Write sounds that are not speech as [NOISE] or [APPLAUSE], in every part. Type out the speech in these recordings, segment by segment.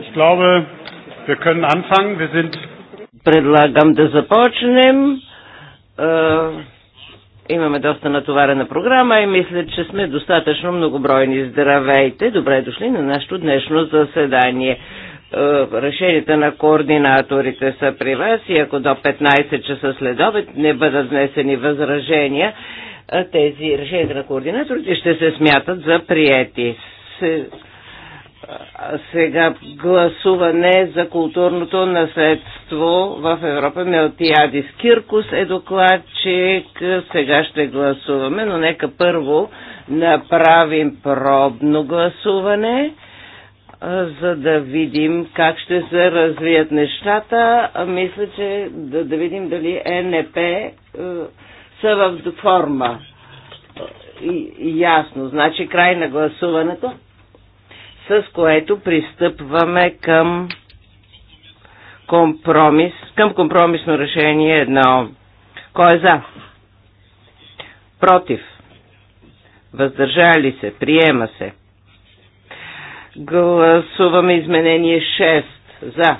Ich glaube, wir können anfangen. Wir sind Предлагам да започнем. Е, имаме доста натоварена програма и мисля, че сме достатъчно многобройни. Здравейте, добре дошли на нашето днешно заседание е, решенията на координаторите са при вас и ако до 15 часа след обед не бъдат внесени възражения, е, тези решенията на координаторите ще се смятат за приети сега гласуване за културното наследство в Европа. Мелтиадис Киркус е докладчик. Сега ще гласуваме, но нека първо направим пробно гласуване, за да видим как ще се развият нещата. Мисля, че да, да видим дали НП са в форма. И, ясно. Значи край на гласуването с което пристъпваме към компромис, към компромисно решение едно. Кой е за? Против? Въздържали се? Приема се. Гласуваме изменение 6. За.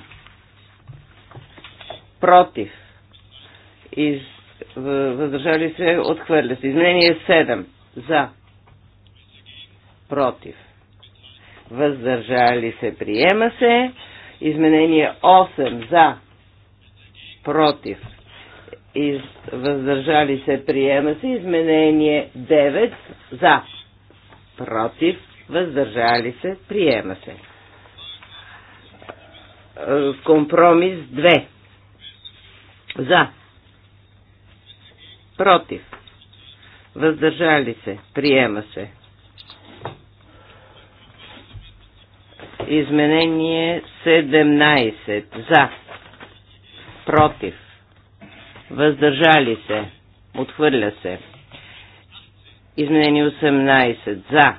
Против. Из... Въздържали се? Отхвърля се. Изменение 7. За. Против въздържали се, приема се. Изменение 8 за, против, из, въздържали се, приема се. Изменение 9 за, против, въздържали се, приема се. Е, компромис 2 за, против, въздържали се, приема се. Изменение 17. За. Против. Въздържали се. Отхвърля се. Изменение 18. За.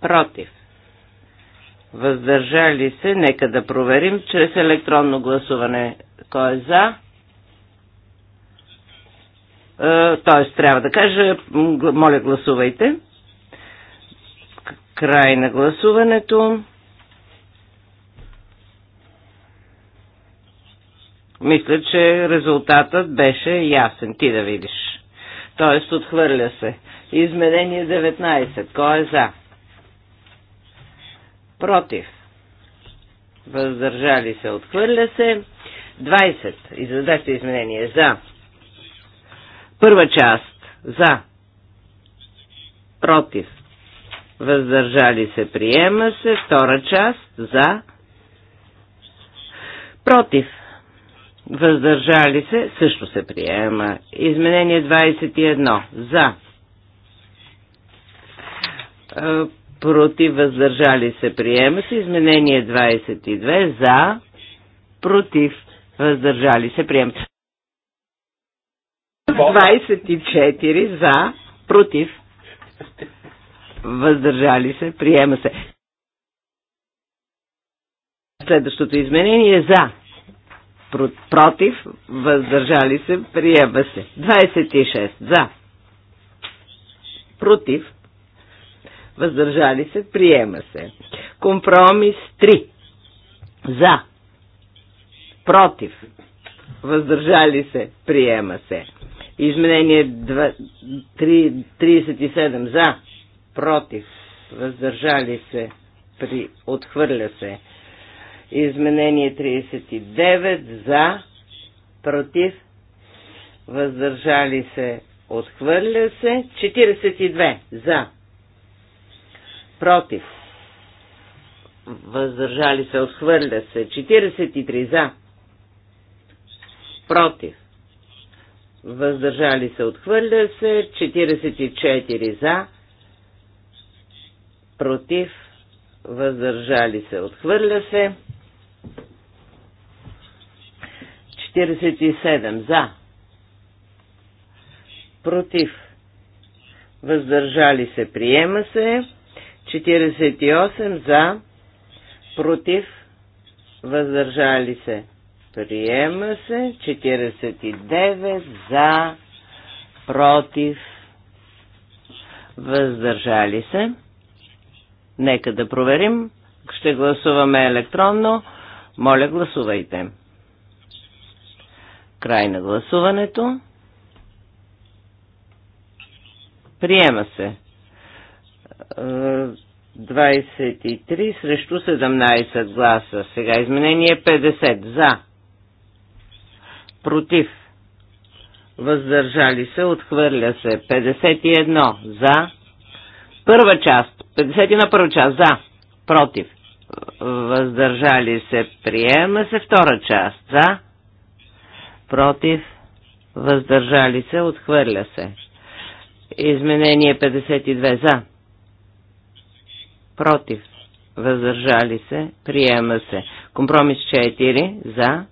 Против. Въздържали се. Нека да проверим чрез електронно гласуване. Кой е за? Е, тоест трябва да кажа, моля гласувайте. Край на гласуването. Мисля, че резултатът беше ясен. Ти да видиш. Тоест, отхвърля се. Изменение 19. Кой е за? Против. Въздържали се. Отхвърля се. 20. Изведете изменение. За. Първа част. За. Против въздържали се, приема се. Втора част за, против, въздържали се, също се приема. Изменение 21 е, за, против, въздържали се, приема се. Изменение 22 за, против, въздържали се, приема се. 24 за, против, въздържали се, приема се. Следващото изменение е за, против, въздържали се, приема се. 26 за, против, въздържали се, приема се. Компромис 3 за, против, въздържали се, приема се. Изменение 2, 3, 37 за, против, въздържали се, при, отхвърля се. Изменение 39 за, против, въздържали се, отхвърля се. 42 за, против, въздържали се, отхвърля се. 43 за, против, въздържали се, отхвърля се. 44 за, против, въздържали се, отхвърля се. 47 за, против, въздържали се, приема се. 48 за, против, въздържали се, приема се. 49 за, против, въздържали се. Нека да проверим. Ще гласуваме електронно. Моля, гласувайте. Край на гласуването. Приема се. 23 срещу 17 гласа. Сега изменение 50. За. Против. Въздържали се. Отхвърля се. 51. За Първа част, 51 първа част, за, против, въздържали се, приема се. Втора част, за, против, въздържали се, отхвърля се. Изменение 52 за. Против. Въздържали се. Приема се. Компромис 4 за.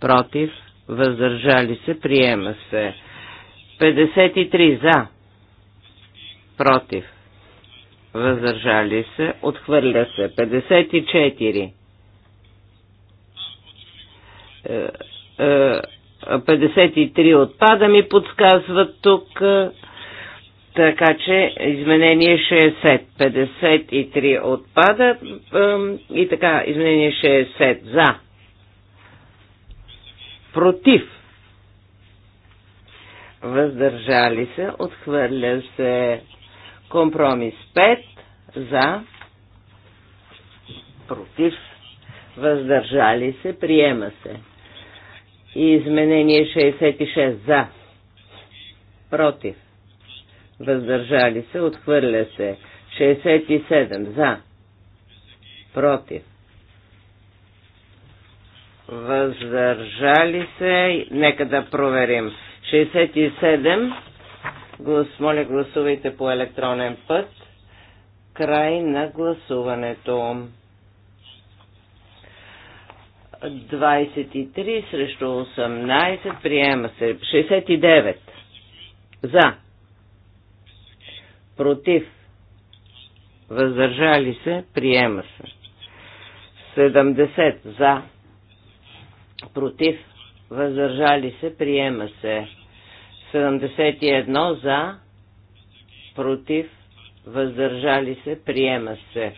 Против. Въздържали се. Приема се. 53 за против, въздържали се, отхвърля се. 54. 53 е, е, отпада ми подсказват тук, така че изменение 60. 53 отпада и така, изменение 60 за. Против. Въздържали се, отхвърля се Компромис 5 за, против, въздържали се, приема се. И изменение 66 за, против, въздържали се, отхвърля се. 67 за, против, въздържали се, нека да проверим. 67 Глас, моля, гласувайте по електронен път. Край на гласуването. 23 срещу 18. Приема се. 69. За. Против. Въздържали се. Приема се. 70. За. Против. Въздържали се. Приема се. 71 за, против, въздържали се, приема се.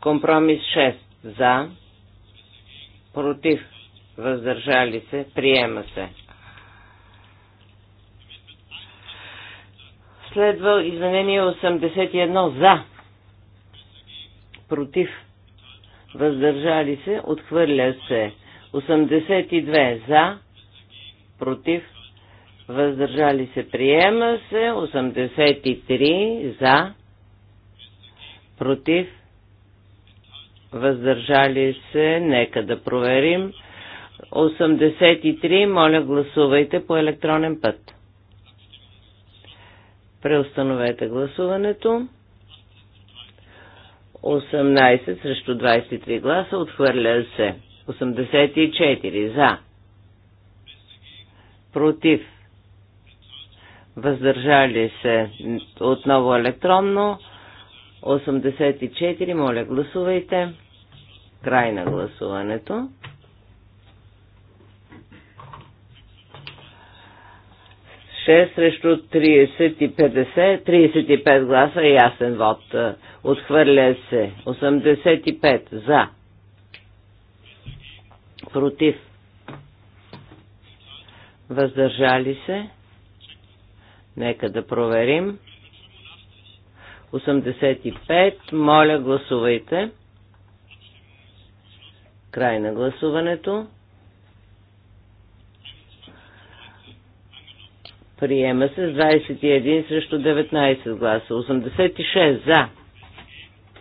Компромис 6 за, против, въздържали се, приема се. Следва изменение 81 за, против, въздържали се, отхвърля се. 82 за, против, въздържали се, приема се, 83 за, против, въздържали се, нека да проверим. 83, моля гласувайте по електронен път. Преустановете гласуването. 18 срещу 23 гласа отхвърля се. 84 за. Против въздържали се отново електронно. 84, моля гласувайте. Край на гласуването. Шест срещу 30 и 50, 35 гласа, ясен вод. Отхвърля се. 85 за. Против. Въздържали се. Нека да проверим. 85. Моля, гласувайте. Край на гласуването. Приема се с 21 срещу 19 гласа. 86 за.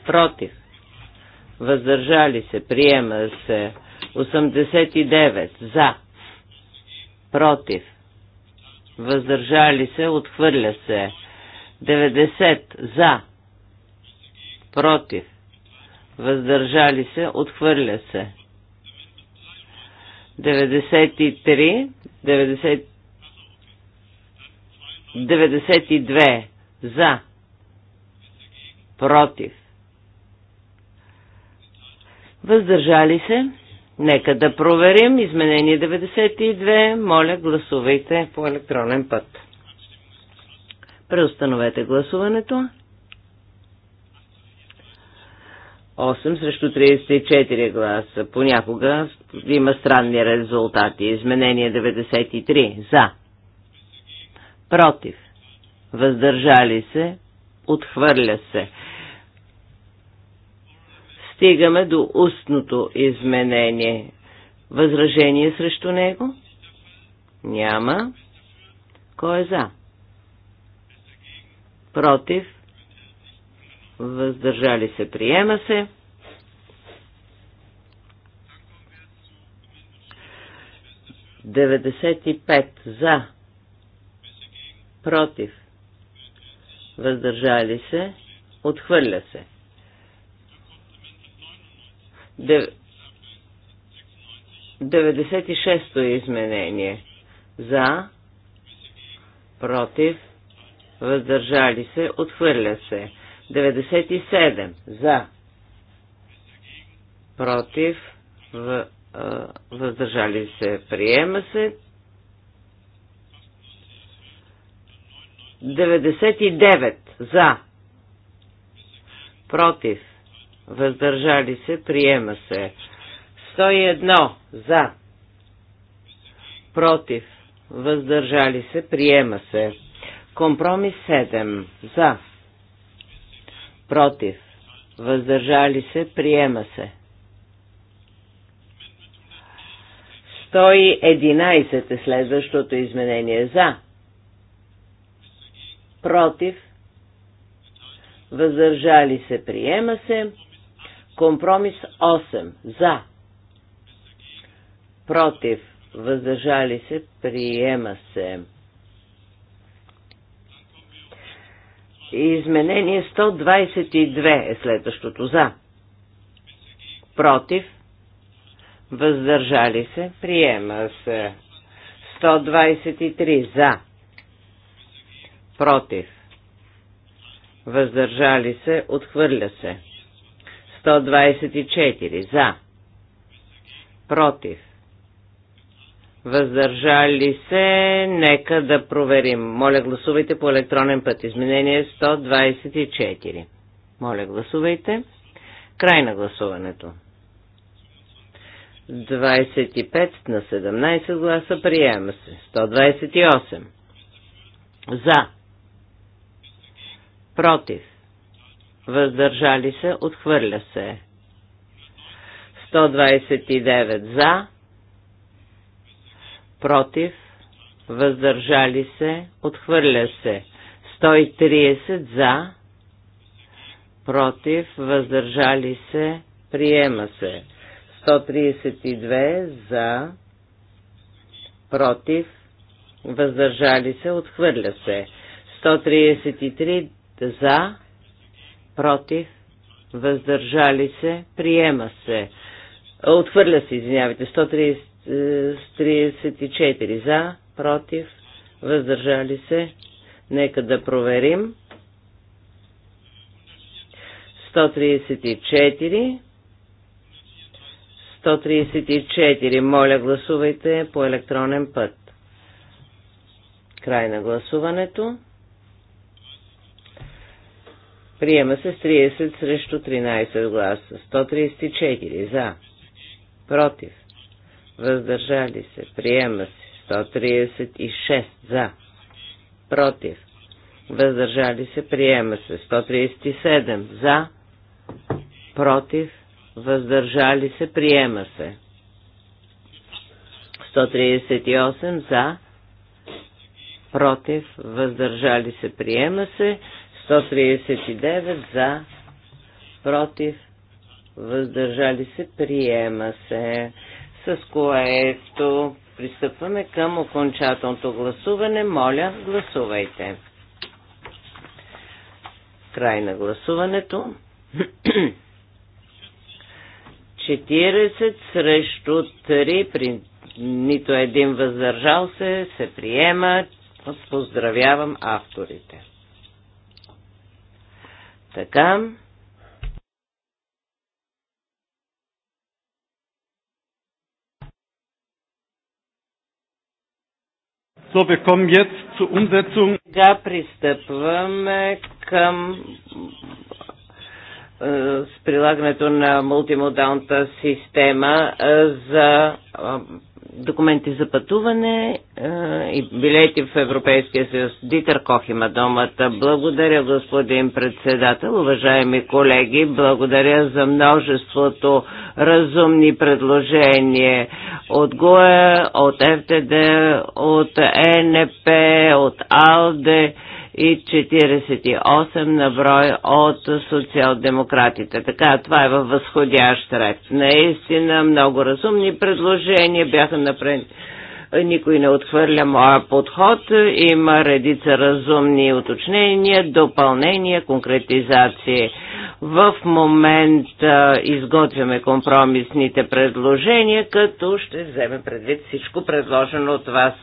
Против. Въздържали се. Приема се. 89 за. Против въздържали се, отхвърля се. 90 за, против, въздържали се, отхвърля се. 93, 90, 92 за, против, въздържали се, Нека да проверим. Изменение 92. Моля, гласувайте по електронен път. Преустановете гласуването. 8 срещу 34 гласа. Понякога има странни резултати. Изменение 93. За. Против. Въздържали се. Отхвърля се. Стигаме до устното изменение. Възражение срещу него? Няма. Кой е за? Против? Въздържали се, приема се. Деветдесет и пет за. Против. Въздържали се. Отхвърля се. 96-то изменение. За, против, въздържали се, отхвърля се. 97. За, против, въздържали се, приема се. 99. За, против, въздържали се, приема се. 101 за, против, въздържали се, приема се. Компромис 7 за, против, въздържали се, приема се. 111 е следващото изменение за, против, въздържали се, приема се. Компромис 8. За. Против. Въздържали се. Приема се. Изменение 122 е следващото. За. Против. Въздържали се. Приема се. 123. За. Против. Въздържали се. Отхвърля се. 124 за, против, въздържали се, нека да проверим. Моля гласувайте по електронен път. Изменение 124. Моля гласувайте. Край на гласуването. 25 на 17 гласа приема се. 128. За. Против въздържали се, отхвърля се. 129 за, против, въздържали се, отхвърля се. 130 за, против, въздържали се, приема се. 132 за, против, въздържали се, отхвърля се. 133 за, против, въздържали се, приема се. Отхвърля се, извинявайте, 134 за, против, въздържали се. Нека да проверим. 134. 134. Моля, гласувайте по електронен път. Край на гласуването. Приема се с 30 срещу 13 гласа. 134 за. Против. Въздържали се. Приема се. 136 за. Против. Въздържали се. Приема се. 137 за. Против. Въздържали се. Приема се. 138 за. Против. Въздържали се. Приема се. 139 за, против, въздържали се, приема се. С което пристъпваме към окончателното гласуване. Моля, гласувайте. Край на гласуването. 40 [CLEARS THROAT] срещу 3, при нито един въздържал се, се приема. Поздравявам авторите. Така. So, wir kommen jetzt zur Umsetzung. Сега пристъпваме към е, с прилагането на мултимодалната система е, за е, документи за пътуване е, и билети в Европейския съюз. Дитър Кох има домата. Благодаря, господин председател, уважаеми колеги. Благодаря за множеството разумни предложения от ГОЕ, от ФТД, от ЕНП, от АЛДЕ и 48 на брой от социал-демократите. Така, това е във възходящ ред. Наистина много разумни предложения бяха направени никой не отхвърля моя подход. Има редица разумни уточнения, допълнения, конкретизации. В момента изготвяме компромисните предложения, като ще вземе предвид всичко предложено от вас.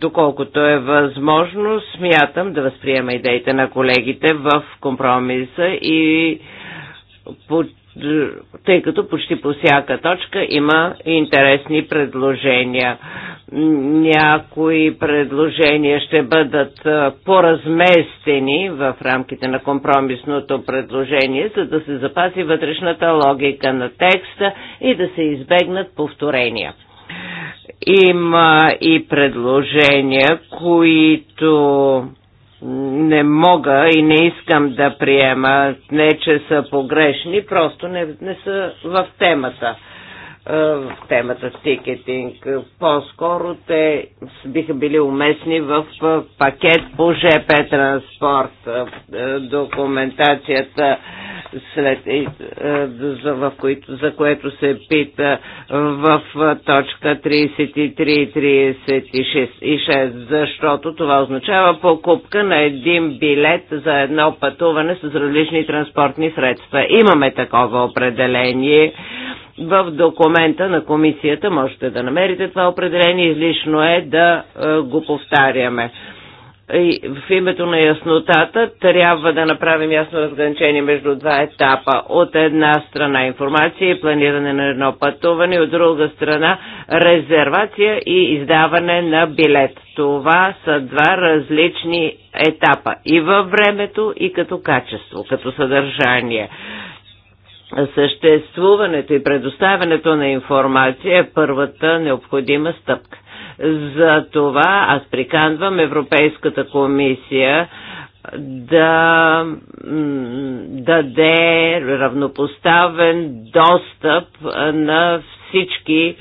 Доколкото е възможно, смятам да възприема идеите на колегите в компромиса и под тъй като почти по всяка точка има интересни предложения. Някои предложения ще бъдат поразместени в рамките на компромисното предложение, за да се запази вътрешната логика на текста и да се избегнат повторения. Има и предложения, които не мога и не искам да приема, не че са погрешни, просто не, не са в темата в е, темата тикетинг. По-скоро те биха били уместни в е, пакет по ЖП транспорт. Е, документацията след, в които, за което се пита в точка 33 и 36, защото това означава покупка на един билет за едно пътуване с различни транспортни средства. Имаме такова определение в документа на комисията можете да намерите това определение, излишно е да е, го повтаряме. И в името на яснотата трябва да направим ясно разграничение между два етапа. От една страна информация и планиране на едно пътуване, от друга страна резервация и издаване на билет. Това са два различни етапа и във времето, и като качество, като съдържание съществуването и предоставянето на информация е първата необходима стъпка. За това аз приканвам Европейската комисия да даде равнопоставен достъп на всички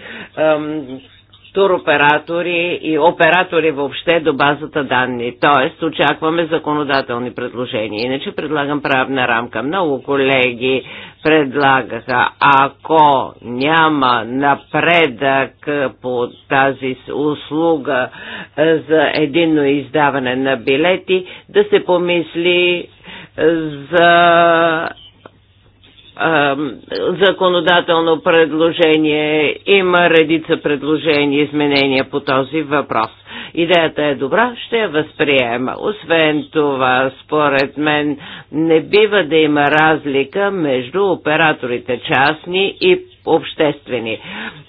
туроператори и оператори въобще до базата данни. Тоест, очакваме законодателни предложения. Иначе предлагам правна рамка. Много колеги предлагаха, ако няма напредък по тази услуга е, за единно издаване на билети, да се помисли е, за законодателно предложение. Има редица предложения, изменения по този въпрос. Идеята е добра, ще я възприема. Освен това, според мен, не бива да има разлика между операторите частни и обществени.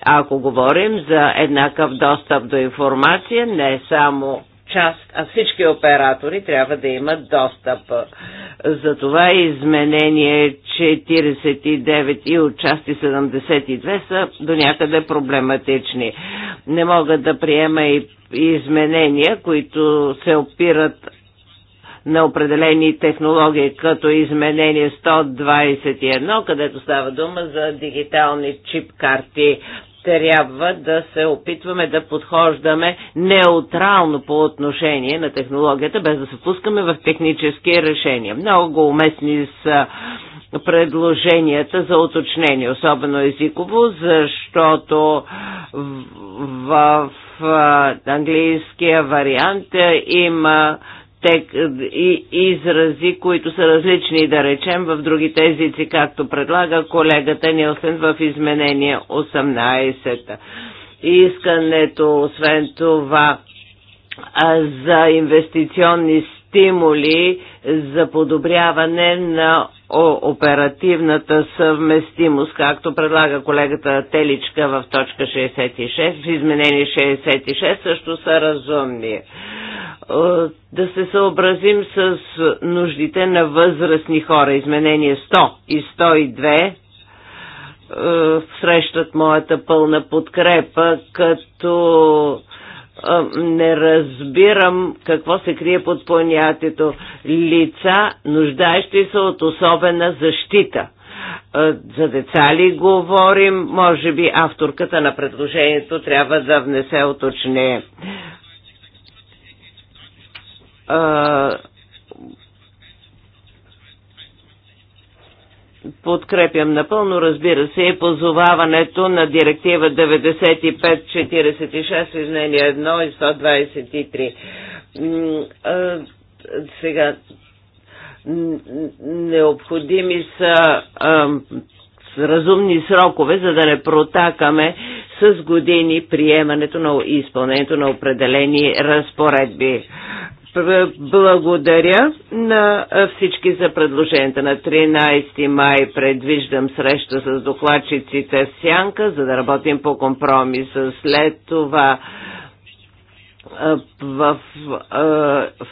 Ако говорим за еднакъв достъп до информация, не само част, а всички оператори трябва да имат достъп. За това изменение 49 и отчасти 72 са до някъде проблематични. Не мога да приема и изменения, които се опират на определени технологии, като изменение 121, където става дума за дигитални чип карти трябва да се опитваме да подхождаме неутрално по отношение на технологията, без да се пускаме в технически решения. Много уместни са предложенията за уточнение, особено езиково, защото в, в, в английския вариант има те, и изрази, които са различни, да речем, в другите езици, както предлага колегата Нилсен в изменение 18. Искането, освен това, за инвестиционни стимули за подобряване на оперативната съвместимост, както предлага колегата Теличка в точка 66, в изменение 66 също са разумни. Да се съобразим с нуждите на възрастни хора. Изменение 100 и 102 е, срещат моята пълна подкрепа, като не разбирам какво се крие под понятието лица, нуждаещи се от особена защита. За деца ли говорим? Може би авторката на предложението трябва да внесе уточнение Подкрепям напълно, разбира се, и позоваването на директива 9546, изменение 1 и 123. Сега, необходими са разумни срокове, за да не протакаме с години приемането на изпълнението на определени разпоредби. Благодаря на всички за предложенията. На 13 май предвиждам среща с докладчиците Сянка, за да работим по компромиса. След това в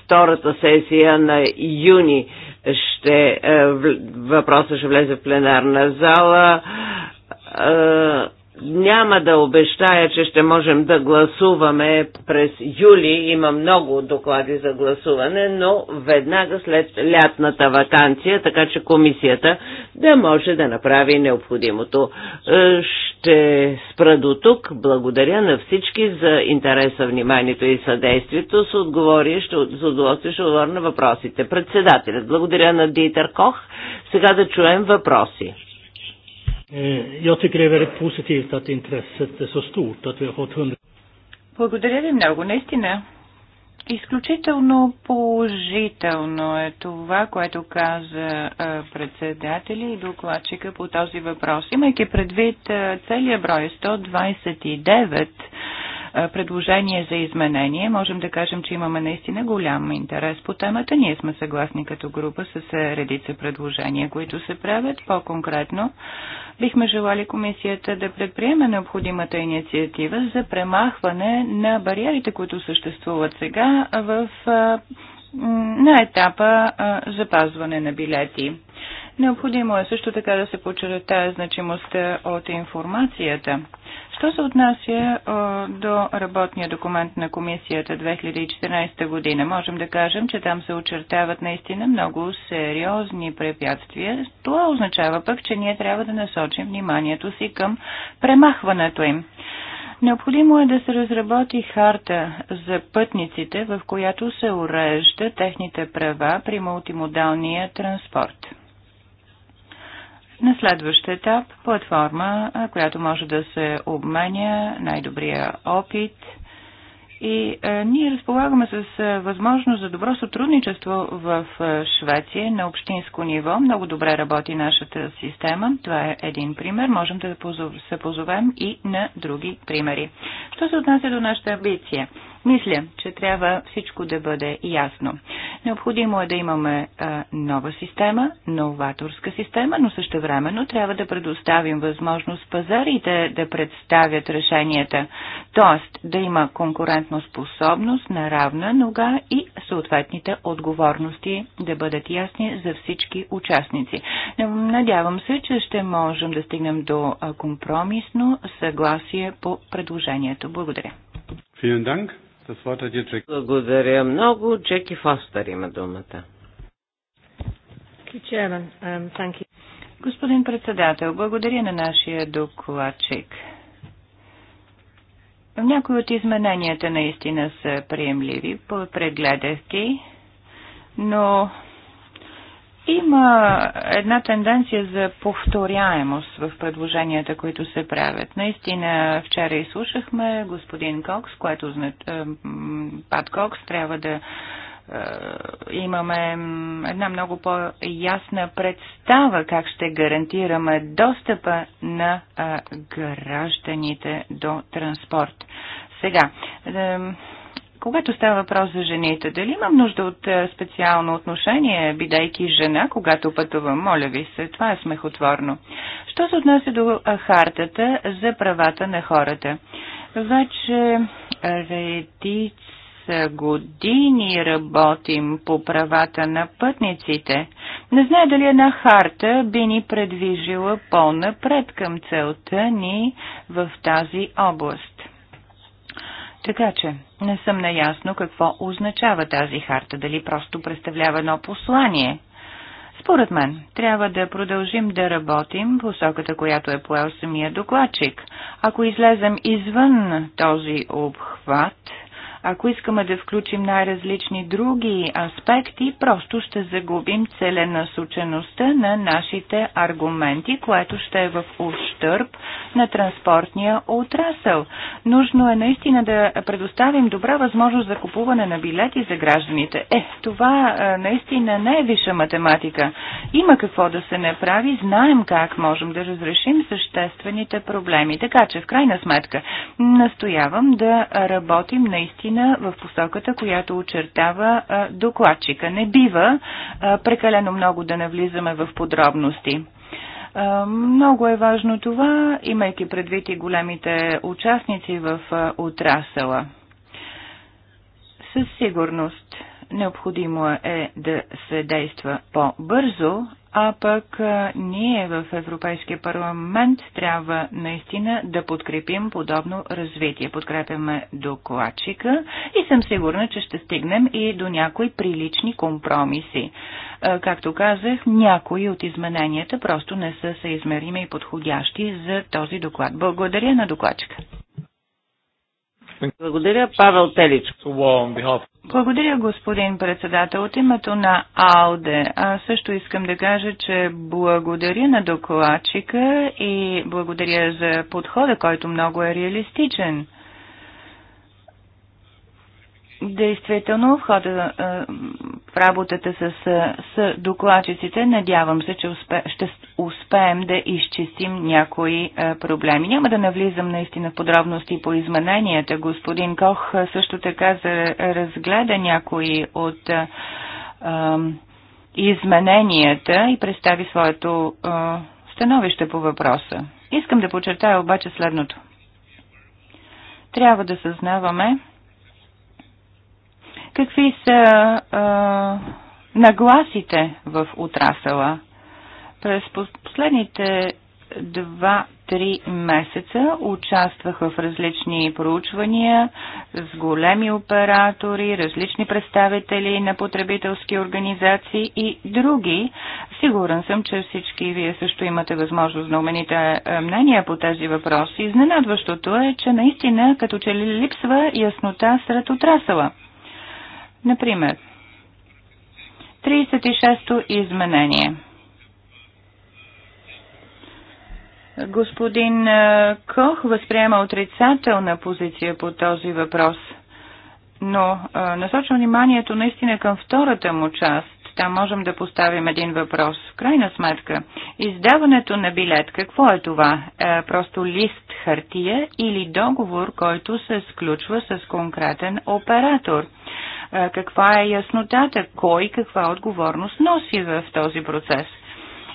втората сесия на юни ще въпросът ще влезе в пленарна зала няма да обещая, че ще можем да гласуваме през юли. Има много доклади за гласуване, но веднага след лятната вакансия, така че комисията да може да направи необходимото. Е, ще спра до тук. Благодаря на всички за интереса, вниманието и съдействието. С, отговори, ще, с удоволствие ще отговоря на въпросите. Председателят, благодаря на Дитър Кох. Сега да чуем въпроси. Eh, jag tycker det är väldigt positivt att intresset är så stort att vi har fått hundra... Благодаря ви много, наистина. Изключително положително е това, което каза е, председатели и докладчика по този въпрос. Имайки предвид е, целият брой 129 предложение за изменение. Можем да кажем, че имаме наистина голям интерес по темата. Ние сме съгласни като група с редица предложения, които се правят. По-конкретно, бихме желали комисията да предприеме необходимата инициатива за премахване на бариерите, които съществуват сега в на етапа а, запазване на билети. Необходимо е също така да се подчертае значимостта от информацията. Що се отнася до работния документ на комисията 2014 година, можем да кажем, че там се очертават наистина много сериозни препятствия. Това означава пък, че ние трябва да насочим вниманието си към премахването им. Необходимо е да се разработи харта за пътниците, в която се урежда техните права при мултимодалния транспорт. На следващ етап платформа, която може да се обменя най-добрия опит. И е, ние разполагаме с е, възможност за добро сътрудничество в е, Швеция на общинско ниво. Много добре работи нашата система. Това е един пример. Можем да се позовем и на други примери. Що се отнася до нашата амбиция? Мисля, че трябва всичко да бъде ясно. Необходимо е да имаме а, нова система, новаторска система, но също времено трябва да предоставим възможност пазарите да представят решенията, т.е. да има конкурентна способност на равна нога и съответните отговорности да бъдат ясни за всички участници. Надявам се, че ще можем да стигнем до компромисно съгласие по предложението. Благодаря. Благодаря много. Джеки Фостер има думата. Um, Господин председател, благодаря на нашия докладчик. Някои от измененията наистина са приемливи, прегледах ги, но има една тенденция за повторяемост в предложенията, които се правят. Наистина, вчера изслушахме господин Кокс, което е, Пат Кокс трябва да е, имаме една много по-ясна представа как ще гарантираме достъпа на е, гражданите до транспорт. Сега, когато става въпрос за жените, дали имам нужда от е, специално отношение, бидейки жена, когато пътувам? Моля ви се, това е смехотворно. Що се отнася до е, хартата за правата на хората? Вече редица години работим по правата на пътниците. Не знае дали една харта би ни предвижила по-напред към целта ни в тази област. Така че не съм наясно какво означава тази харта, дали просто представлява едно послание. Според мен, трябва да продължим да работим посоката, която е поел самия докладчик. Ако излезем извън този обхват, ако искаме да включим най-различни други аспекти, просто ще загубим целенасочеността на нашите аргументи, което ще е в ущърп на транспортния отрасъл. Нужно е наистина да предоставим добра възможност за купуване на билети за гражданите. Е, това наистина не е висша математика. Има какво да се направи, знаем как можем да разрешим съществените проблеми. Така че, в крайна сметка, настоявам да работим наистина наистина в посоката, която очертава докладчика. Не бива прекалено много да навлизаме в подробности. Много е важно това, имайки предвид и големите участници в отрасъла. Със сигурност необходимо е да се действа по-бързо, а пък ние в Европейския парламент трябва наистина да подкрепим подобно развитие. Подкрепяме докладчика и съм сигурна, че ще стигнем и до някои прилични компромиси. Както казах, някои от измененията просто не са съизмерими и подходящи за този доклад. Благодаря на докладчика. Благодаря, Павел Телич. Благодаря, господин председател. От името на АЛДЕ а също искам да кажа, че благодаря на докладчика и благодаря за подхода, който много е реалистичен Действително, в хода е, в работата с, е, с докладчиците, надявам се, че успе, ще успеем да изчистим някои е, проблеми. Няма да навлизам наистина в подробности по измененията. Господин Кох също така разгледа някои от а, измененията и представи своето а, становище по въпроса. Искам да подчертая обаче следното. Трябва да съзнаваме, Какви са а, нагласите в отрасъла? През последните два-три месеца участвах в различни проучвания с големи оператори, различни представители на потребителски организации и други. Сигурен съм, че всички вие също имате възможност да умените мнения по тези въпроси. Изненадващото е, че наистина като че ли липсва яснота сред отрасъла. Например, 36-то изменение. Господин Кох възприема отрицателна позиция по този въпрос, но насочва вниманието наистина към втората му част там можем да поставим един въпрос. В крайна сметка, издаването на билет, какво е това? Е, просто лист хартия или договор, който се сключва с конкретен оператор? каква е яснотата, кой каква отговорност носи в този процес.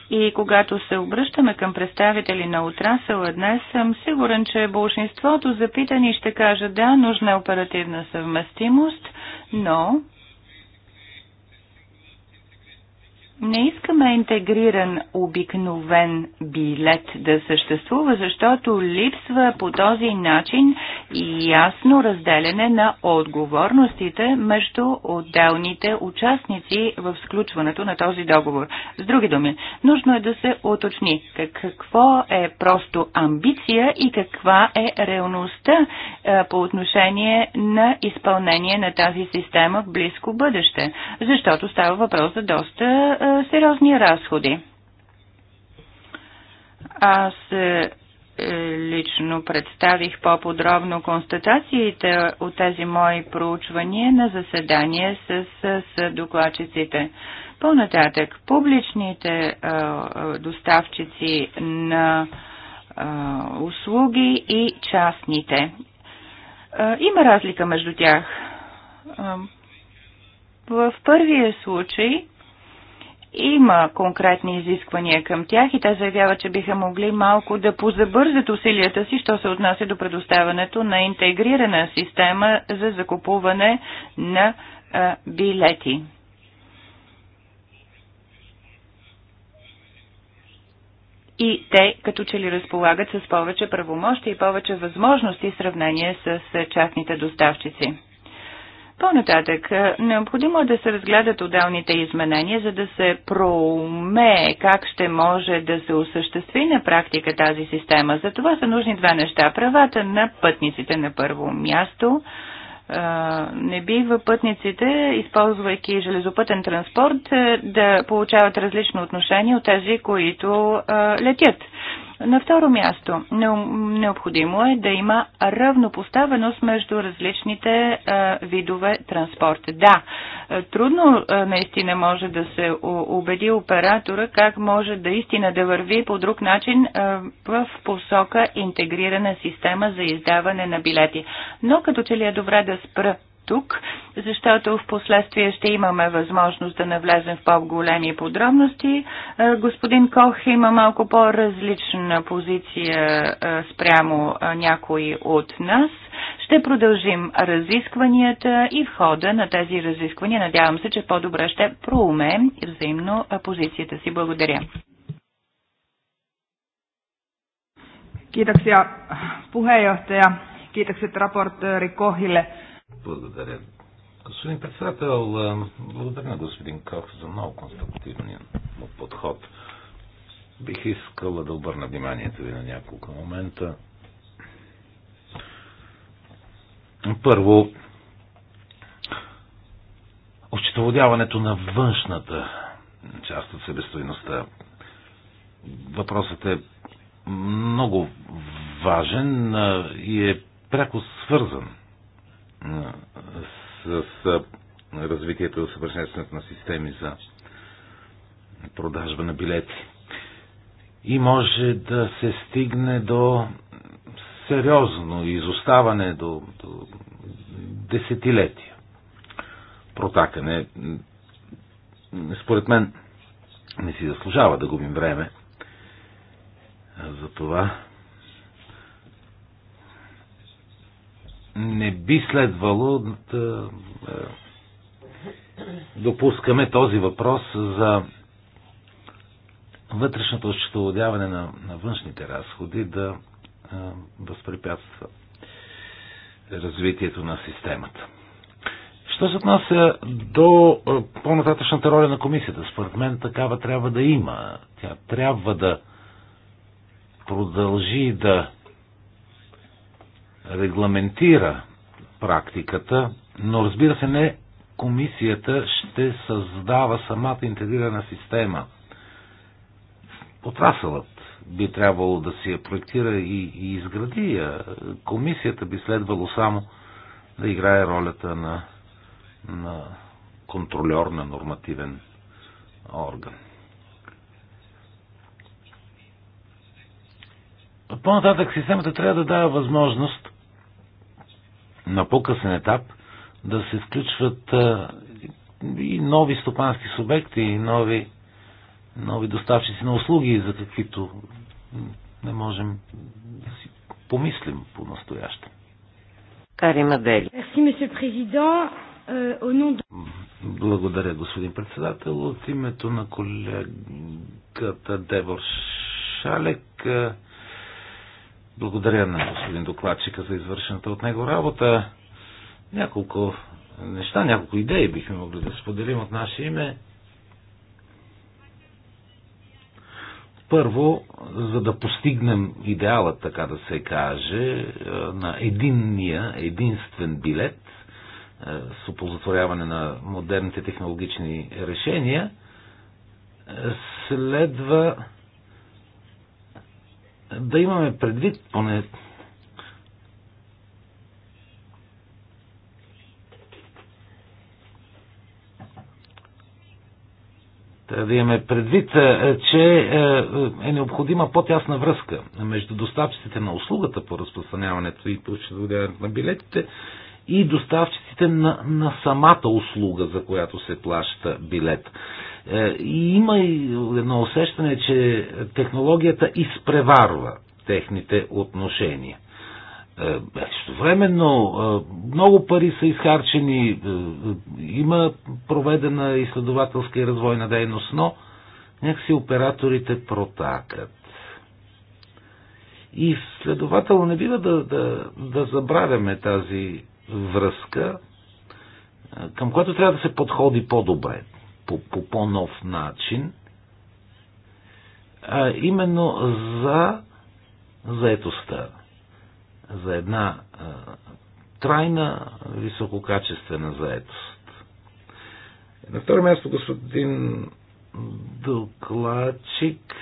И когато се обръщаме към представители на отрасъла днес, съм сигурен, че большинството запитани ще каже да, нужна е оперативна съвместимост, но Не искаме интегриран обикновен билет да съществува, защото липсва по този начин и ясно разделяне на отговорностите между отделните участници в сключването на този договор. С други думи, нужно е да се уточни какво е просто амбиция и каква е реалността е, по отношение на изпълнение на тази система в близко бъдеще, защото става въпрос за доста е, сериозни разходи. Аз е, е, лично представих по-подробно констатациите от тези мои проучвания на заседание с, с, с докладчиците. По-нататък, публичните а, е, доставчици на а, услуги и частните. А, има разлика между тях. А, в първия случай има конкретни изисквания към тях и те заявяват, че биха могли малко да позабързат усилията си, що се отнася до предоставянето на интегрирана система за закупуване на а, билети. И те като че ли разполагат с повече правомощи и повече възможности в сравнение с частните доставчици. По-нататък, е, необходимо е да се разгледат отделните изменения, за да се проумее как ще може да се осъществи на практика тази система. За това са нужни две неща. Правата на пътниците на първо място. Е, не бива пътниците, използвайки железопътен транспорт, е, да получават различно отношение от тези, които летят. На второ място, необходимо е да има равнопоставеност между различните е, видове транспорт. Да, е, трудно е, наистина може да се убеди оператора как може да истина да върви по друг начин в посока интегрирана система за издаване на билети. Но като че ли е добре да спра тук, защото в последствие ще имаме възможност да навлезем в по-големи подробности. Е, господин Кох има малко по-различна позиция е, спрямо е, някои от нас. Ще продължим разискванията и в хода на тези разисквания надявам се, че по-добре ще проумеем взаимно позицията си. Благодаря. Kiitoksia puheenjohtaja. Kiitokset raportööri Kohille благодаря. Господин председател, благодаря на господин Кох за много конструктивния му подход. Бих искала да обърна вниманието ви на няколко момента. Първо, очетоводяването на външната част от себестоиността. Въпросът е много важен и е пряко свързан с развитието и усъвършенстването на системи за продажба на билети. И може да се стигне до сериозно изоставане до, до десетилетия. Протакане, според мен, не си заслужава да губим време за това. не би следвало да е, допускаме този въпрос за вътрешното осчетоводяване на, на външните разходи да а, е, възпрепятства развитието на системата. Що се отнася до е, по-нататъчната роля на комисията? Според мен такава трябва да има. Тя трябва да продължи да регламентира практиката, но разбира се не комисията ще създава самата интегрирана система. Отрасълът би трябвало да си я проектира и, и изгради я. Комисията би следвало само да играе ролята на, на контролер на нормативен орган. По-нататък системата трябва да дава възможност на по-късен етап да се включват и нови стопански субекти, и нови, нови доставчици на услуги, за каквито не можем да си помислим по-настояще. Карима Дели. Euh, Благодаря, господин председател. От името на колегата Девор Шалек благодаря на господин докладчика за извършената от него работа. Няколко неща, няколко идеи бихме могли да споделим от наше име. Първо, за да постигнем идеала, така да се каже, на единния, единствен билет е, с оползотворяване на модерните технологични решения, е, следва да имаме предвид, поне да имаме предвид, е, че е, е необходима по-тясна връзка между доставчиците на услугата по разпространяването и по на билетите и доставчиците на, на самата услуга, за която се плаща билет. Е, и има и едно усещане, че технологията изпреварва техните отношения. Същевременно е, много пари са изхарчени, е, има проведена изследователска и развойна дейност, но някакси операторите протакат. И следователно не бива да, да, да забравяме тази връзка, към която трябва да се подходи по-добре по, по по-нов начин, а именно за заетостта, за една а, трайна, висококачествена заетост. На второ място господин докладчик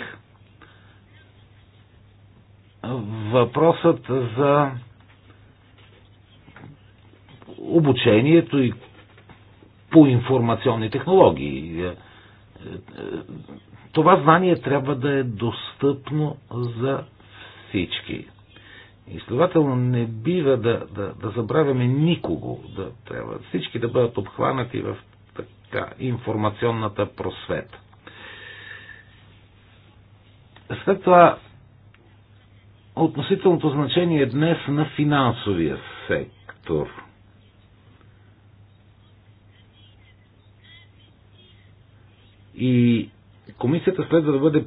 въпросът за обучението и по информационни технологии. Е, е, е, това знание трябва да е достъпно за всички. И следователно не бива да, да, да забравяме никого, да трябва всички да бъдат обхванати в така информационната просвета. След това относителното значение днес на финансовия сектор – И комисията следва да бъде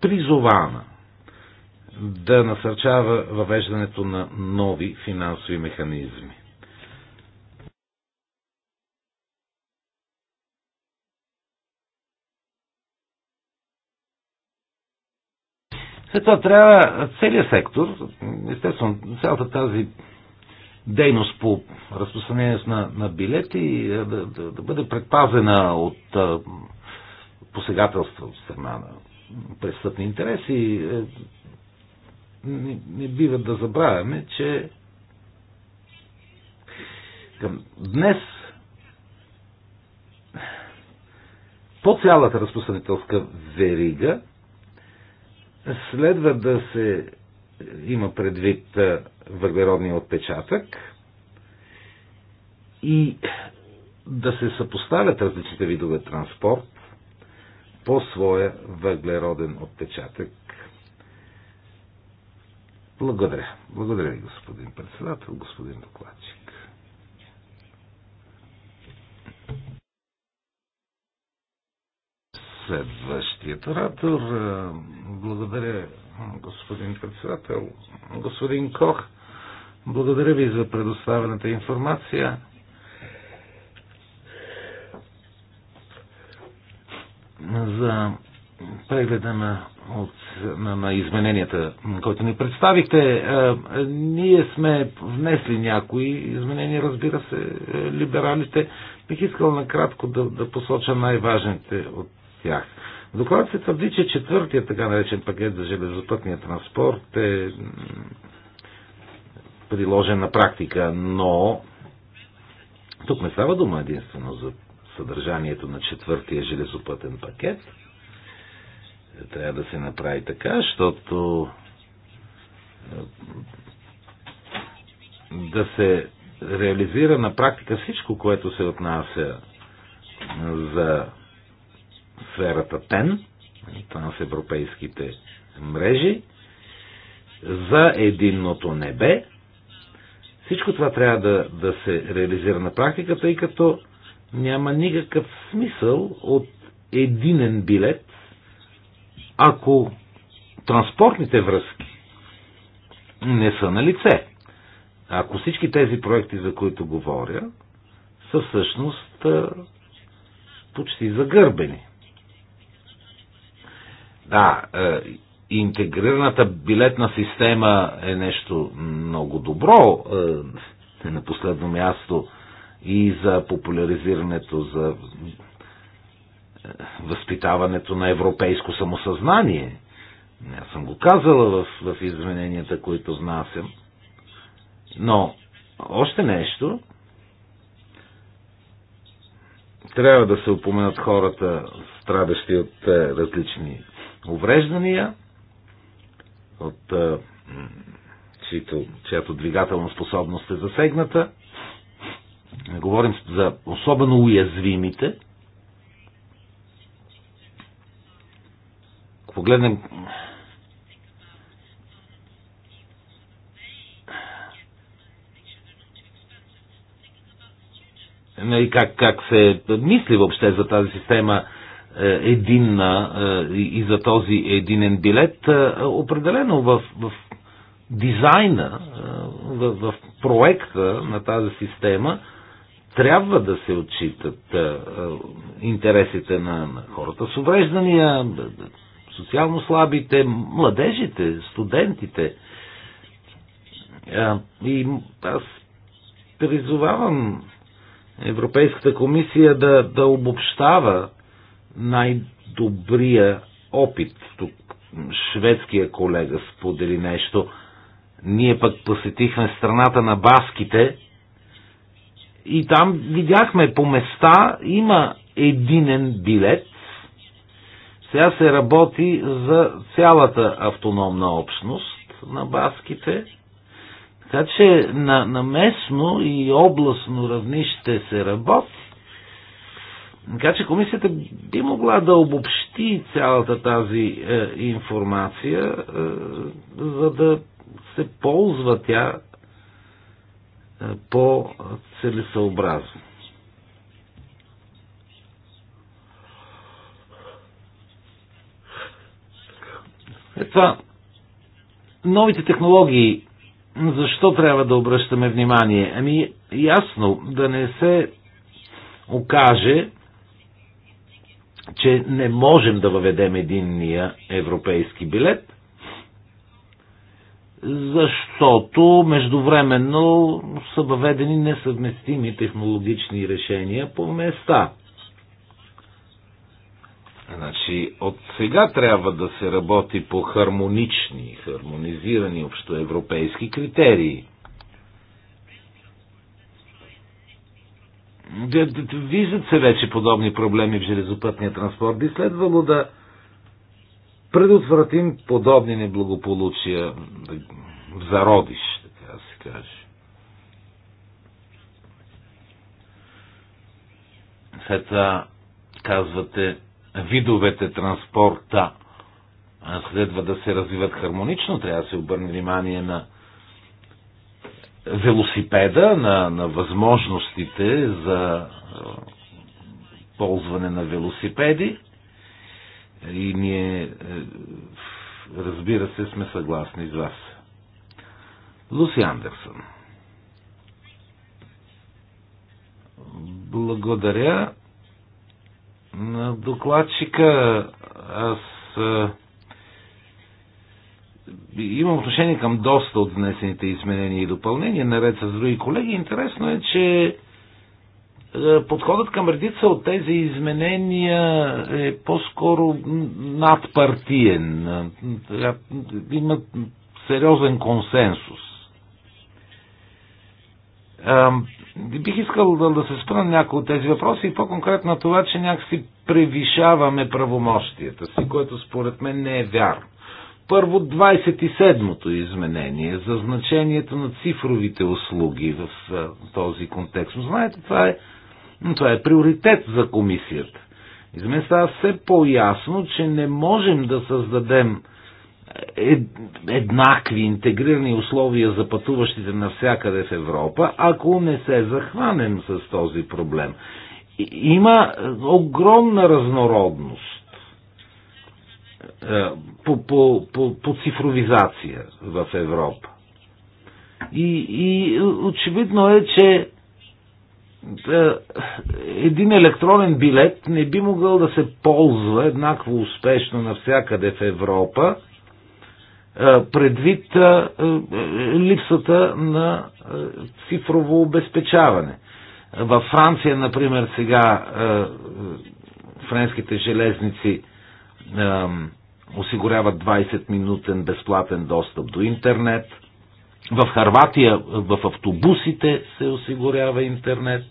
призована да насърчава въвеждането на нови финансови механизми. След това трябва целият сектор, естествено, цялата тази дейност по разпространението на, на билети е, да, да, да бъде предпазена от е, посегателства от страна на престъпни интереси. Е, не, не бива да забравяме, че към днес по цялата разпространителска верига следва да се има предвид е, въглеродния отпечатък и да се съпоставят различните видове транспорт, по своя въглероден отпечатък. Благодаря. Благодаря ви, господин председател, господин докладчик. Следващият оратор. Благодаря, господин председател. Господин Кох, благодаря ви за предоставената информация. за прегледа на, от, на, на измененията, който ни представихте. Е, е, ние сме внесли някои изменения, разбира се, е, либералите. Бих искал накратко да, да посоча най-важните от тях. Докладът доклад се твърди, че четвъртият така наречен пакет за железопътния транспорт е приложен на практика, но тук не става дума единствено за съдържанието на четвъртия железопътен пакет. Трябва да се направи така, защото е, да се реализира на практика всичко, което се отнася за сферата ТЕН, трансевропейските мрежи, за единното небе. Всичко това трябва да, да се реализира на практика, тъй като няма никакъв смисъл от единен билет, ако транспортните връзки не са на лице. Ако всички тези проекти, за които говоря, са всъщност почти загърбени. Да, интегрираната билетна система е нещо много добро. е, на последно място и за популяризирането, за е, възпитаването на европейско самосъзнание. Аз съм го казала в, в измененията, които внасям. Но още нещо. Трябва да се упоменат хората, страдащи от е, различни увреждания, от е, чието, чиято двигателна способност е засегната. Говорим за особено уязвимите. Ако погледнем и нали, как, как се мисли въобще за тази система е, единна е, и за този единен билет, е, определено в, в дизайна, в, в проекта на тази система, трябва да се отчитат интересите на хората с увреждания, социално слабите, младежите, студентите. И аз призовавам Европейската комисия да, да обобщава най-добрия опит. Тук шведския колега сподели нещо. Ние пък посетихме страната на баските – и там видяхме по места има единен билет. Сега се работи за цялата автономна общност на баските. Така че на, на местно и областно равнище се работи. Така че комисията би могла да обобщи цялата тази е, информация, е, за да се ползва тя е, по-целесъобразно. Е това, новите технологии, защо трябва да обръщаме внимание? Ами, ясно, да не се окаже, че не можем да въведем единния европейски билет – защото междувременно са въведени несъвместими технологични решения по места. Значи, от сега трябва да се работи по хармонични, хармонизирани общоевропейски критерии. Виждат се вече подобни проблеми в железопътния транспорт. Би следвало да, предотвратим подобни неблагополучия, зародиш, така се каже. След това казвате видовете транспорта следва да се развиват хармонично, трябва да се обърне внимание на велосипеда, на, на възможностите за ползване на велосипеди. И ние, е, разбира се, сме съгласни с вас. Луси Андерсън. Благодаря на докладчика. Аз е, имам отношение към доста от внесените изменения и допълнения, наред с други колеги. Интересно е, че подходът към редица от тези изменения е по-скоро надпартиен. Има сериозен консенсус. Бих искал да, да се спра на някои от тези въпроси и по-конкретно на това, че някакси превишаваме правомощията си, което според мен не е вярно. Първо, 27-то изменение за значението на цифровите услуги в този контекст. Но знаете, това е това е приоритет за комисията. И за мен става все по-ясно, че не можем да създадем еднакви интегрирани условия за пътуващите навсякъде в Европа, ако не се захванем с този проблем. Има е, огромна разнородност е, по, по, по, по цифровизация в Европа. И, и е, очевидно е, че е, един електронен билет не би могъл да се ползва еднакво успешно навсякъде в Европа, е, предвид е, липсата на цифрово обезпечаване. Във Франция, например, сега френските железници осигуряват 20-минутен безплатен достъп до интернет – в Харватия в автобусите се осигурява интернет.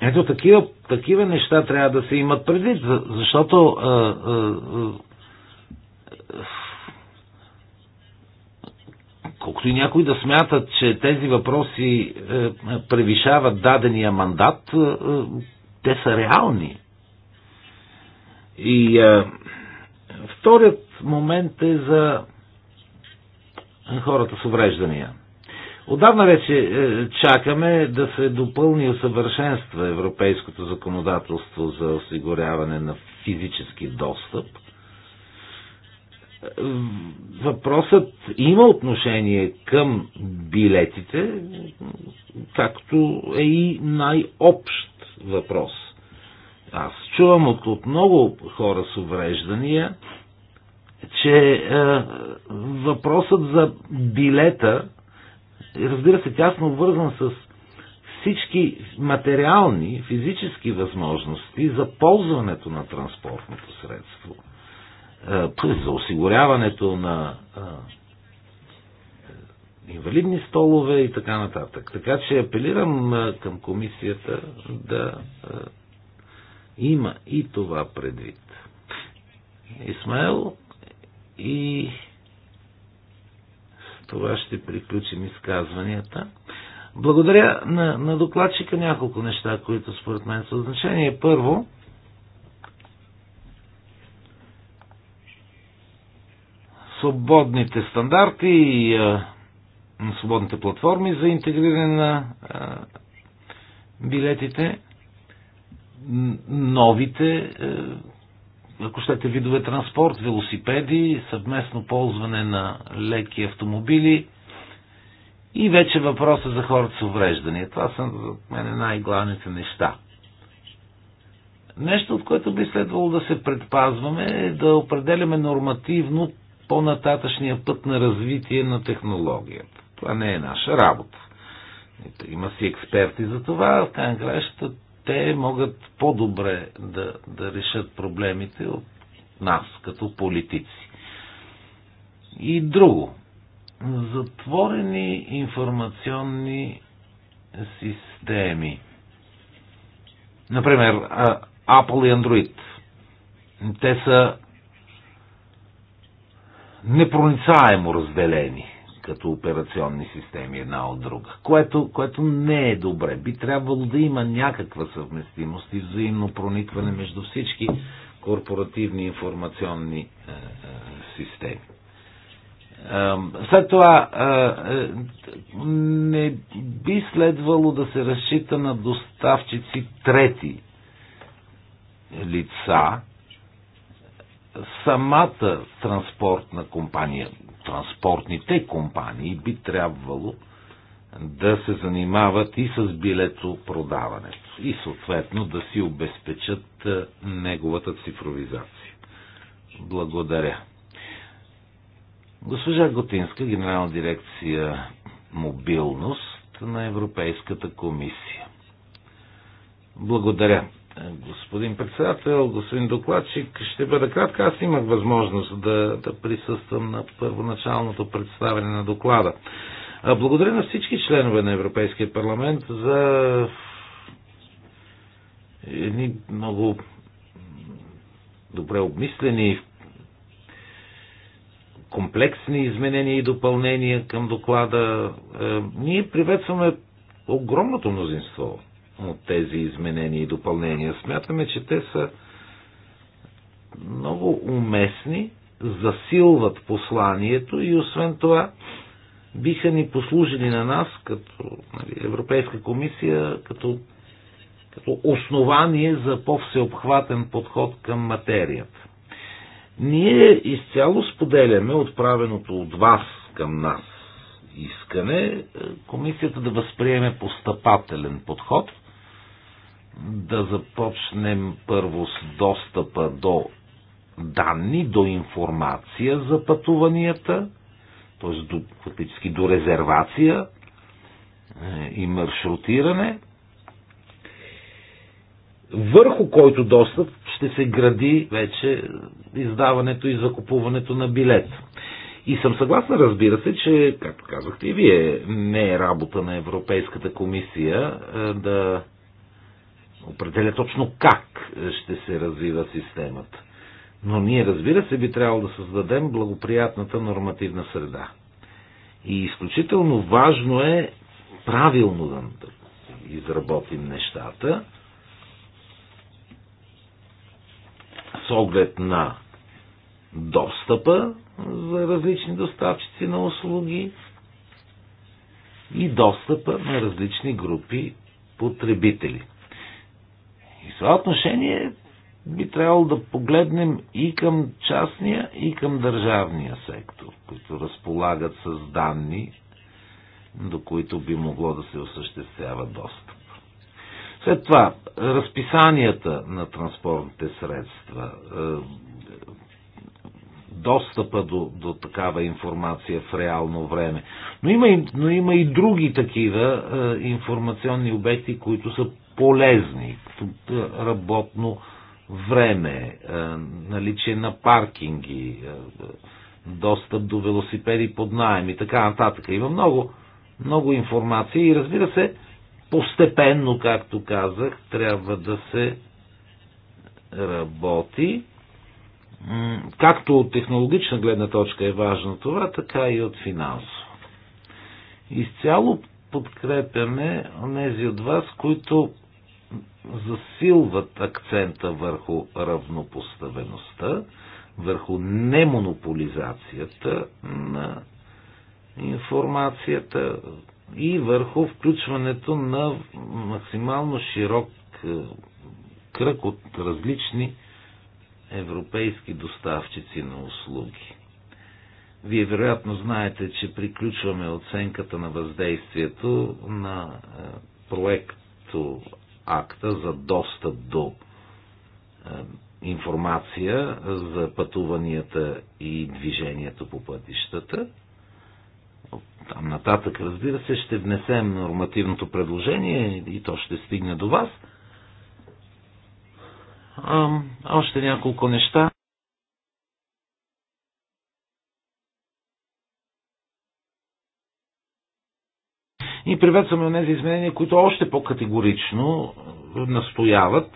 Ето такива, такива неща трябва да се имат предвид, защото а, а, а, колкото и някои да смятат, че тези въпроси а, превишават дадения мандат, а, те са реални. И а, вторият момент е за хората с увреждания. Отдавна вече е, чакаме да се допълни и усъвършенства европейското законодателство за осигуряване на физически достъп. Е, въпросът има отношение към билетите, както е и най-общ въпрос. Аз чувам от, от много хора с увреждания, че е, въпросът за билета, разбира се, тясно вързан с всички материални, физически възможности за ползването на транспортното средство, е, за осигуряването на е, инвалидни столове и така нататък. Така че апелирам е, към комисията да е, има и това предвид. Исмаел, и това ще приключим изказванията. Благодаря на, на докладчика няколко неща, които според мен са значение. Първо, свободните стандарти и а, свободните платформи за интегриране на а, билетите, новите е, ако щете, видове транспорт, велосипеди, съвместно ползване на леки автомобили и вече въпроса за хората с увреждания. Това са за мен най-главните неща. Нещо, от което би следвало да се предпазваме е да определяме нормативно по-нататъчния път на развитие на технологията. Това не е наша работа. Има си експерти за това. В крайна краща те могат по-добре да, да решат проблемите от нас, като политици. И друго. Затворени информационни системи. Например, Apple и Android. Те са непроницаемо разделени като операционни системи една от друга, което, което не е добре. Би трябвало да има някаква съвместимост и взаимно проникване между всички корпоративни информационни е, е, системи. След това е, е, не би следвало да се разчита на доставчици трети лица. Самата транспортна компания, транспортните компании би трябвало да се занимават и с билето продаването и съответно да си обезпечат е, неговата цифровизация. Благодаря. Госпожа Готинска, генерална дирекция мобилност на Европейската комисия. Благодаря господин председател, господин докладчик. Ще бъда кратка. Аз имах възможност да, да присъствам на първоначалното представяне на доклада. Благодаря на всички членове на Европейския парламент за едни много добре обмислени, комплексни изменения и допълнения към доклада. Е, ние приветстваме огромното мнозинство от тези изменения и допълнения. Смятаме, че те са много уместни, засилват посланието и освен това биха ни послужили на нас като нали, Европейска комисия като, като основание за по-всеобхватен подход към материята. Ние изцяло споделяме отправеното от вас към нас искане е, комисията да възприеме постъпателен подход – да започнем първо с достъпа до данни, до информация за пътуванията, т.е. До, фактически до резервация е, и маршрутиране, върху който достъп ще се гради вече издаването и закупуването на билет. И съм съгласен, разбира се, че, както казахте и вие, не е работа на Европейската комисия е, да определя точно как е, ще се развива системата. Но ние, разбира се, би трябвало да създадем благоприятната нормативна среда. И изключително важно е правилно да изработим нещата с оглед на достъпа за различни доставчици на услуги и достъпа на различни групи потребители. С това отношение би трябвало да погледнем и към частния, и към държавния сектор, които разполагат с данни, до които би могло да се осъществява достъп. След това, разписанията на транспортните средства, е, достъпа до, до такава информация в реално време. Но има и, но има и други такива е, информационни обекти, които са полезни, работно време, е, наличие на паркинги, е, достъп до велосипеди под найем и така нататък. Има много, много информация и разбира се, постепенно, както казах, трябва да се работи. Както от технологична гледна точка е важно това, така и от финансово. Изцяло подкрепяме тези от вас, които засилват акцента върху равнопоставеността, върху немонополизацията на информацията и върху включването на максимално широк е, кръг от различни европейски доставчици на услуги. Вие вероятно знаете, че приключваме оценката на въздействието на е, проекто акта за достъп до е, информация за пътуванията и движението по пътищата. Там нататък, разбира се, ще внесем нормативното предложение и то ще стигне до вас. А, още няколко неща. И приветстваме тези изменения, които още по-категорично е, настояват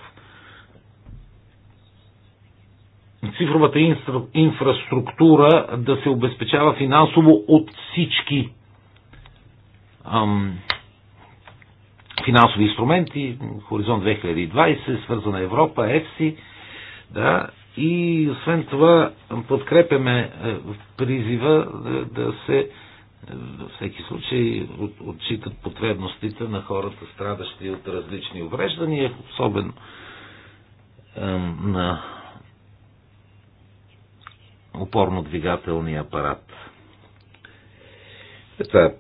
цифровата инфра... инфраструктура да се обезпечава финансово от всички ам, финансови инструменти, Хоризонт 2020, Свързана Европа, ЕФСИ, да, и освен това подкрепяме е, призива да, е, да се във всеки случай отчитат потребностите на хората, страдащи от различни увреждания, особено на опорно-двигателния апарат. Е, това е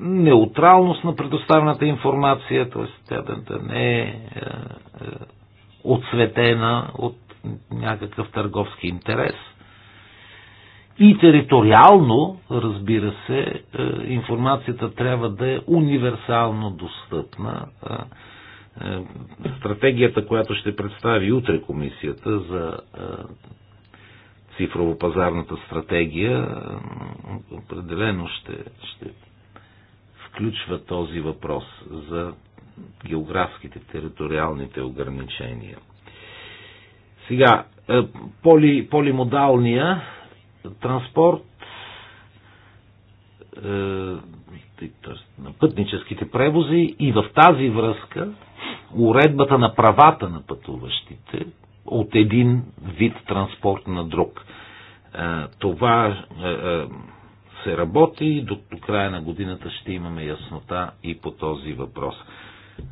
неутралност на предоставената информация, т.е. тя да, да не е, е, е отсветена от някакъв търговски интерес – и териториално, разбира се, е, информацията трябва да е универсално достъпна. Е, е, стратегията, която ще представи утре комисията за цифрово-пазарната стратегия, определено ще, ще включва този въпрос за географските, териториалните ограничения. Сега, поли, полимодалния транспорт, е, на пътническите превози и в тази връзка уредбата на правата на пътуващите от един вид транспорт на друг. Е, това е, се работи и до, до края на годината ще имаме яснота и по този въпрос.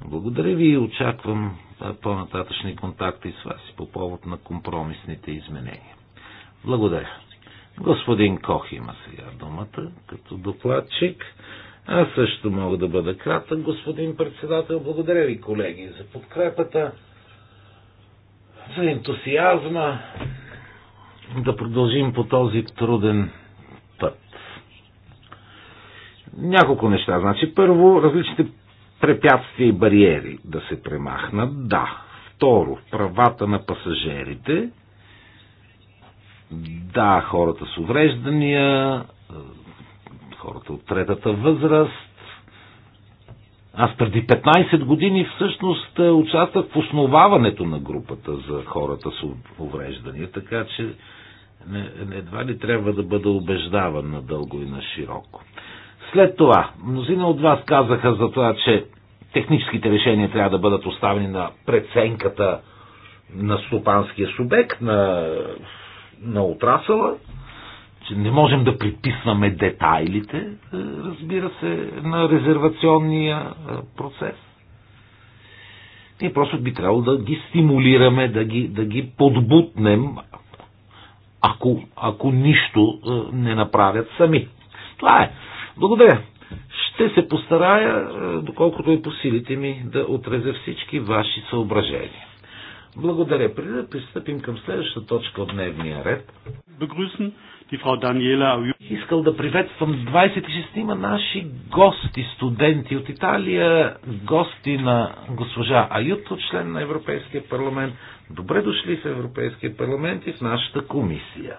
Благодаря ви и очаквам по-нататъчни контакти с вас по повод на компромисните изменения. Благодаря. Господин Кох има сега думата като докладчик. Аз също мога да бъда кратък, господин председател. Благодаря ви, колеги, за подкрепата, за ентусиазма да продължим по този труден път. Няколко неща. Значи, първо, различните препятствия и бариери да се премахнат. Да. Второ, правата на пасажирите да, хората с увреждания, хората от третата възраст. Аз преди 15 години всъщност е, участвах в основаването на групата за хората с увреждания, така че едва ли трябва да бъда убеждаван на дълго и на широко. След това, мнозина от вас казаха за това, че техническите решения трябва да бъдат оставени на преценката на стопанския субект, на на отрасъла, че не можем да приписваме детайлите, е, разбира се, на резервационния е, процес. Ние просто би трябвало да ги стимулираме, да ги, да ги подбутнем, ако, ако нищо е, не направят сами. Това е. Благодаря. Ще се постарая, доколкото и по силите ми, да отрезя всички ваши съображения. Благодаря. Преди да пристъпим към следващата точка от дневния ред, искал да приветствам 26-ма наши гости, студенти от Италия, гости на госпожа Аюто, член на Европейския парламент. Добре дошли в Европейския парламент и в нашата комисия.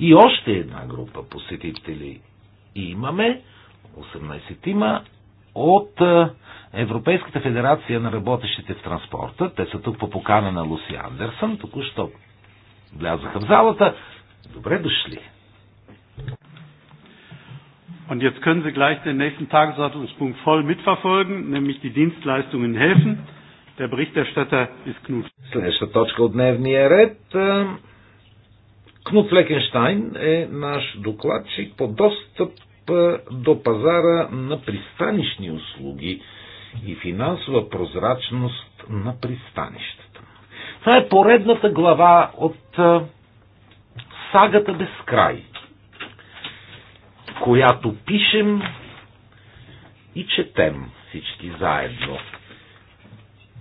И още една група посетители имаме, 18-ма, от Европейската федерация на работещите в транспорта, те са тук по покана на Луси Андерсън, току-що влязаха в залата. Добре дошли! Und jetzt können Sie gleich den nächsten Tagesordnungspunkt voll mitverfolgen, nämlich die Dienstleistungen helfen. Der Berichterstatter ist Knut. Следваща точка от дневния ред. Кнут Флекенштайн е наш докладчик по достъп до пазара на пристанищни услуги и финансова прозрачност на пристанищата. Това е поредната глава от е, Сагата сагата безкрай, която пишем и четем всички заедно.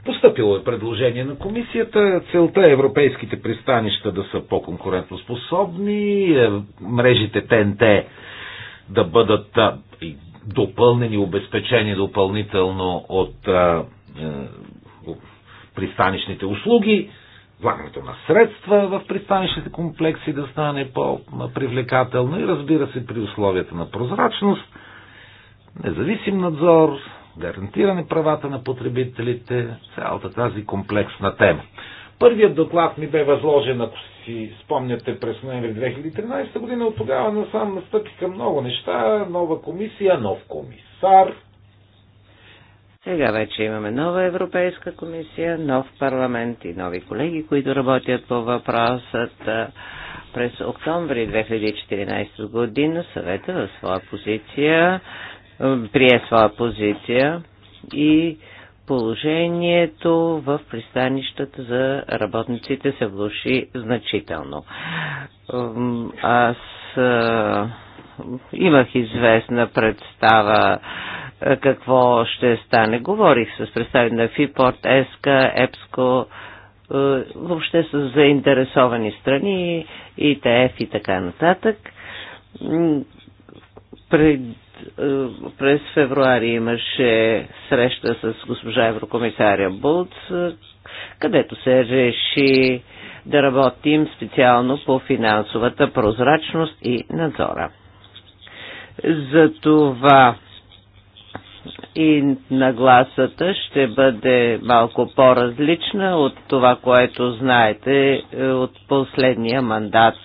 Постъпило е предложение на комисията. Целта е европейските пристанища да са по-конкурентоспособни, е, мрежите ТНТ да бъдат и е, допълнени, обезпечени допълнително от а, е, пристанищните услуги, влагането на средства в пристанищните комплекси да стане по-привлекателно и разбира се при условията на прозрачност, независим надзор, гарантиране правата на потребителите, цялата тази комплексна тема. Първият доклад ми бе възложен, ако си спомняте, през ноември 2013 година. От тогава насам настъпиха много неща. Нова комисия, нов комисар. Сега вече имаме нова Европейска комисия, нов парламент и нови колеги, които работят по въпросът. През октомври 2014 година съвета в своя позиция прие своя позиция и положението в пристанищата за работниците се влуши значително. Аз имах известна представа какво ще стане. Говорих с представители на ФИПОРТ, ЕСКА, ЕПСКО, въобще с заинтересовани страни, ИТФ и така нататък. Пред е, през февруари имаше среща с госпожа Еврокомисаря Булц, е, където се реши да работим специално по финансовата прозрачност и надзора. Затова и нагласата ще бъде малко по-различна от това, което знаете е, от последния мандат.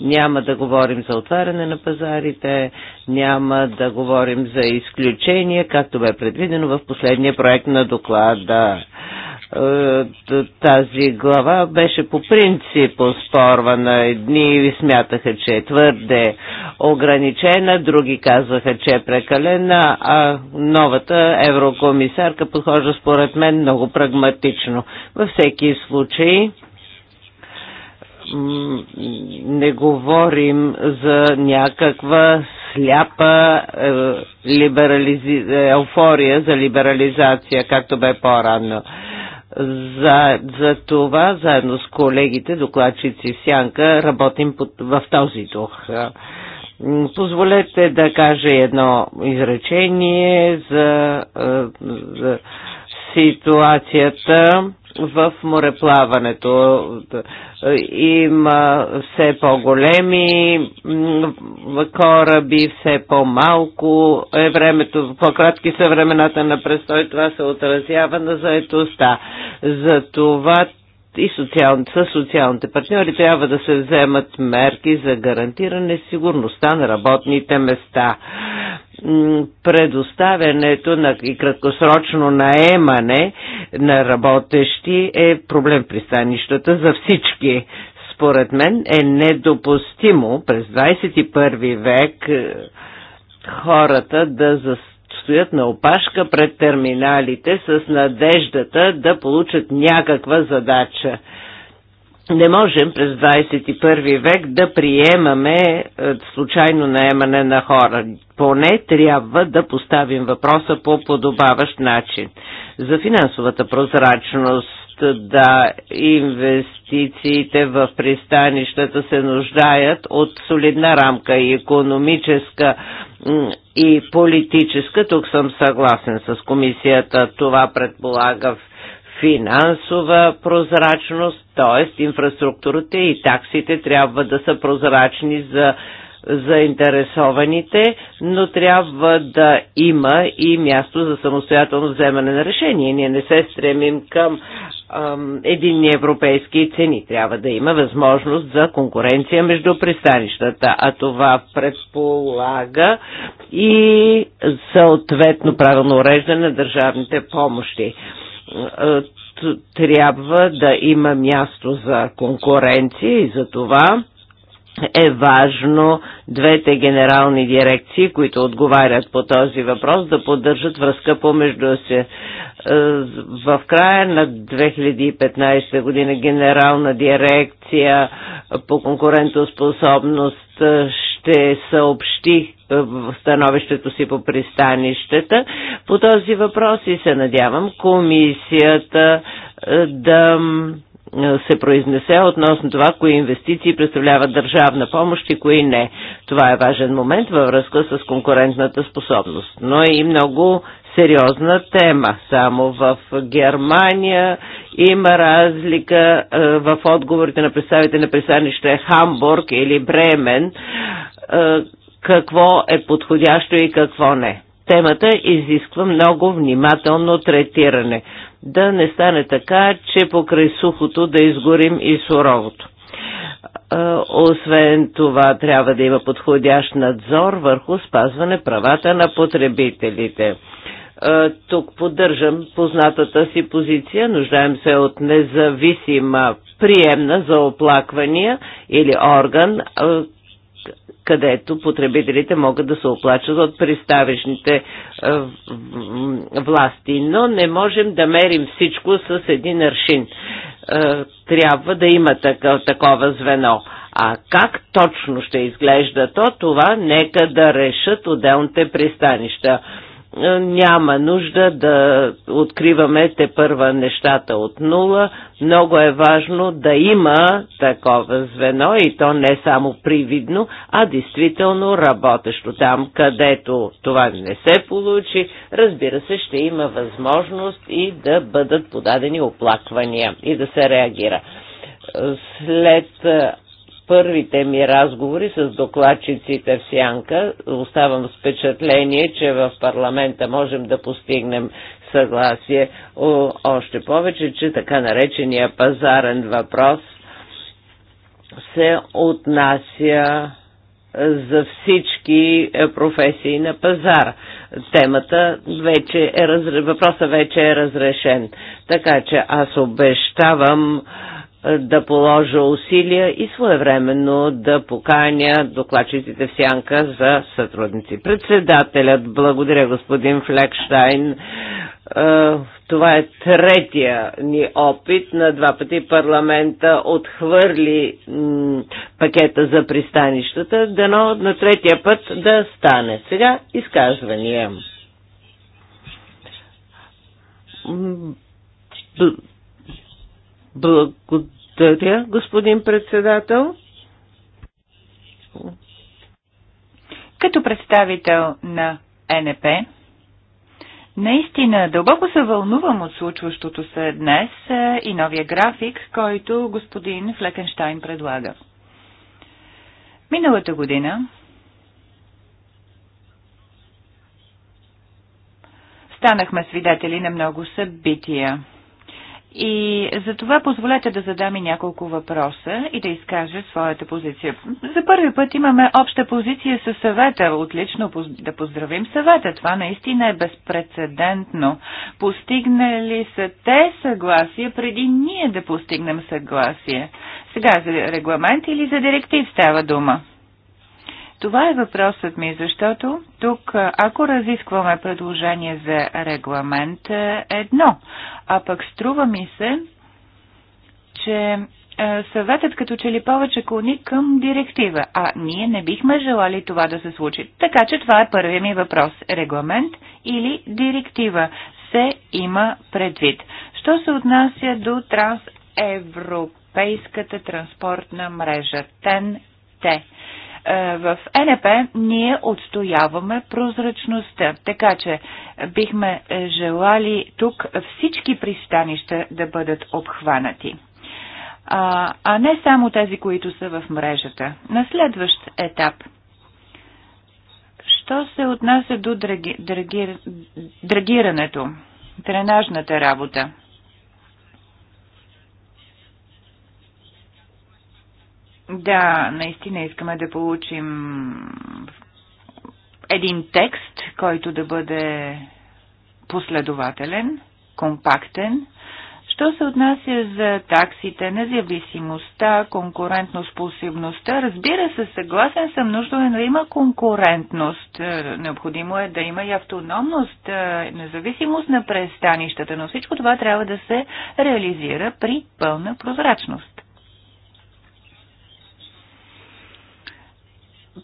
Няма да говорим за отваряне на пазарите, няма да говорим за изключения, както бе предвидено в последния проект на доклада е, тази глава беше по принцип оспорвана. Едни смятаха, че е твърде ограничена, други казваха, че е прекалена, а новата еврокомисарка подхожда според мен много прагматично. Във всеки случай не говорим за някаква сляпа е, е, еуфория за либерализация, както бе по-рано. За, за това, заедно с колегите, докладчици Сянка, работим под, в този дух. Позволете да кажа едно изречение за, е, за ситуацията в мореплаването. Има все по-големи кораби, все по-малко е времето, по-кратки са времената на престой, това се отразява на За Затова и социалните, социалните партньори трябва да се вземат мерки за гарантиране сигурността на работните места. Предоставянето на и краткосрочно наемане на работещи е проблем пристанищата за всички. Според мен е недопустимо през 21 век е, хората да, зас, стоят на опашка пред терминалите с надеждата да получат някаква задача. Не можем през 21 век да приемаме е, случайно наемане на хора. Поне трябва да поставим въпроса по подобаващ начин. За финансовата прозрачност да инвестициите в пристанищата се нуждаят от солидна рамка и економическа и политическа. Тук съм съгласен с комисията. Това предполага финансова прозрачност, т.е. инфраструктурата и таксите трябва да са прозрачни за заинтересованите, но трябва да има и място за самостоятелно вземане на решение. Ние не се стремим към ам, единни европейски цени. Трябва да има възможност за конкуренция между пристанищата, а това предполага и съответно правилно уреждане на държавните помощи трябва да има място за конкуренция и за това е важно двете генерални дирекции, които отговарят по този въпрос, да поддържат връзка помежду си. Е, в края на 2015 година генерална дирекция по конкурентоспособност е, ще съобщи е, в становището си по пристанищата. По този въпрос и се надявам комисията да е, се произнесе относно това, кои инвестиции представляват държавна помощ и кои не. Това е важен момент във връзка с конкурентната способност, но е и много сериозна тема. Само в Германия има разлика е, в отговорите на представите на пристанище Хамбург или Бремен, какво е подходящо и какво не темата изисква много внимателно третиране да не стане така, че покрай сухото да изгорим и суровото. Освен това, трябва да има подходящ надзор върху спазване правата на потребителите. Тук поддържам познатата си позиция. Нуждаем се от независима приемна за оплаквания или орган, където потребителите могат да се оплачат от приставищните е, власти. Но не можем да мерим всичко с един аршин. Е, трябва да има такова звено. А как точно ще изглежда то, това нека да решат отделните пристанища. Е, няма нужда да откриваме те първа нещата от нула. Много е важно да има такова звено и то не само привидно, а действително работещо. Там, където това не се получи, разбира се, ще има възможност и да бъдат подадени оплаквания и да се реагира. След е, първите ми разговори с докладчиците в Сянка оставам с впечатление, че в парламента можем да постигнем съгласие. О, още повече, че така наречения пазарен въпрос се отнася за всички професии на пазар. Темата вече е, въпросът вече е разрешен. Така че аз обещавам е, да положа усилия и своевременно да поканя докладчиците в сянка за сътрудници. Председателят, благодаря господин Флекштайн. Е, това е третия ни опит. На два пъти парламента отхвърли пакета за пристанищата, дано на третия път да стане. Сега изказвания благодаря, господин председател. Като представител на НП, Наистина, дълбоко се вълнувам от случващото се днес е, и новия график, който господин Флекенштайн предлага. Миналата година станахме свидетели на много събития. И за това позволете да задам и няколко въпроса и да изкажа своята позиция. За първи път имаме обща позиция със съвета. Отлично да поздравим съвета. Това наистина е безпредседентно. Постигнали са те съгласие преди ние да постигнем съгласие. Сега за регламент или за директив става дума? Това е въпросът ми, защото тук, ако разискваме предложение за регламент, е едно. А пък струва ми се, че е, съветът като че ли повече клони към директива, а ние не бихме желали това да се случи. Така че това е първият ми въпрос. Регламент или директива се има предвид. Що се отнася до трансевропейската транспортна мрежа ТЕН-Т? Е, в е НП ние отстояваме прозрачността, така че е, бихме желали тук всички пристанища да бъдат обхванати а, а не само тези, които са в мрежата. На следващ етап. Що се отнася до драги, драги, драгирането, тренажната работа? Да, наистина искаме да получим един текст, който да бъде последователен, компактен. Що се отнася за таксите, независимостта, конкурентноспособността, разбира се, съгласен съм, нужно е да има конкурентност. Е, необходимо е да има и автономност, е, независимост на престанищата, но всичко това трябва да се реализира при пълна прозрачност.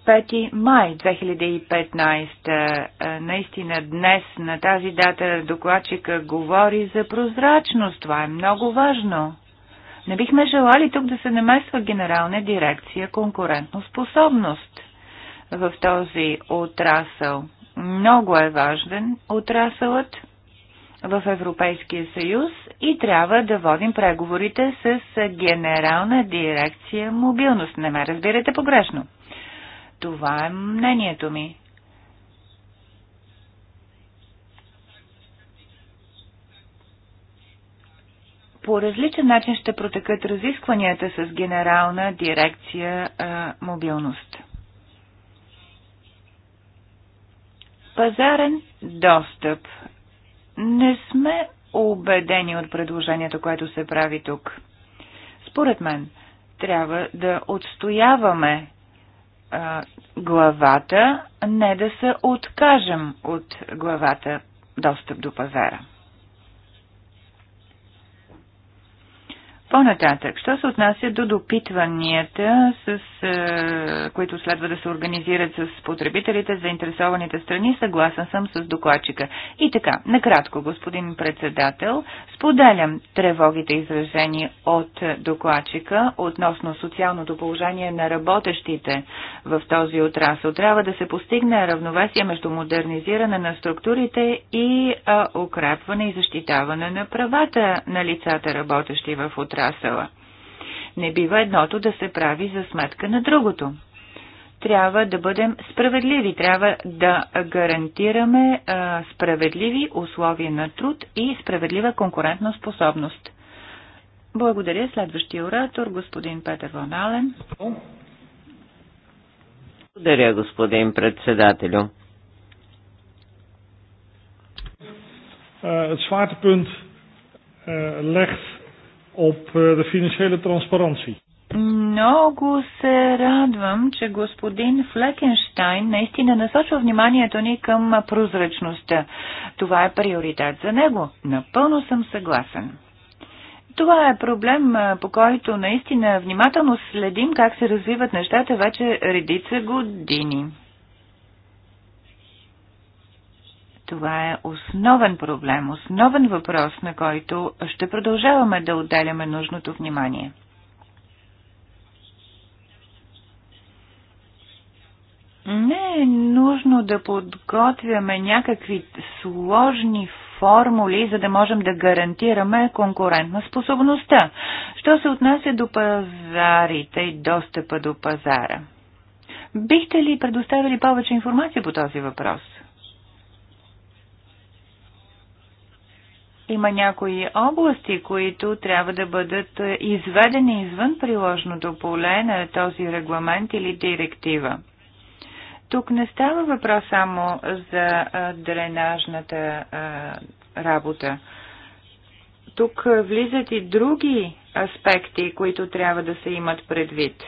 5 май 2015. Е, наистина днес на тази дата докладчика говори за прозрачност. Това е много важно. Не бихме желали тук да се намесва генерална дирекция конкурентно способност в този отрасъл. Много е важен отрасълът в Европейския съюз и трябва да водим преговорите с Генерална дирекция мобилност. Не ме разбирате погрешно. Това е мнението ми. по различен начин ще протекат разискванията с Генерална дирекция а, мобилност. Пазарен достъп. Не сме убедени от предложението, което се прави тук. Според мен, трябва да отстояваме главата, не да се откажем от главата достъп до пазара. По-нататък, що се отнася до допитванията с е, които следва да се организират с потребителите, заинтересованите страни, съгласен съм с докладчика. И така, накратко, господин председател, споделям тревогите изражени от докладчика относно социалното положение на работещите в този отрасъл. Трябва да се постигне равновесие между модернизиране на структурите и укрепване и защитаване на правата на лицата, работещи в отрасъла. Не бива едното да се прави за сметка на другото. Трябва да бъдем справедливи, трябва да гарантираме а, справедливи условия на труд и справедлива конкурентна способност. Благодаря. Следващия оратор, господин Петър Ванален. Благодаря, господин председателю. Uh, het zwaartepunt uh, legt op eh, de financiële transparantie. Много се радвам, че господин Флекенштайн наистина насочва вниманието ни към прозрачността. Това е приоритет за него. Напълно съм съгласен. Това е проблем, по който наистина внимателно следим как се развиват нещата вече редица години. Това е основен проблем, основен въпрос, на който ще продължаваме да отделяме нужното внимание. Не е нужно да подготвяме някакви сложни формули, за да можем да гарантираме конкурентна способността. Що се отнася до пазарите и достъпа до пазара? Бихте ли предоставили повече информация по този въпрос? Има някои области, които трябва да бъдат е, изведени извън приложното поле на този регламент или директива. Тук не става въпрос само за е, дренажната е, работа. Тук влизат и други аспекти, които трябва да се имат предвид.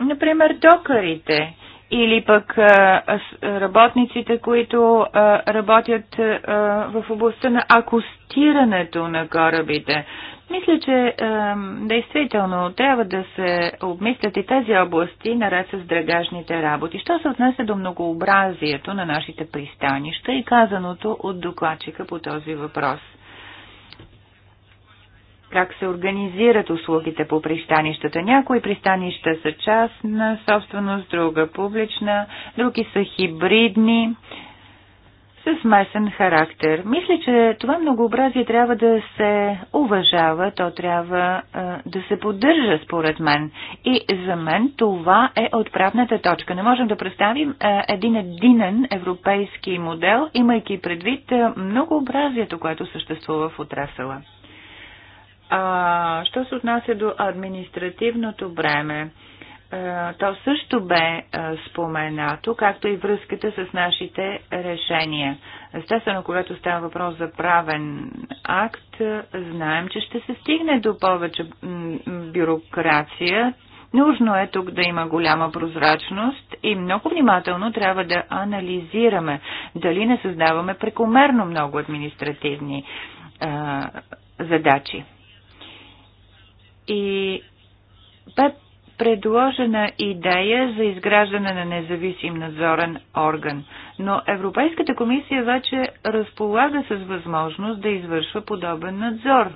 Например, докарите или пък работниците, които работят в областта на акустирането на корабите. Мисля, че действително трябва да се обмислят и тези области наред с драгажните работи. Що се отнесе до многообразието на нашите пристанища и казаното от докладчика по този въпрос – как се организират услугите по пристанищата. Някои пристанища са частна собственост, друга публична, други са хибридни, с смесен характер. Мисля, че това многообразие трябва да се уважава, то трябва а, да се поддържа, според мен. И за мен това е отправната точка. Не можем да представим а, един единен европейски модел, имайки предвид а, многообразието, което съществува в отрасъла. А, що се отнася до административното бреме, то също бе споменато, както и връзката с нашите решения. Естествено, когато става въпрос за правен акт, знаем, че ще се стигне до повече бюрокрация. Нужно е тук да има голяма прозрачност и много внимателно трябва да анализираме дали не създаваме прекомерно много административни а, задачи и бе предложена идея за изграждане на независим надзорен орган, но Европейската комисия вече разполага с възможност да извършва подобен надзор.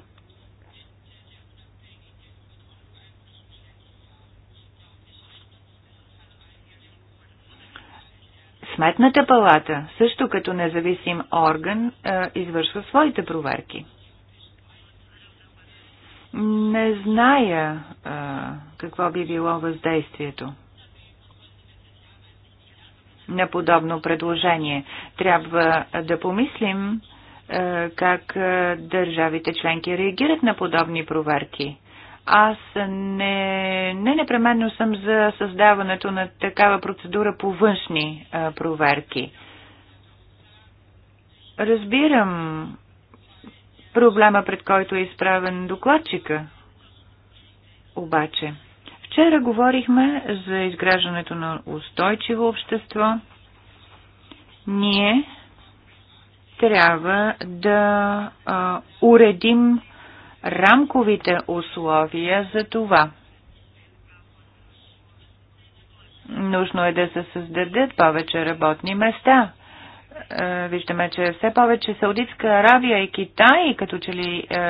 Сметната палата, също като независим орган, е, извършва своите проверки. Не зная а, какво би било въздействието на подобно предложение. Трябва да помислим а, как а, държавите членки реагират на подобни проверки. Аз не, не непременно съм за създаването на такава процедура по външни а, проверки. Разбирам проблема, пред който е изправен докладчика. Обаче, вчера говорихме за изграждането на устойчиво общество. Ние трябва да а, уредим рамковите условия за това. Нужно е да се създадат повече работни места е, виждаме, че все повече Саудитска Аравия и Китай като че ли е, е,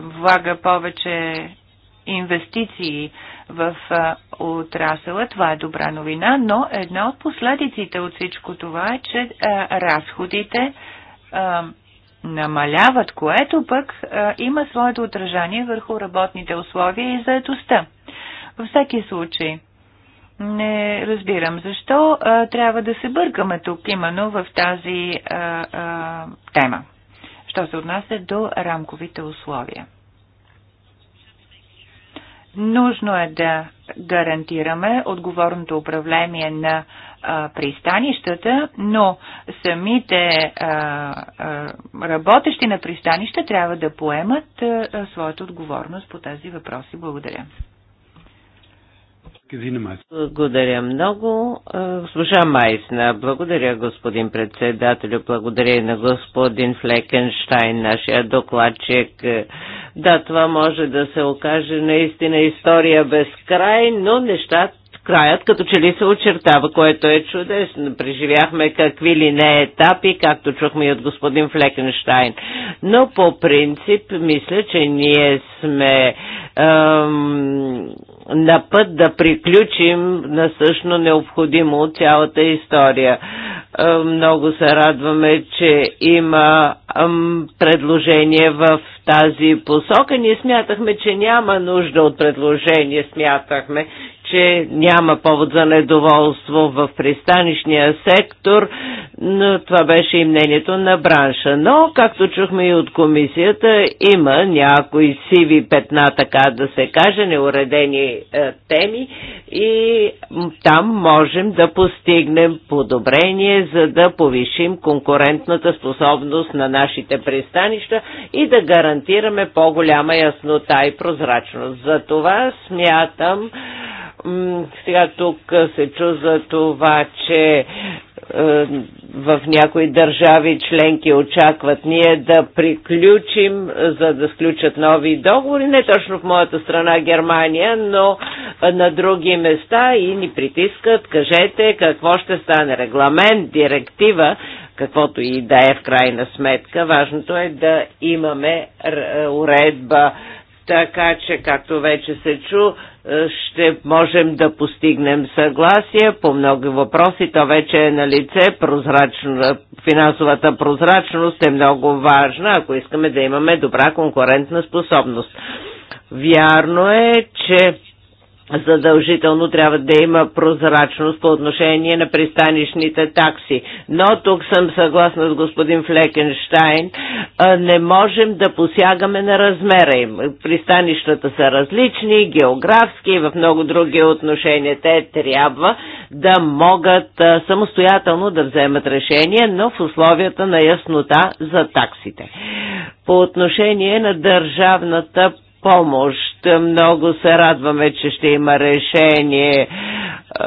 влага повече инвестиции в отрасъла. Това е добра новина, но една от последиците от всичко това е, че разходите намаляват, което пък има своето отражание върху работните условия и заедостта. Във всеки случай – не разбирам защо а, трябва да се бъркаме тук именно в тази а, а, тема, що се отнася до рамковите условия. Нужно е да гарантираме отговорното управление на а, пристанищата, но самите а, а, работещи на пристанища трябва да поемат а, своята отговорност по тези въпроси. Благодаря. Благодаря много. Госпожа Майсна, благодаря господин председателю, благодаря и на господин Флекенштайн, нашия докладчик. Да, това може да се окаже наистина история без край, но нещата краят като че ли се очертава, което е чудесно. Преживяхме какви ли не етапи, както чухме и от господин Флекенштайн. Но по принцип мисля, че ние сме ам на път да приключим на също необходимо цялата история. Е, много се радваме, че има предложение в тази посока. Ние смятахме, че няма нужда от предложение, смятахме, че няма повод за недоволство в пристанищния сектор, но това беше и мнението на бранша. Но, както чухме и от комисията, има някои сиви петна, така да се каже, неуредени е, теми и там можем да постигнем подобрение, за да повишим конкурентната способност на нашите пристанища и да гарантираме по-голяма яснота и прозрачност. За това смятам, сега тук се чу за това, че е, в някои държави членки очакват ние да приключим, за да сключат нови договори. Не точно в моята страна Германия, но е, на други места и ни притискат. Кажете какво ще стане. Регламент, директива, каквото и да е в крайна сметка. Важното е да имаме е, уредба така че, както вече се чу, е, ще можем да постигнем съгласие по много въпроси. То вече е на лице. Прозрачно, е, финансовата прозрачност е много важна, ако искаме да имаме добра конкурентна способност. Вярно е, че задължително трябва да има прозрачност по отношение на пристанищните такси. Но тук съм съгласна с господин Флекенштайн, не можем да посягаме на размера им. Пристанищата са различни, географски и в много други отношения. Те трябва да могат самостоятелно да вземат решение, но в условията на яснота за таксите. По отношение на държавната помощ. Много се радваме, че ще има решение.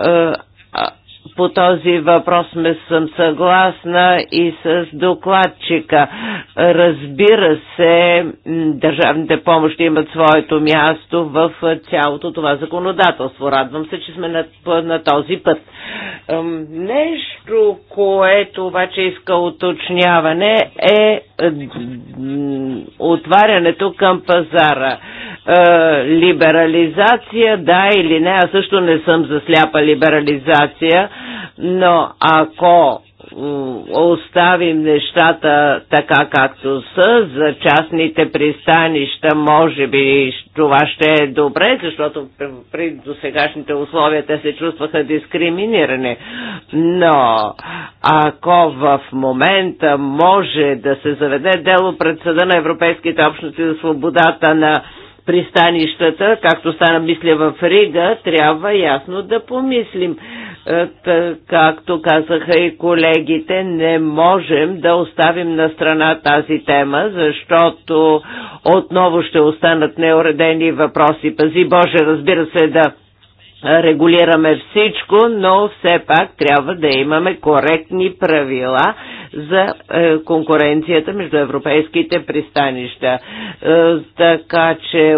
Е, по този въпрос ме съм съгласна и с докладчика. Разбира се, държавните помощи имат своето място в цялото това законодателство. Радвам се, че сме на, на този път. Нещо, което обаче иска уточняване е отварянето към пазара. Е, либерализация, да или не, аз също не съм за сляпа либерализация, но ако оставим нещата така както са, за частните пристанища може би това ще е добре, защото при досегашните условия те се чувстваха дискриминирани. Но ако в момента може да се заведе дело пред съда на Европейските общности за свободата на пристанищата, както стана мисля в Рига, трябва ясно да помислим е, както казаха и колегите, не можем да оставим на страна тази тема, защото отново ще останат неуредени въпроси. Пази Боже, разбира се, да регулираме всичко, но все пак трябва да имаме коректни правила за е, конкуренцията между европейските пристанища. Е, така че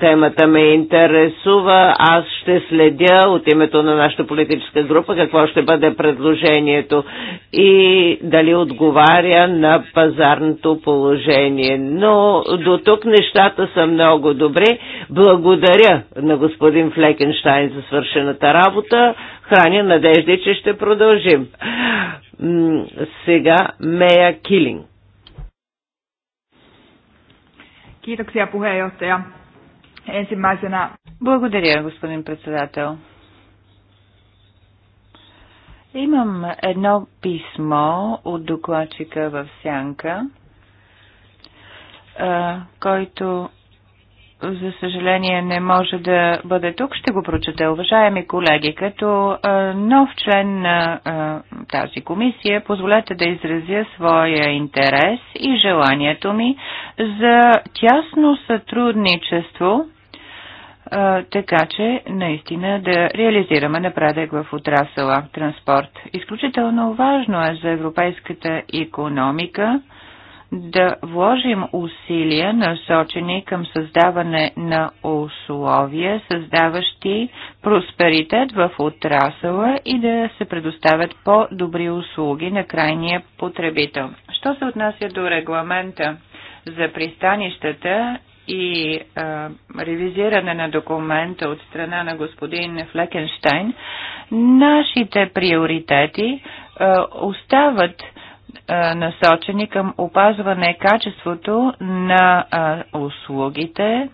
темата ме интересува. Аз ще следя от името на нашата политическа група какво ще бъде предложението и дали отговаря на пазарното положение. Но до тук нещата са много добри. Благодаря на господин Флекенштайн благодарен за свършената работа. Храня надежда, че ще продължим. Сега Мея Килинг. Kiitoksia puheenjohtaja. Ensimmäisenä... Благодаря, господин председател. Имам едно писмо от докладчика в Сянка, който за съжаление не може да бъде тук, ще го прочета. Уважаеми колеги, като нов член на тази комисия, позволете да изразя своя интерес и желанието ми за тясно сътрудничество, така че наистина да реализираме напредък в отрасъла транспорт. Изключително важно е за европейската економика да вложим усилия насочени към създаване на условия, създаващи просперитет в отрасъла и да се предоставят по-добри услуги на крайния потребител. Що се отнася до регламента за пристанищата и а, ревизиране на документа от страна на господин Флекенштайн, нашите приоритети а, остават насочени към опазване качеството на услугите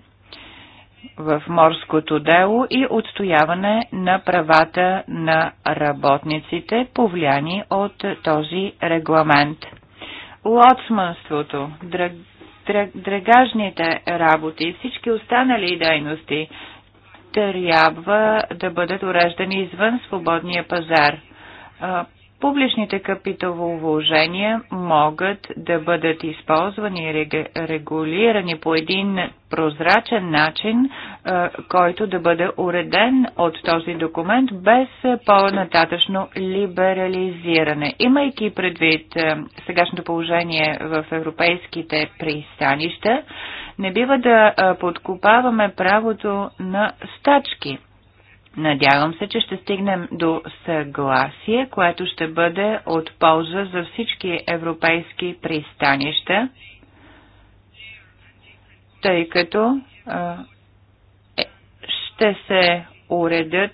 в морското дело и отстояване на правата на работниците, повлияни от този регламент. Лоцманството, драг, драг, драгажните работи и всички останали дейности трябва да бъдат уреждани извън свободния пазар Публичните капиталовложения могат да бъдат използвани и регулирани по един прозрачен начин, който да бъде уреден от този документ без по-нататъчно либерализиране. Имайки предвид сегашното положение в европейските пристанища, не бива да подкопаваме правото на стачки – Надявам се, че ще стигнем до съгласие, което ще бъде от полза за всички европейски пристанища, тъй като а, е, ще се уредят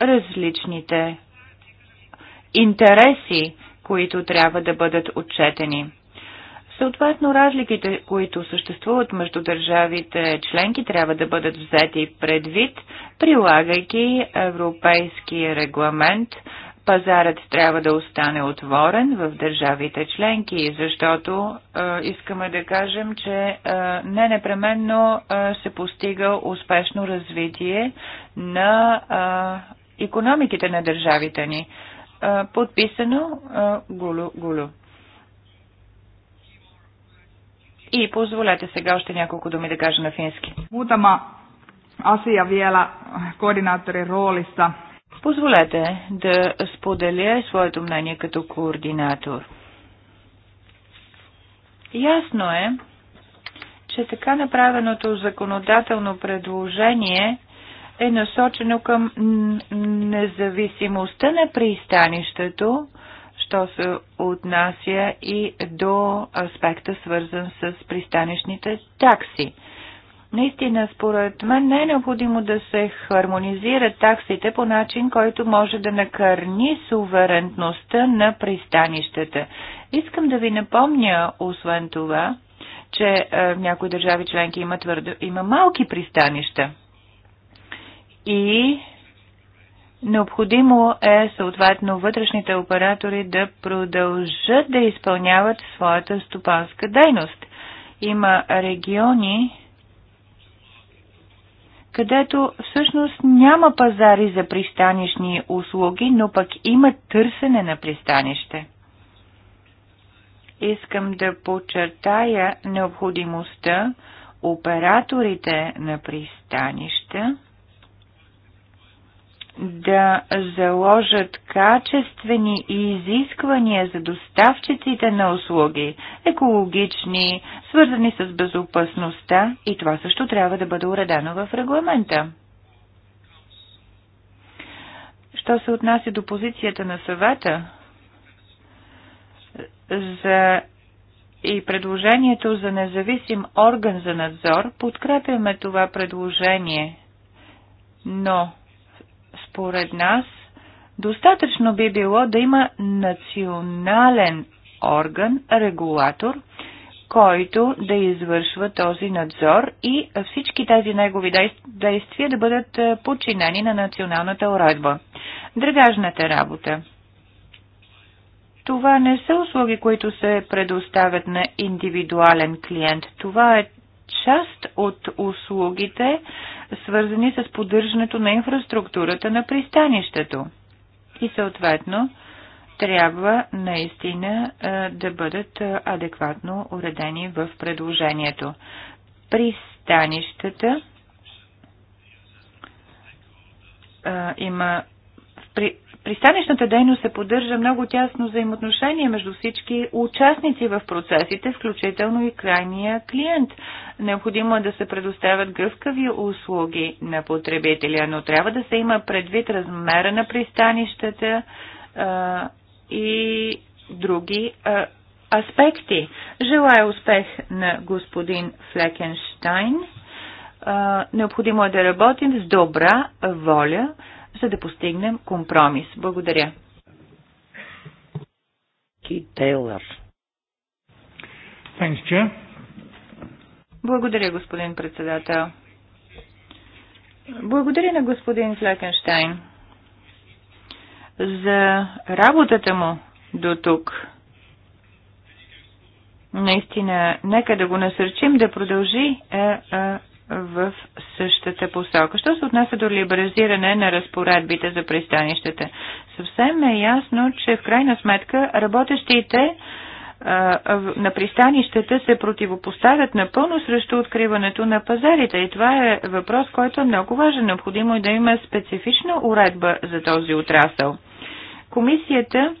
различните интереси, които трябва да бъдат отчетени. Съответно, разликите, които съществуват между държавите членки, трябва да бъдат взети предвид, прилагайки европейски регламент. Пазарът трябва да остане отворен в държавите членки, защото е, искаме да кажем, че е, не непременно е, се постига успешно развитие на е, економиките на държавите ни. Е, подписано е, Гулю Гулю. И позволете сега още няколко думи да кажа на фински. Мутама асия виела координатори roolissa. Позволете да споделя своето мнение като координатор. Ясно е, че така направеното законодателно предложение е насочено към независимостта на пристанището, що се отнася и до аспекта, свързан с пристанищните такси. Наистина, според мен не е необходимо да се хармонизират таксите по начин, който може да накърни суверенността на пристанищата. Искам да ви напомня, освен това, че е, някои държави членки има твърдо, има малки пристанища. И Необходимо е съответно вътрешните оператори да продължат да изпълняват своята стопанска дейност. Има региони, където всъщност няма пазари за пристанищни услуги, но пък има търсене на пристанище. Искам да подчертая необходимостта операторите на пристанища да заложат качествени изисквания за доставчиците на услуги, екологични, свързани с безопасността и това също трябва да бъде уредено в регламента. Що се отнася до позицията на съвета за и предложението за независим орган за надзор, подкрепяме това предложение, но според нас достатъчно би било да има национален орган, регулатор, който да извършва този надзор и всички тези негови действия да бъдат е, подчинени на националната уредба. Драгажната работа. Това не са услуги, които се предоставят на индивидуален клиент. Това е част от услугите, свързани с поддържането на инфраструктурата на пристанището. И съответно, трябва наистина е, да бъдат е, адекватно уредени в предложението. Пристанищата е, има пристанищната дейност се поддържа много тясно взаимоотношение между всички участници в процесите, включително и крайния клиент. Необходимо е да се предоставят гъвкави услуги на потребителя, но трябва да се има предвид размера на пристанищата а, и други а, аспекти. Желая успех на господин Флекенштайн. Необходимо е да работим с добра воля за да постигнем компромис. Благодаря. Благодаря, господин председател. Благодаря на господин Флекенштайн за работата му до тук. Наистина, нека да го насърчим да продължи е, е, в същата посока. Що се отнася до либерализиране на разпоредбите за пристанищата? Съвсем е ясно, че в крайна сметка работещите на пристанищата се противопоставят напълно срещу откриването на пазарите. И това е въпрос, който е много важен. Необходимо е да има специфична уредба за този отрасъл. Комисията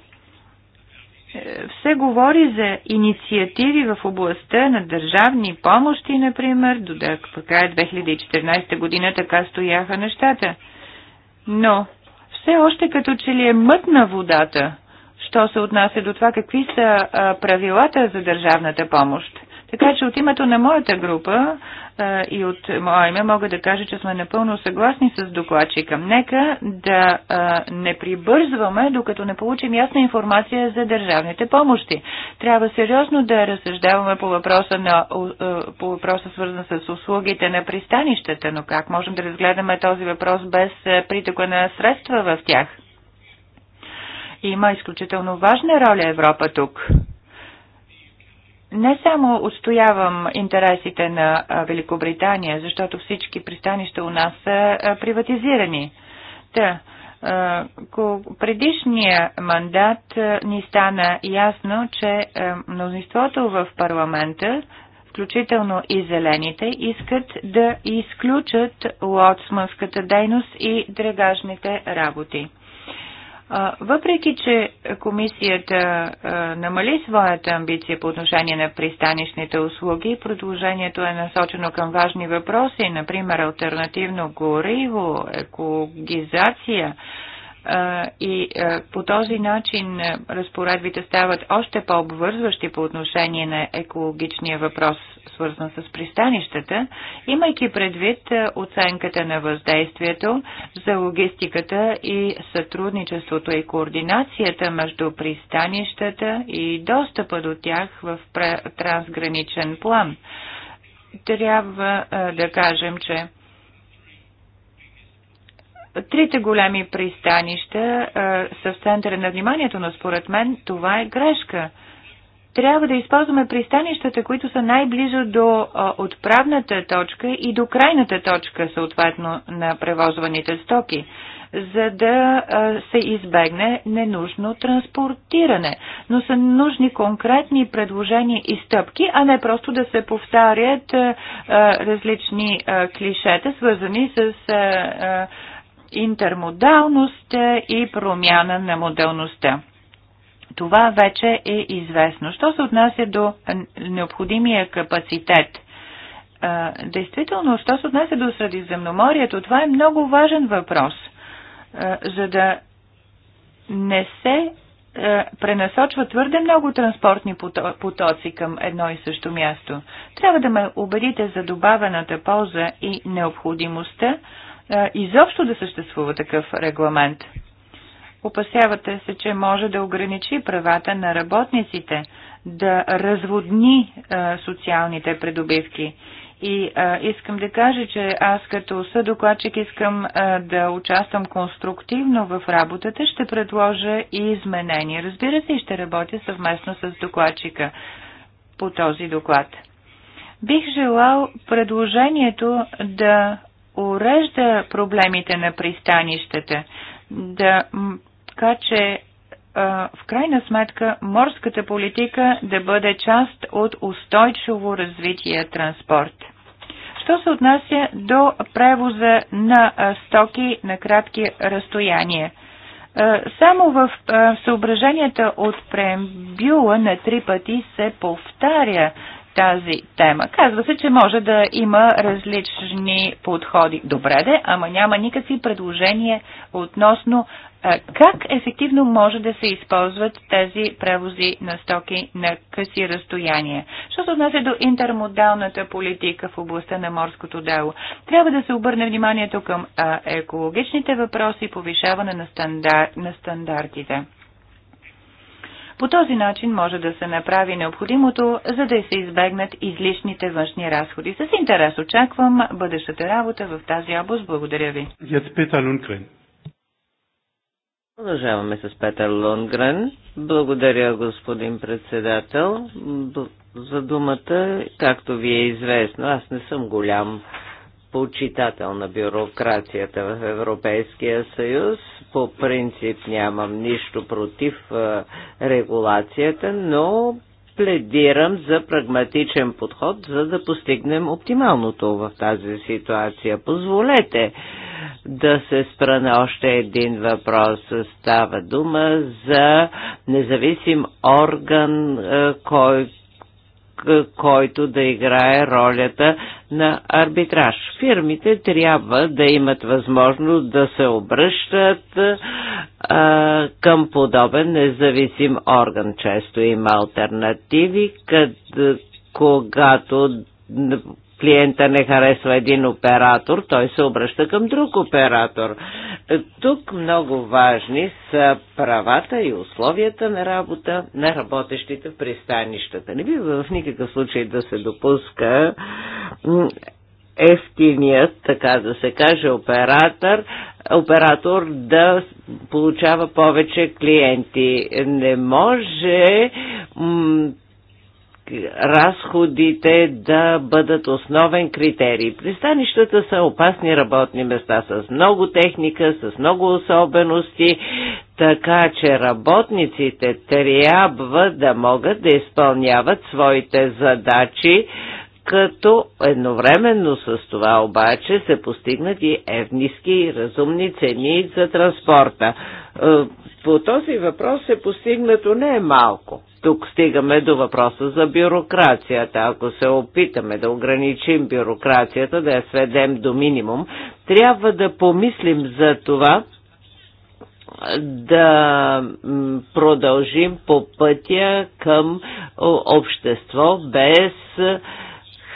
е, все говори за инициативи в областта на държавни помощи, например, до е 2014 година така стояха нещата. Но все още като че ли е мътна водата, що се отнася до това какви са правилата за държавната помощ. Така че от името на моята група а, и от моя име мога да кажа, че сме напълно съгласни с докладчика. Нека да а, не прибързваме, докато не получим ясна информация за държавните помощи. Трябва сериозно да разсъждаваме по въпроса, на, по въпроса свързан с услугите на пристанищата, но как можем да разгледаме този въпрос без притока на средства в тях? Има изключително важна роля Европа тук не само устоявам интересите на Великобритания, защото всички пристанища у нас са приватизирани. Та, предишния мандат ни стана ясно, че мнозинството в парламента, включително и зелените, искат да изключат лоцманската дейност и драгажните работи. Въпреки, че комисията намали своята амбиция по отношение на пристанищните услуги, продължението е насочено към важни въпроси, например альтернативно гориво, екологизация, и по този начин разпоредбите стават още по-обвързващи по отношение на екологичния въпрос, свързан с пристанищата, имайки предвид оценката на въздействието за логистиката и сътрудничеството и координацията между пристанищата и достъпа до тях в трансграничен план. Трябва да кажем, че Трите големи пристанища а, са в центъра на вниманието, но според мен това е грешка. Трябва да използваме пристанищата, които са най-близо до а, отправната точка и до крайната точка, съответно, на превозваните стоки за да се избегне ненужно транспортиране. Но са нужни конкретни предложения и стъпки, а не просто да се повтарят различни клишета, свързани с интермодалност е, и промяна на моделността. Това вече е известно. Що се отнася до необходимия капацитет? Е, действително, що се отнася до Средиземноморието, това е много важен въпрос, е, за да не се пренасочва твърде много транспортни потоци към едно и също място. Трябва да ме убедите за добавената полза и необходимостта изобщо да съществува такъв регламент. Опасявате се, че може да ограничи правата на работниците, да разводни а, социалните придобивки. И а, искам да кажа, че аз като съдокладчик искам а, да участвам конструктивно в работата, ще предложа и изменения. Разбира се, и ще работя съвместно с докладчика по този доклад. Бих желал предложението да урежда проблемите на пристанищата, да, така че в крайна сметка морската политика да бъде част от устойчиво развитие транспорт. Що се отнася до превоза на стоки на кратки разстояния? Само в съображенията от преембюла на три пъти се повтаря тази тема. Казва се, че може да има различни подходи. Добре де, ама няма никакви предложения относно а, как ефективно може да се използват тези превози на стоки на къси разстояния. Що се отнася до интермодалната политика в областта на морското дело? Трябва да се обърне вниманието към а, екологичните въпроси и повишаване на, стандар... на стандартите. По този начин може да се направи необходимото, за да се избегнат излишните външни разходи. С интерес очаквам бъдещата работа в тази област. Благодаря ви. Продължаваме с Петър Лунгрен. Благодаря, господин председател, за думата. Както ви е известно, аз не съм голям почитател на бюрокрацията в Европейския съюз. По принцип нямам нищо против регулацията, но пледирам за прагматичен подход, за да постигнем оптималното в тази ситуация. Позволете да се спра на още един въпрос. Става дума за независим орган, който е, който да играе ролята на арбитраж. Фирмите трябва да имат възможност да се обръщат а, е, към подобен независим орган. Често има альтернативи, къд, когато клиента не харесва един оператор, той се обръща към друг оператор. Тук много важни са правата и условията на работа на работещите в пристанищата. Не бива в никакъв случай да се допуска ефтиният, така да се каже, оператор, оператор да получава повече клиенти. Не може разходите да бъдат основен критерий. Пристанищата са опасни работни места с много техника, с много особености, така че работниците трябва да могат да изпълняват своите задачи, като едновременно с това обаче се постигнат и евниски и разумни цени за транспорта. Е, по този въпрос се постигнато не е малко тук стигаме до въпроса за бюрокрацията. Ако се опитаме да ограничим бюрокрацията, да я сведем до минимум, трябва да помислим за това, да продължим по пътя към общество без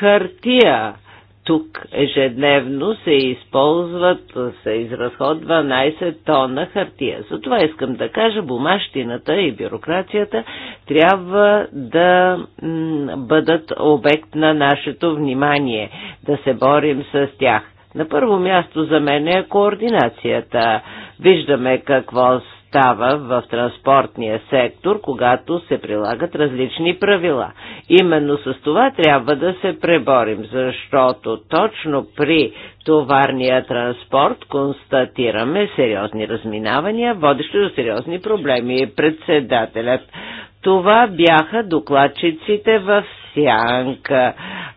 хартия тук ежедневно се използват, се изразходва 12 тона хартия. Затова искам да кажа, бумащината и бюрокрацията трябва да бъдат обект на нашето внимание, да се борим с тях. На първо място за мен е координацията. Виждаме какво става в транспортния сектор, когато се прилагат различни правила. Именно с това трябва да се преборим, защото точно при товарния транспорт констатираме сериозни разминавания, водещи до сериозни проблеми. Председателят това бяха докладчиците в Сянка,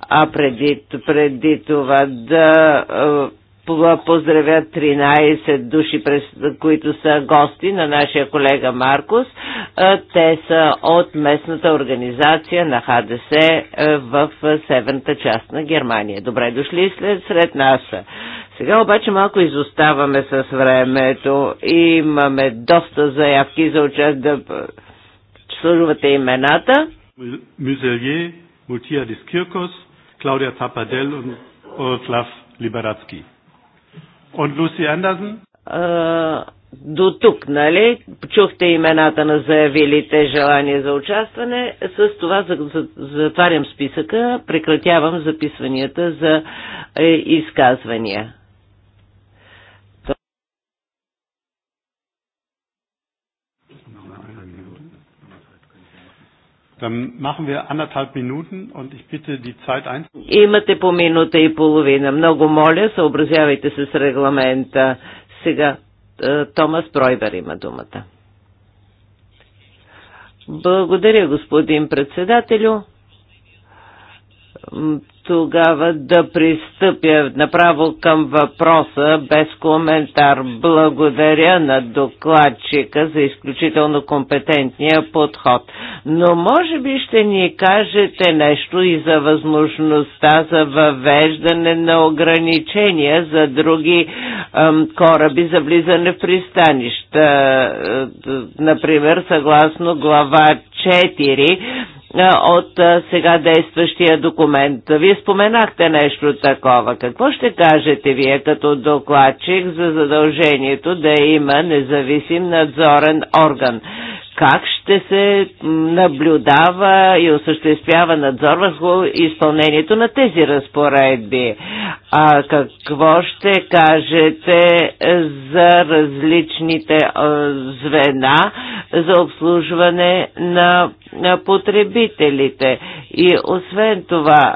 а преди, преди това да поздравя 13 души, през, които са гости на нашия колега Маркус. Те са от местната организация на ХДС е, в северната част на Германия. Добре дошли след, сред нас. Сега обаче малко изоставаме с времето. Имаме доста заявки за участ да служвате имената. Мюзелье, Мутия Дискиркос, Клаудия Тападел и Олаф Либерацки. От Луси Anderson? до тук, нали? Чухте имената на заявилите желание за участване. С това затварям списъка, прекратявам записванията за е, изказвания. Dann machen wir anderthalb Minuten und ich bitte die Zeit Имате по минута и половина. Много моля, съобразявайте се с регламента. Сега е, Томас Пройбер има думата. Благодаря, господин председателю тогава да пристъпя направо към въпроса без коментар. Благодаря на докладчика за изключително компетентния подход. Но може би ще ни кажете нещо и за възможността за въвеждане на ограничения за други ем, кораби за влизане в пристанища. Е, например, съгласно глава 4 от сега действащия документ. Вие споменахте нещо такова. Какво ще кажете вие като докладчик за задължението да има независим надзорен орган? как ще се наблюдава и осъществява надзор върху изпълнението на тези разпоредби? А какво ще кажете за различните звена за обслужване на потребителите? И освен това,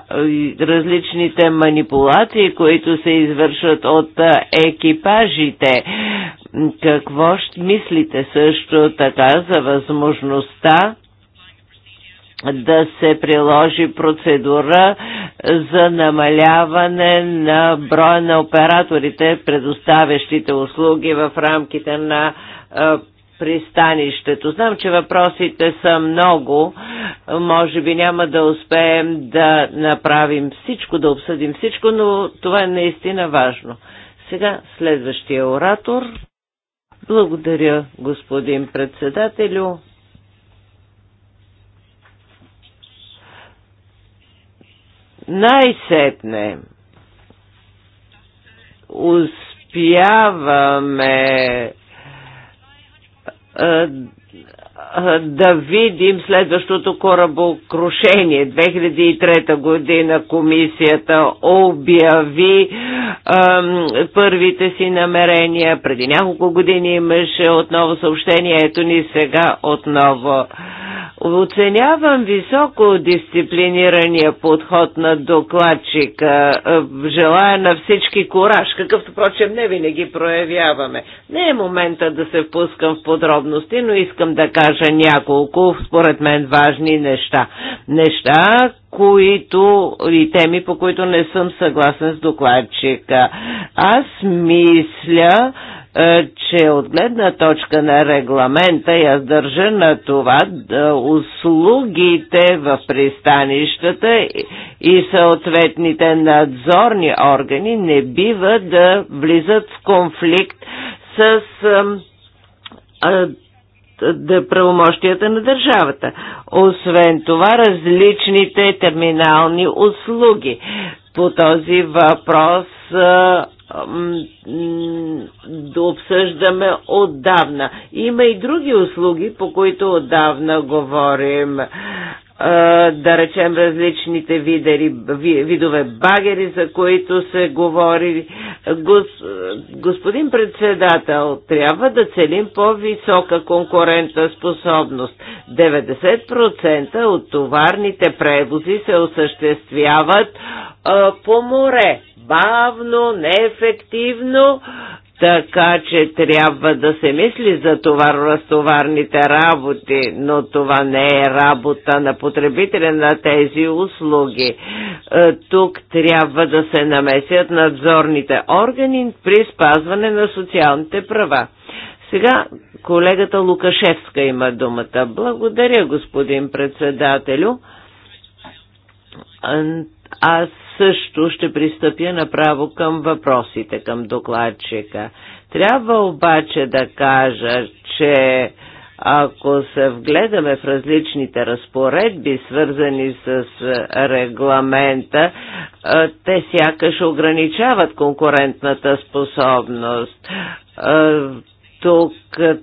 различните манипулации, които се извършват от екипажите, какво ще мислите също така за възможността да се приложи процедура за намаляване на броя на операторите, предоставящите услуги в рамките на пристанището. Знам, че въпросите са много. Може би няма да успеем да направим всичко, да обсъдим всичко, но това е наистина важно. Сега следващия оратор. Благодаря, господин председателю. Най-сетне успяваме да видим следващото корабокрушение. 2003 година комисията обяви ам, първите си намерения. Преди няколко години имаше отново съобщение. Ето ни сега отново. Оценявам високо дисциплинирания подход на докладчика. Е, желая на всички кораж, какъвто прочем не винаги проявяваме. Не е момента да се впускам в подробности, но искам да кажа няколко, според мен, важни неща. Неща, които и теми, по които не съм съгласен с докладчика. Аз мисля, е, че от гледна точка на регламента я държа на това да услугите в пристанищата и съответните надзорни органи не бива да влизат в конфликт с да правомощията на държавата. Освен това, различните терминални услуги. По този въпрос да обсъждаме отдавна. Има и други услуги, по които отдавна говорим да речем различните видери, видове багери, за които се говори. Гос, господин председател, трябва да целим по-висока конкурентна способност. 90% от товарните превози се осъществяват по море бавно, неефективно, така че трябва да се мисли за товар-разтоварните работи, но това не е работа на потребителя на тези услуги. Е, тук трябва да се намесят надзорните органи при спазване на социалните права. Сега колегата Лукашевска има думата. Благодаря, господин председателю. Аз също ще пристъпя направо към въпросите към докладчика. Трябва обаче да кажа, че ако се вгледаме в различните разпоредби, свързани с е, регламента, е, те сякаш ограничават конкурентната способност е, тук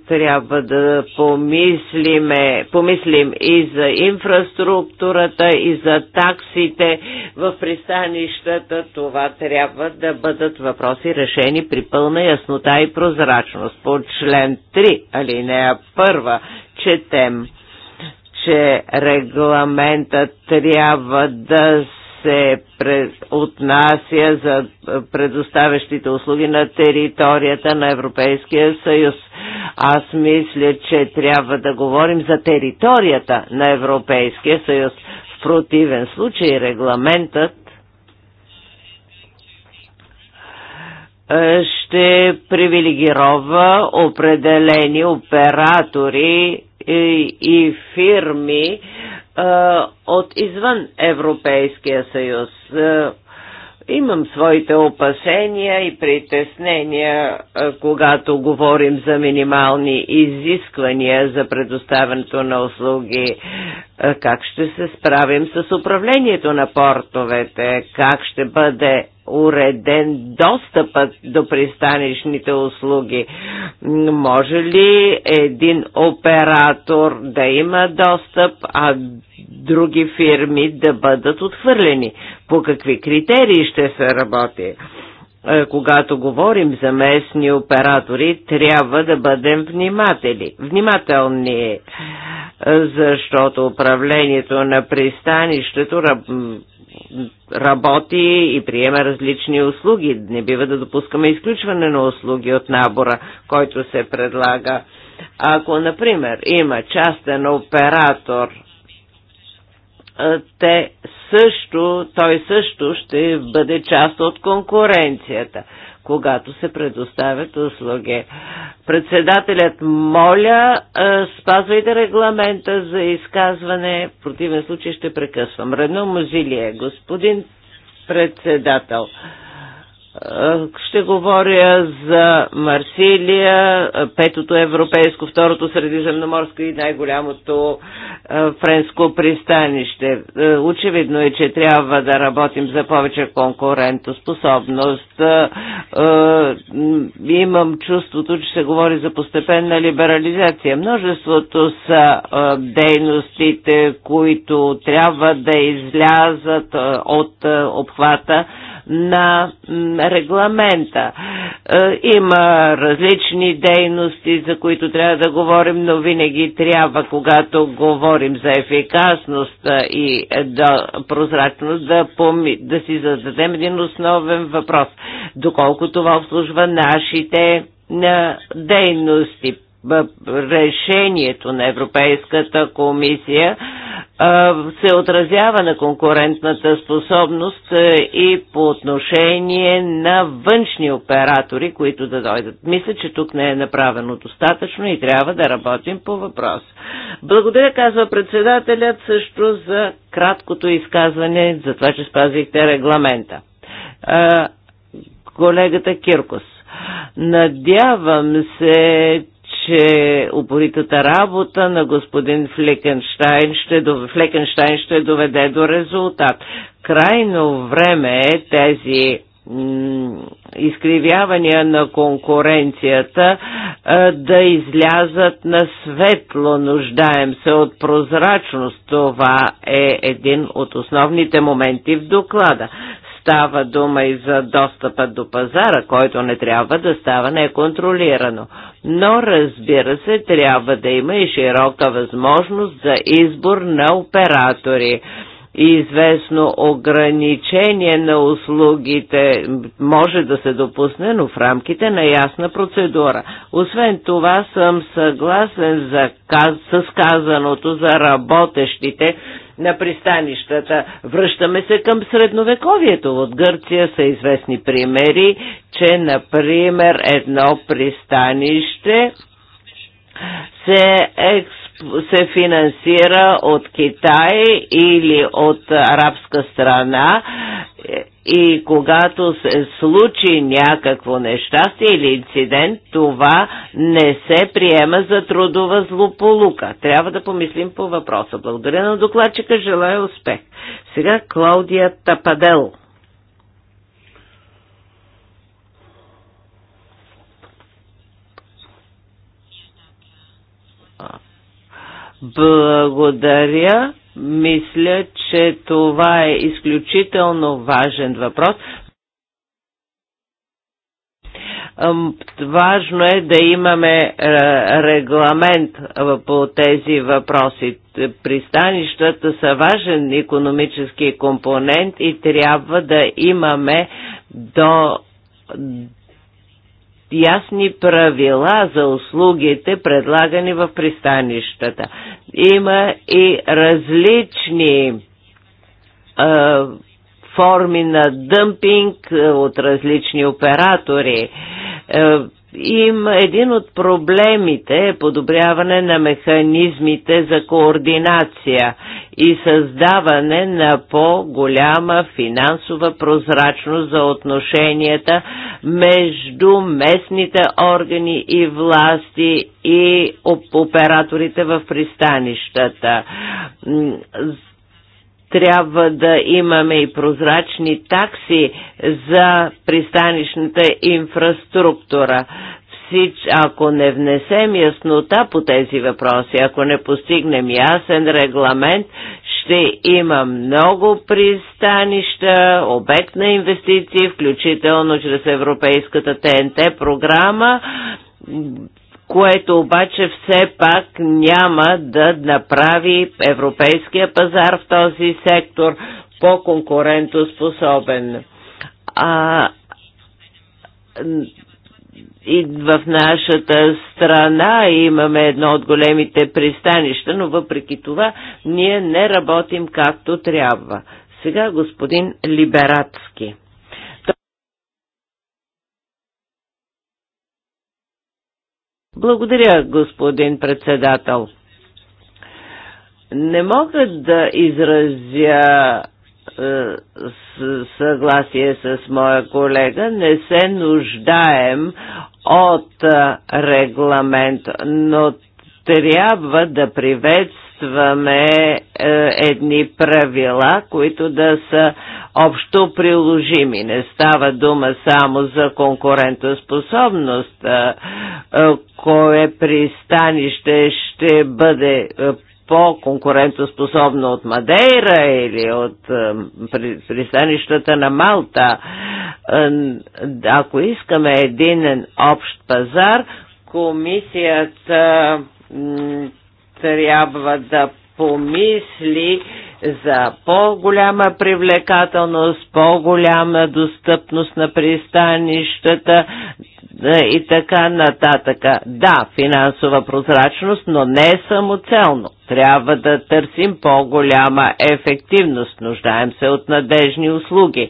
трябва да помислиме, помислим и за инфраструктурата, и за таксите в пристанищата. Това трябва да бъдат въпроси решени при пълна яснота и прозрачност. По член 3, алинея 1, четем че регламента трябва да се отнася за предоставящите услуги на територията на Европейския съюз. Аз мисля, че трябва да говорим за територията на Европейския съюз. В противен случай регламентът е, ще привилегирова определени оператори и фирми от извън Европейския съюз. Имам своите опасения и притеснения, когато говорим за минимални изисквания за предоставянето на услуги. Как ще се справим с управлението на портовете? Как ще бъде уреден достъпът до пристанищните услуги. Може ли един оператор да има достъп, а други фирми да бъдат отхвърлени? По какви критерии ще се работи? Е, когато говорим за местни оператори, трябва да бъдем внимателни. внимателни, защото управлението на пристанището работи и приема различни услуги. Не бива да допускаме изключване на услуги от набора, който се предлага. Ако, например, има частен оператор, те също, той също ще бъде част от конкуренцията когато се предоставят услуги. Председателят моля, е, спазвайте регламента за изказване, в противен случай ще прекъсвам. Редно Мозилие, господин председател. Е, ще говоря за Марсилия, петото европейско, второто средиземноморско и най-голямото е, френско пристанище. Е, очевидно е, че трябва да работим за повече конкурентоспособност. Имам чувството, че се говори за постепенна либерализация. Множеството са дейностите, които трябва да излязат от обхвата на регламента. Е, има различни дейности, за които трябва да говорим, но винаги трябва, когато говорим за ефикасност е, и е, да, прозрачност, да, поми, да си зададем един основен въпрос. Доколко това обслужва нашите на дейности решението на Европейската комисия се отразява на конкурентната способност и по отношение на външни оператори, които да дойдат. Мисля, че тук не е направено достатъчно и трябва да работим по въпрос. Благодаря, казва председателят, също за краткото изказване, за това, че спазихте регламента. Колегата Киркос. Надявам се, че упоритата работа на господин Флекенштайн ще, Флекенштайн ще доведе до резултат. Крайно време е тези изкривявания на конкуренцията да излязат на светло. Нуждаем се от прозрачност. Това е един от основните моменти в доклада. Става дума и за достъпа до пазара, който не трябва да става неконтролирано. Но разбира се, трябва да има и широка възможност за избор на оператори и известно ограничение на услугите може да се допусне, но в рамките на ясна процедура. Освен това съм съгласен за, с казаното за работещите на пристанищата. Връщаме се към средновековието. От Гърция са известни примери, че, например, едно пристанище се екс се финансира от Китай или от арабска страна и когато се случи някакво нещастие или инцидент, това не се приема за трудова злополука. Трябва да помислим по въпроса. Благодаря на докладчика, желая успех. Сега Клаудия Тападел. Благодаря. Мисля, че това е изключително важен въпрос. Важно е да имаме е, регламент по тези въпроси. Пристанищата са важен економически компонент и трябва да имаме до ясни правила за услугите, предлагани в пристанищата. Има и различни а, форми на дъмпинг от различни оператори им един от проблемите е подобряване на механизмите за координация и създаване на по-голяма финансова прозрачност за отношенията между местните органи и власти и операторите в пристанищата трябва да имаме и прозрачни такси за пристанищната инфраструктура. Всич, ако не внесем яснота по тези въпроси, ако не постигнем ясен регламент, ще има много пристанища, обект на инвестиции, включително чрез Европейската ТНТ програма, което обаче все пак няма да направи европейския пазар в този сектор по-конкурентоспособен. А, и в нашата страна имаме едно от големите пристанища, но въпреки това ние не работим както трябва. Сега господин Либератски. Благодаря, господин председател. Не мога да изразя е, съгласие с моя колега, не се нуждаем от е, регламент, но трябва да приветствам действаме е, едни правила, които да са общо приложими. Не става дума само за конкурентоспособност, е, е кое пристанище ще бъде е, по-конкурентоспособно от Мадейра или от е, пристанищата на Малта. Е, ако искаме един общ пазар, комисията трябва да помисли за по-голяма привлекателност, по-голяма достъпност на пристанищата и така нататък. Да, финансова прозрачност, но не е самоцелно. Трябва да търсим по-голяма ефективност. Нуждаем се от надежни услуги.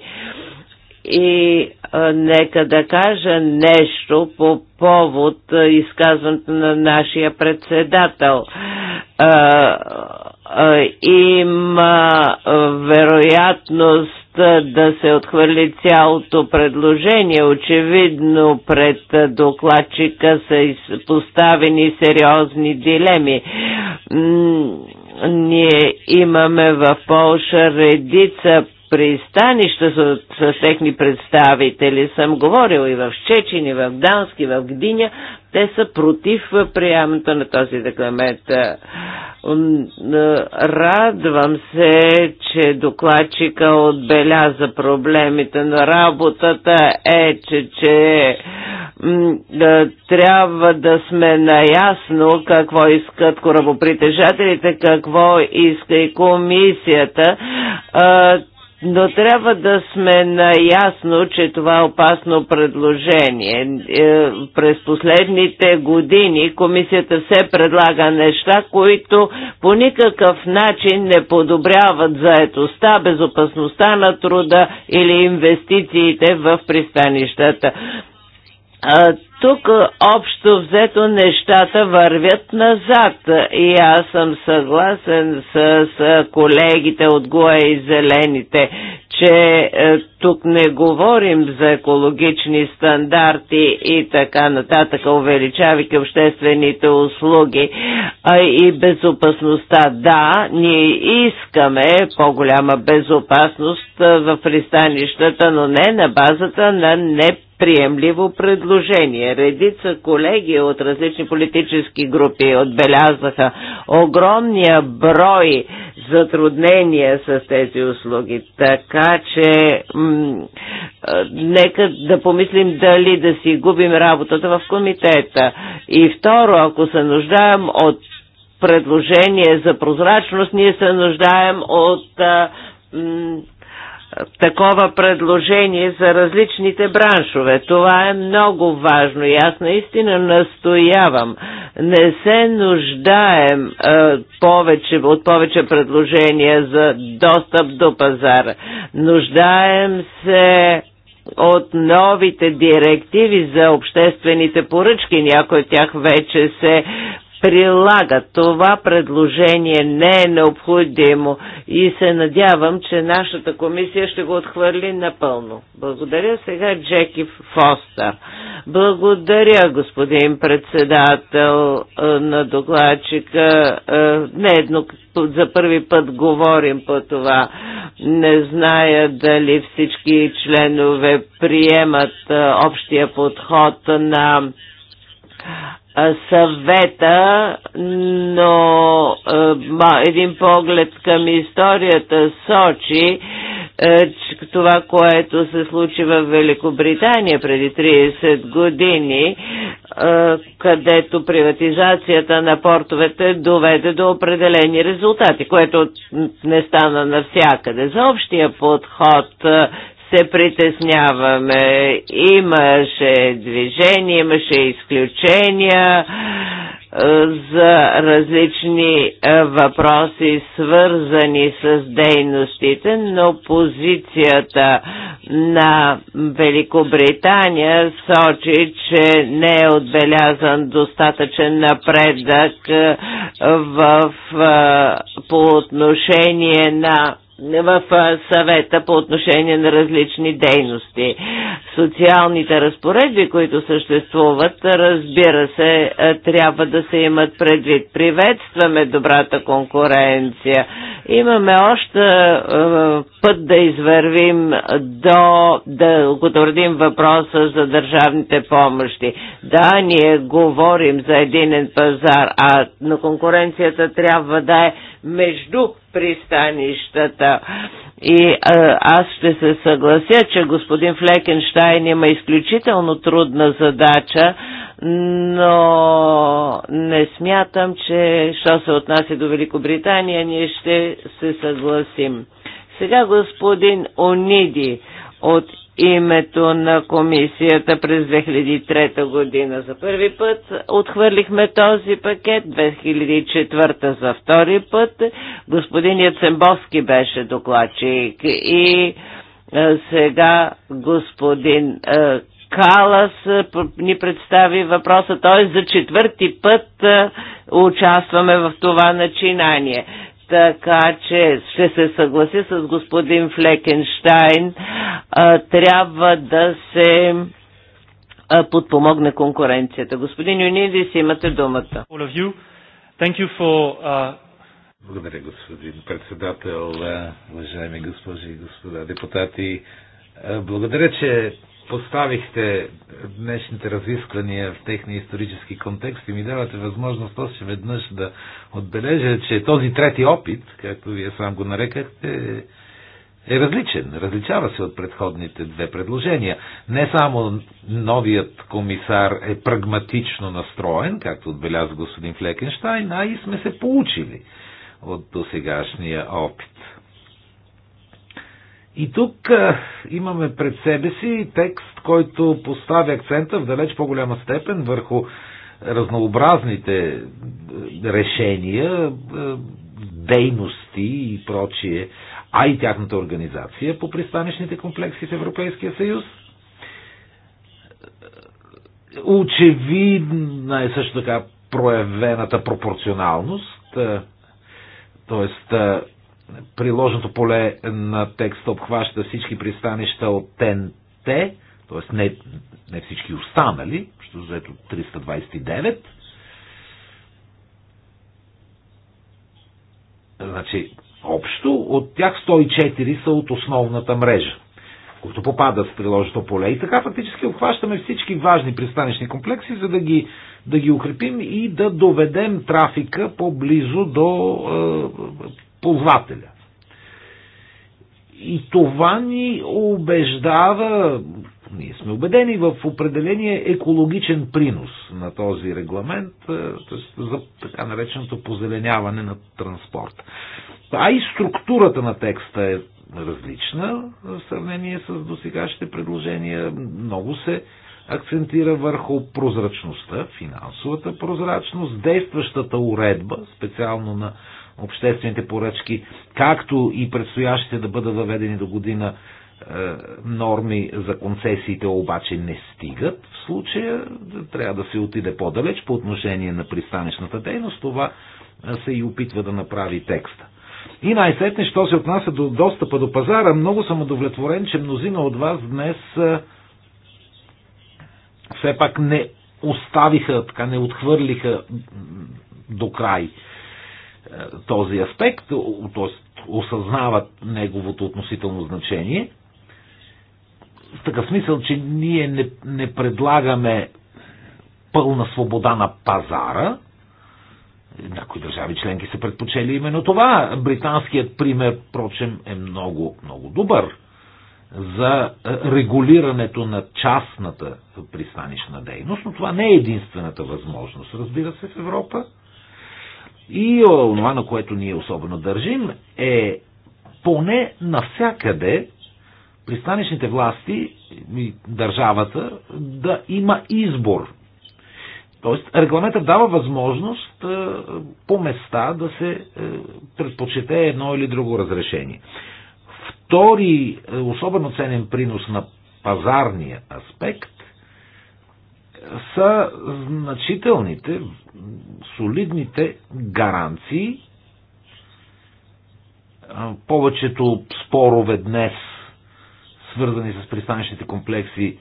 И нека да кажа нещо по повод изказването на нашия председател. Има вероятност да се отхвърли цялото предложение. Очевидно пред докладчика са поставени сериозни дилеми ние имаме в Полша редица пристанища с, с техни представители. Съм говорил и в Чечени, в Дански, в Гдиня. Те са против приемането на този документ. Радвам се, че докладчика отбеляза проблемите на работата. Е, че, че да, трябва да сме наясно какво искат корабопритежателите, какво иска и комисията. Но трябва да сме наясно, че това е опасно предложение. Е, през последните години комисията се предлага неща, които по никакъв начин не подобряват заетостта, безопасността на труда или инвестициите в пристанищата тук общо взето нещата вървят назад и аз съм съгласен с, с колегите от ГУА и Зелените, че тук не говорим за екологични стандарти и така нататък, увеличавайки обществените услуги а и безопасността. Да, ние искаме по-голяма безопасност в пристанищата, но не на базата на не приемливо предложение. Редица колеги от различни политически групи отбелязаха огромния брой затруднения с тези услуги. Така че нека да помислим дали да си губим работата в комитета. И второ, ако се нуждаем от предложение за прозрачност, ние се нуждаем от такова предложение за различните браншове. Това е много важно и аз наистина настоявам. Не се нуждаем е, повече, от повече предложения за достъп до пазара. Нуждаем се от новите директиви за обществените поръчки. Някои от тях вече се прилагат. Това предложение не е необходимо и се надявам, че нашата комисия ще го отхвърли напълно. Благодаря сега Джеки Фостър. Благодаря, господин председател е, на докладчика. Е, не едно, за първи път говорим по това. Не зная дали всички членове приемат е, общия подход на съвета, но един поглед към историята сочи това, което се случи в Великобритания преди 30 години, където приватизацията на портовете доведе до определени резултати, което не стана навсякъде. За общия подход се притесняваме. Имаше движение, имаше изключения за различни въпроси, свързани с дейностите, но позицията на Великобритания сочи, че не е отбелязан достатъчен напредък в, по отношение на в съвета по отношение на различни дейности. Социалните разпоредби, които съществуват, разбира се, трябва да се имат предвид. Приветстваме добрата конкуренция. Имаме още път да извървим до, да утвърдим въпроса за държавните помощи. Да, ние говорим за единен пазар, а на конкуренцията трябва да е между пристанищата. И а, аз ще се съглася, че господин Флекенштайн има изключително трудна задача, но не смятам, че що се отнася до Великобритания, ние ще се съгласим. Сега господин Ониди от името на комисията през 2003 година. За първи път отхвърлихме този пакет, 2004 за втори път. Господин Яцембовски беше докладчик и сега господин Калас ни представи въпроса, т.е. за четвърти път участваме в това начинание. Така че ще се съглася с господин Флекенштайн, трябва да се подпомогне конкуренцията. Господин Юнидис, имате думата. Благодаря, господин председател, уважаеми госпожи и господа депутати. Благодаря, че поставихте днешните разисквания в техния исторически контекст и ми давате възможност още веднъж да отбележа, че този трети опит, както вие сам го нарекахте, е различен, различава се от предходните две предложения. Не само новият комисар е прагматично настроен, както отбеляза господин Флекенштайн, а и сме се получили от досегашния опит. И тук а, е, имаме пред себе си текст, който поставя акцента в далеч по-голяма степен върху разнообразните е, решения, е, дейности и прочие, а и тяхната организация по пристанищните комплекси в Европейския съюз. Очевидна е също така проявената пропорционалност, т.е приложното поле на текста обхваща всички пристанища от ТНТ, т.е. Не, не всички останали, защото заето 329. Значи, общо от тях 104 са от основната мрежа, които попадат в приложното поле. И така фактически обхващаме всички важни пристанищни комплекси, за да ги, да ги укрепим и да доведем трафика по-близо до е, ползвателя. И това ни убеждава, ние сме убедени в определения екологичен принос на този регламент, е, т.е. за така нареченото позеленяване на транспорт. А и структурата на текста е различна в сравнение с досегащите предложения. Много се акцентира върху прозрачността, финансовата прозрачност, действащата уредба, специално на обществените поръчки, както и предстоящите да бъдат въведени до година е, норми за концесиите обаче не стигат в случая, трябва да се отиде по-далеч по отношение на пристанищната дейност, това е, се и опитва да направи текста. И най-сетне, що се отнася до достъпа до пазара, много съм удовлетворен, че мнозина от вас днес е, все пак не оставиха, така не отхвърлиха до край е, този аспект, т.е. осъзнават неговото относително значение. В такъв смисъл, че ние не, не предлагаме пълна свобода на пазара. Някои държави членки са предпочели именно това. Британският пример, прочем, е много, много добър за е, регулирането на частната пристанищна дейност, но това не е единствената възможност, разбира се, в Европа. И онова, на което ние особено държим, е поне навсякъде пристанищните власти и държавата да има избор. Тоест, регламентът дава възможност е, по места да се е, предпочете едно или друго разрешение. Втори е, особено ценен принос на пазарния аспект са значителните, солидните гаранции. Повечето спорове днес, свързани с пристанищните комплекси,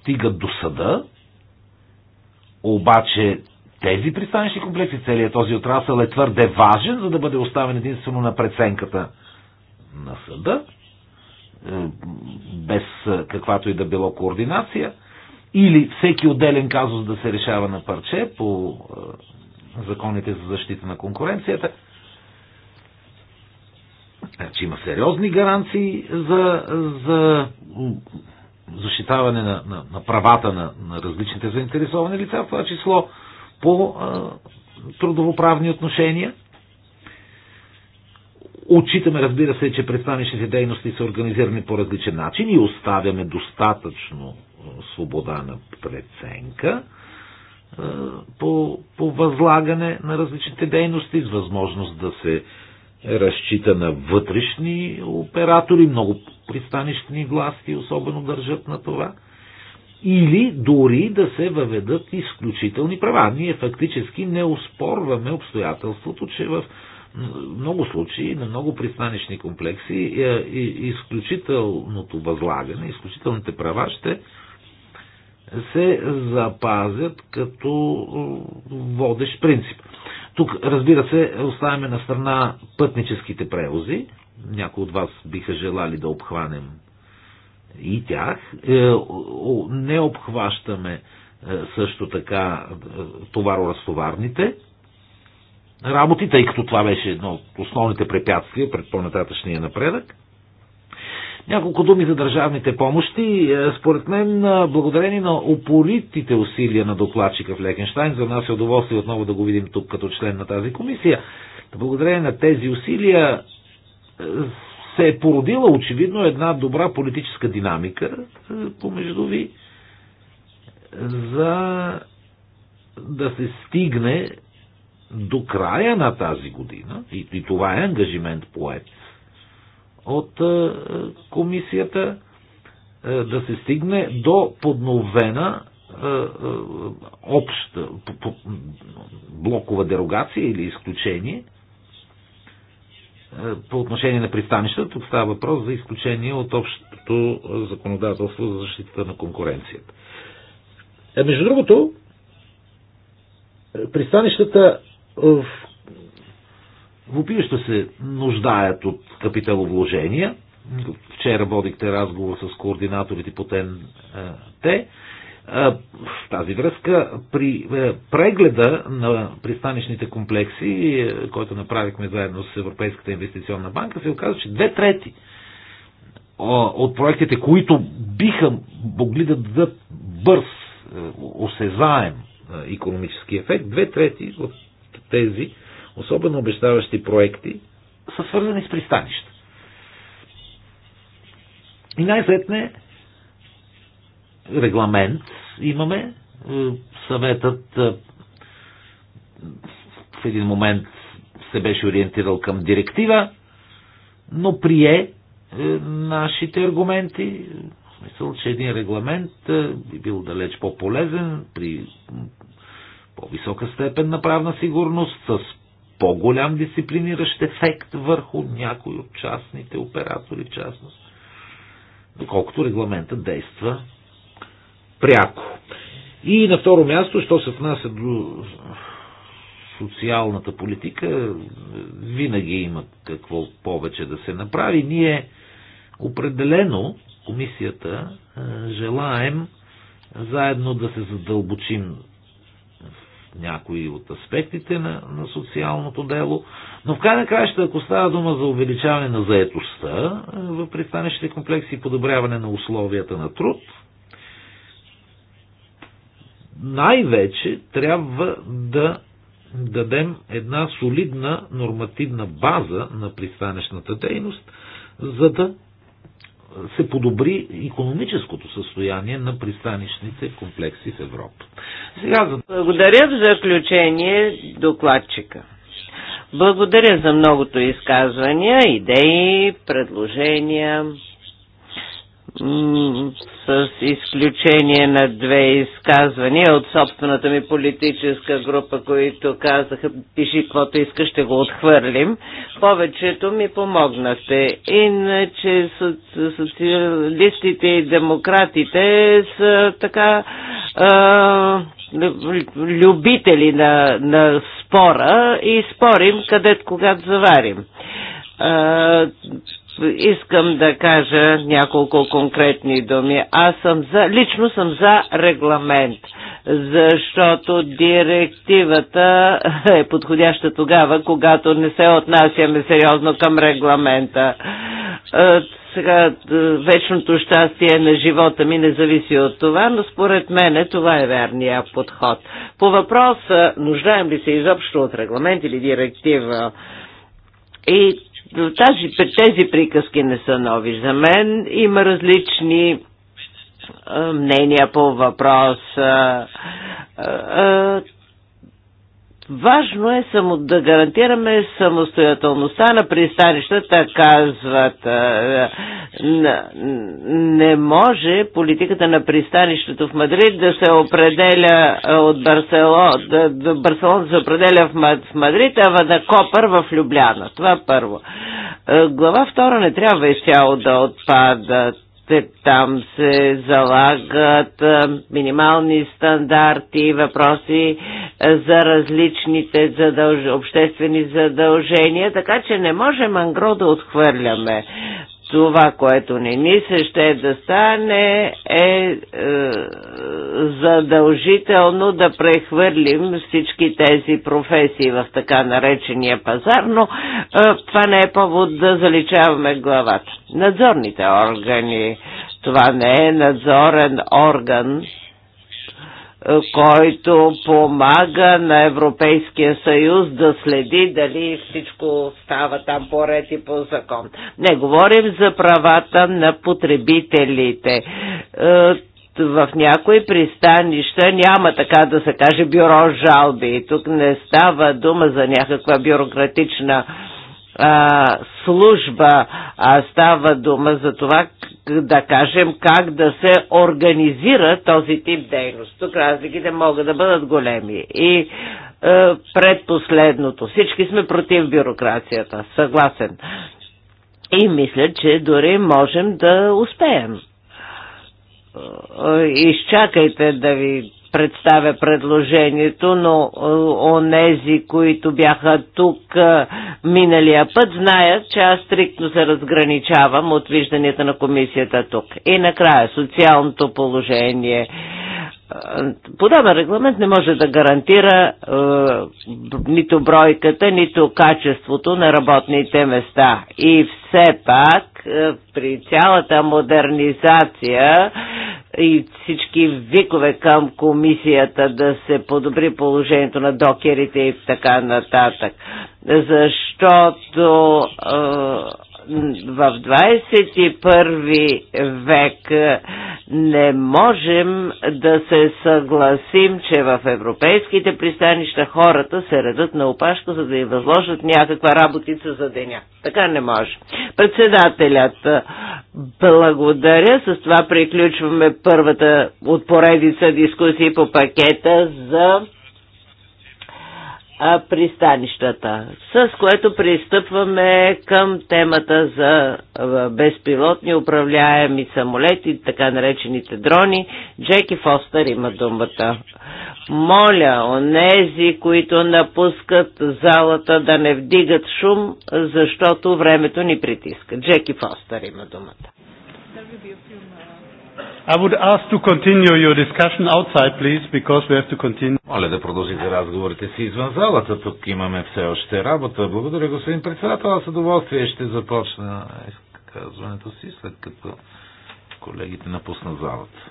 стигат до съда, обаче тези пристанищни комплекси, целият този отрасъл е твърде важен, за да бъде оставен единствено на преценката на съда, е, без е, каквато и да било координация или всеки отделен казус да се решава на парче по е, законите за защита на конкуренцията. Значи има сериозни гаранции за, за защитаване на, на, на правата на, на различните заинтересовани лица, в това число по а, е, трудовоправни отношения. Отчитаме, разбира се, че представничните дейности са организирани по различен начин и оставяме достатъчно свобода на преценка по, по възлагане на различните дейности, с възможност да се разчита на вътрешни оператори, много пристанищни власти особено държат на това, или дори да се въведат изключителни права. Ние фактически не успорваме обстоятелството, че в много случаи, на много пристанищни комплекси, е, изключителното възлагане, изключителните права ще се запазят като водещ принцип. Тук, разбира се, оставяме на страна пътническите превози. Някои от вас биха желали да обхванем и тях. Е, не обхващаме е, също така е, товароразтоварните работи, тъй като това беше едно от основните препятствия пред по-нататъчния напредък. Няколко думи за държавните помощи. Е, според мен, е, благодарение на опоритите усилия на докладчика в Лекенштайн, за нас е удоволствие отново да го видим тук като член на тази комисия, благодарение на тези усилия е, се е породила очевидно една добра политическа динамика помежду ви за да се стигне до края на тази година, и, и това е ангажимент поет от е, комисията е, да се стигне до подновена е, обща блокова дерогация или изключение по отношение на пристанищата. Тук става въпрос за изключение от общото законодателство за защита на конкуренцията. между другото, пристанищата в Вопиеща се нуждаят от капиталовложения. Вчера водихте разговор с координаторите по ТЕН-Т. В тази връзка при прегледа на пристанищните комплекси, който направихме заедно с Европейската инвестиционна банка, се оказа, че две трети от проектите, които биха могли да дадат бърз, осезаем економически ефект, две трети от тези особено обещаващи проекти, са свързани с пристанища. И най-сетне регламент имаме. Е, съветът е, в един момент се беше ориентирал към директива, но прие е, нашите аргументи, в смисъл, че един регламент би бил далеч по-полезен при по-висока степен на правна сигурност, с по-голям дисциплиниращ ефект върху някои от частните оператори, в частност, доколкото регламентът действа пряко. И на второ място, що се отнася до социалната политика, винаги има какво повече да се направи. Ние определено, комисията, е, желаем заедно да се задълбочим някои от аспектите на, на социалното дело. Но в крайна краща, ако става дума за увеличаване на заетостта е, в пристанищите комплекси и подобряване на условията на труд, най-вече трябва да дадем една солидна нормативна база на пристанищната дейност, за да се подобри економическото състояние на пристанищните комплекси в Европа. Сега за... Благодаря в заключение докладчика. Благодаря за многото изказвания, идеи, предложения с изключение на две изказвания от собствената ми политическа група, които казаха, пиши каквото искаш, ще го отхвърлим. Повечето ми помогнахте. Иначе социалистите и демократите са така а, любители на, на спора и спорим къде когато заварим. А, искам да кажа няколко конкретни думи. Аз съм за, лично съм за регламент, защото директивата е подходяща тогава, когато не се отнасяме сериозно към регламента. Е, сега е, вечното щастие на живота ми не зависи от това, но според мене това е верният подход. По въпроса, нуждаем ли се изобщо от регламент или директива? И тази, тези приказки не са нови за мен. Има различни мнения по въпрос. Важно е само да гарантираме самостоятелността на пристанищата, казват. Не може политиката на пристанището в Мадрид да се определя от Барселон, да, да Барселон се определя в Мадрид, а на Копър в Любляна. Това първо. Е, глава втора не трябва изцяло да отпадат там се залагат минимални стандарти, въпроси за различните задълж... обществени задължения, така че не можем ангро да отхвърляме. Това, което не ни се ще да стане, е, е задължително да прехвърлим всички тези професии в така наречения пазар, но е, това не е повод да заличаваме главата. Надзорните органи, това не е надзорен орган, който помага на Европейския съюз да следи дали всичко става там поред и по закон. Не говорим за правата на потребителите е, в някои пристанища няма така да се каже бюро жалби. Тук не става дума за някаква бюрократична а, служба, а става дума за това да кажем, как да се организира този тип дейност. Тук разликите могат да бъдат големи. И е, предпоследното. Всички сме против бюрокрацията. Съгласен. И мисля, че дори можем да успеем. Е, е, изчакайте да ви представя предложението, но е, онези, които бяха тук е, миналия път, знаят, че аз стриктно се разграничавам от вижданията на комисията тук. И накрая, социалното положение подобен регламент не може да гарантира е, нито бройката, нито качеството на работните места. И все пак е, при цялата модернизация и всички викове към комисията да се подобри положението на докерите и така нататък. Защото е, в 21 век не можем да се съгласим, че в европейските пристанища хората се редат на опашка, за да им възложат някаква работица за деня. Така не може. Председателят, благодаря. С това приключваме първата от поредица дискусии по пакета за пристанищата, с което пристъпваме към темата за безпилотни управляеми самолети, така наречените дрони. Джеки Фостър има думата. Моля онези, които напускат залата да не вдигат шум, защото времето ни притиска. Джеки Фостър има думата. I would ask to continue your discussion outside, please, because we have to continue. Моля да продължите разговорите си извън залата. Тук имаме все още работа. Благодаря, господин председател. Аз с удоволствие ще започна изказването си, след като колегите напуснат залата.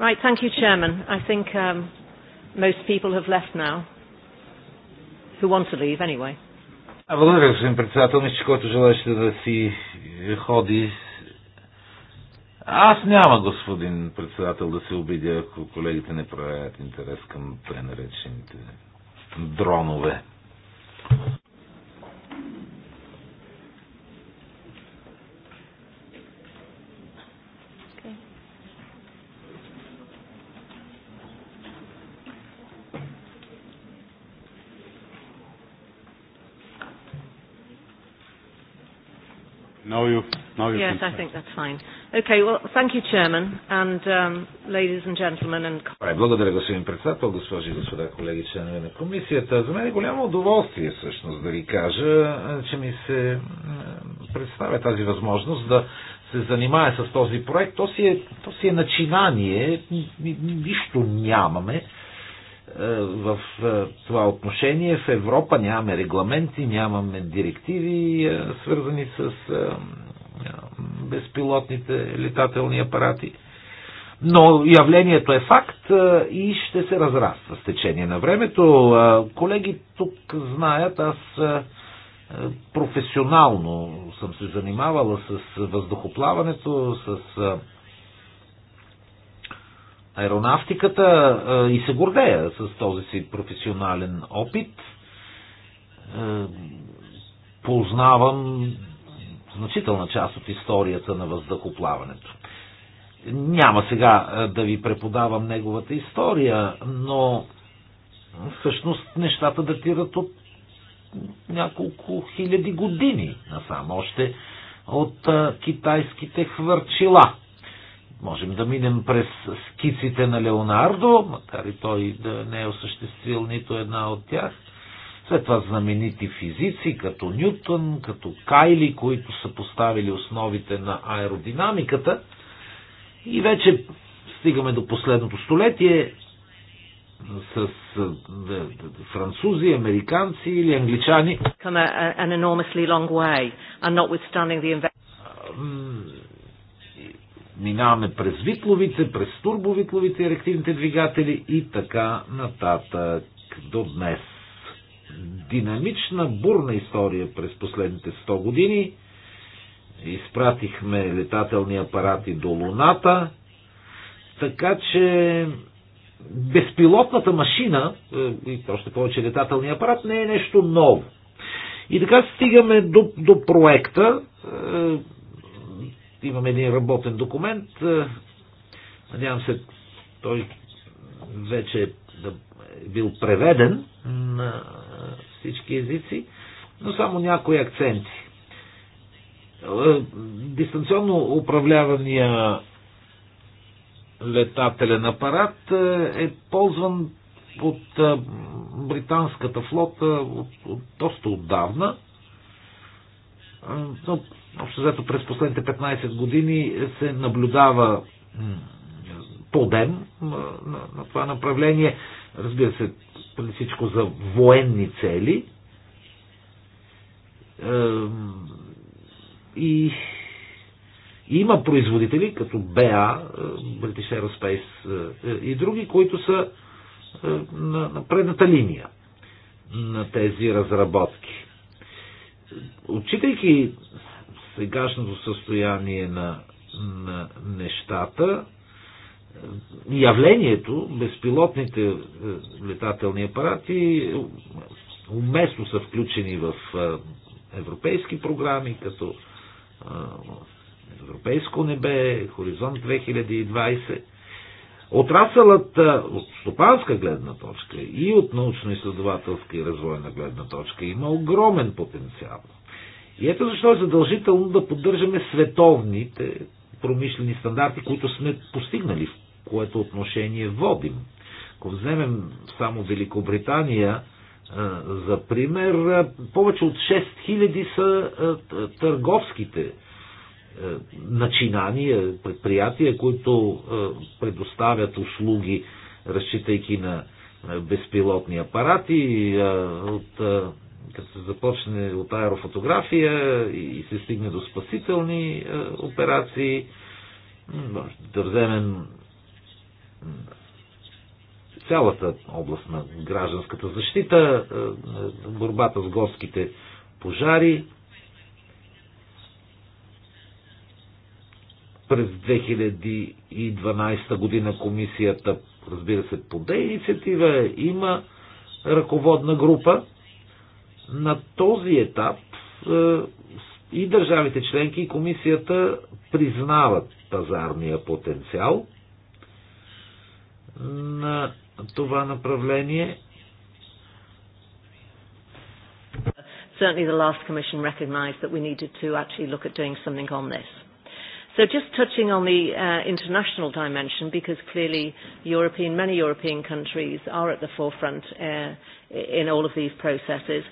Right, thank you, Chairman. I think um, Most people have left now. Who want to leave anyway? А, благодаря, господин председател. Мисля, който желаеше да си ходи. Аз няма, господин председател, да се обидя, ако колегите не проявят интерес към пренаречените дронове. Now you, now you yes, I think that's fine. Okay, well, thank you, Chairman, and um, ladies and gentlemen and... Благодаря, господин председател, госпожи и господа колеги, членове на комисията. За мен е голямо удоволствие, всъщност, да ви кажа, че ми се представя тази възможност да се занимае с този проект. То си е, то си е начинание, нищо нямаме е, в е, това отношение. В Европа нямаме регламенти, нямаме директиви, е, свързани с безпилотните летателни апарати. Но явлението е факт и ще се разраства с течение на времето. Колеги тук знаят, аз професионално съм се занимавала с въздухоплаването, с аеронавтиката и се гордея с този си професионален опит. Познавам значителна част от историята на въздухоплаването. Няма сега да ви преподавам неговата история, но всъщност нещата датират от няколко хиляди години насам, още от китайските хвърчила – Можем да минем през скиците на Леонардо, макар и той да не е осъществил нито една от тях. След това знаменити физици, като Нютон, като Кайли, които са поставили основите на аеродинамиката. И вече стигаме до последното столетие с французи, американци или англичани. Минаваме през витловите, през турбовитловите и реактивните двигатели и така нататък до днес. Динамична, бурна история през последните 100 години. Изпратихме летателни апарати до Луната, така че безпилотната машина, е, и още повече летателния апарат, не е нещо ново. И така стигаме до, до проекта, е, имаме един работен документ. Е, надявам се, той вече е бил преведен на всички езици, но само някои акценти. Е, дистанционно управлявания летателен апарат е, е ползван от британската флота от, от, доста отдавна. Но общо взето през последните 15 години се наблюдава подем на това направление, разбира се, преди всичко за военни цели. И има производители, като BA, е, British Aerospace е, е, и други, които са на предната линия на тези разработки. Отчитайки сегашното състояние на, на нещата, явлението, безпилотните е, летателни апарати е, уместно са включени в е, европейски програми, като Европейско небе, Хоризонт 2020. Отрасълът от стопанска гледна точка и от научно-изследователска и развойна гледна точка има огромен потенциал. И ето защо е задължително да поддържаме световните промишлени стандарти, които сме постигнали, в което отношение водим. Ако вземем само Великобритания, за пример, повече от 6000 са търговските начинания, предприятия, които предоставят услуги, разчитайки на безпилотни апарати от като се започне от аерофотография и се стигне до спасителни е, операции, да вземем цялата област на гражданската защита, е, борбата с горските пожари. През 2012 година комисията, разбира се, поде инициатива, има ръководна група, на този етап и държавите членки и комисията признават пазарния потенциал на това направление. Certainly the last commission recognized that we needed to actually look at doing something on this. So just touching on the uh, international dimension, because clearly European, many European countries are at the forefront uh, in all of these processes.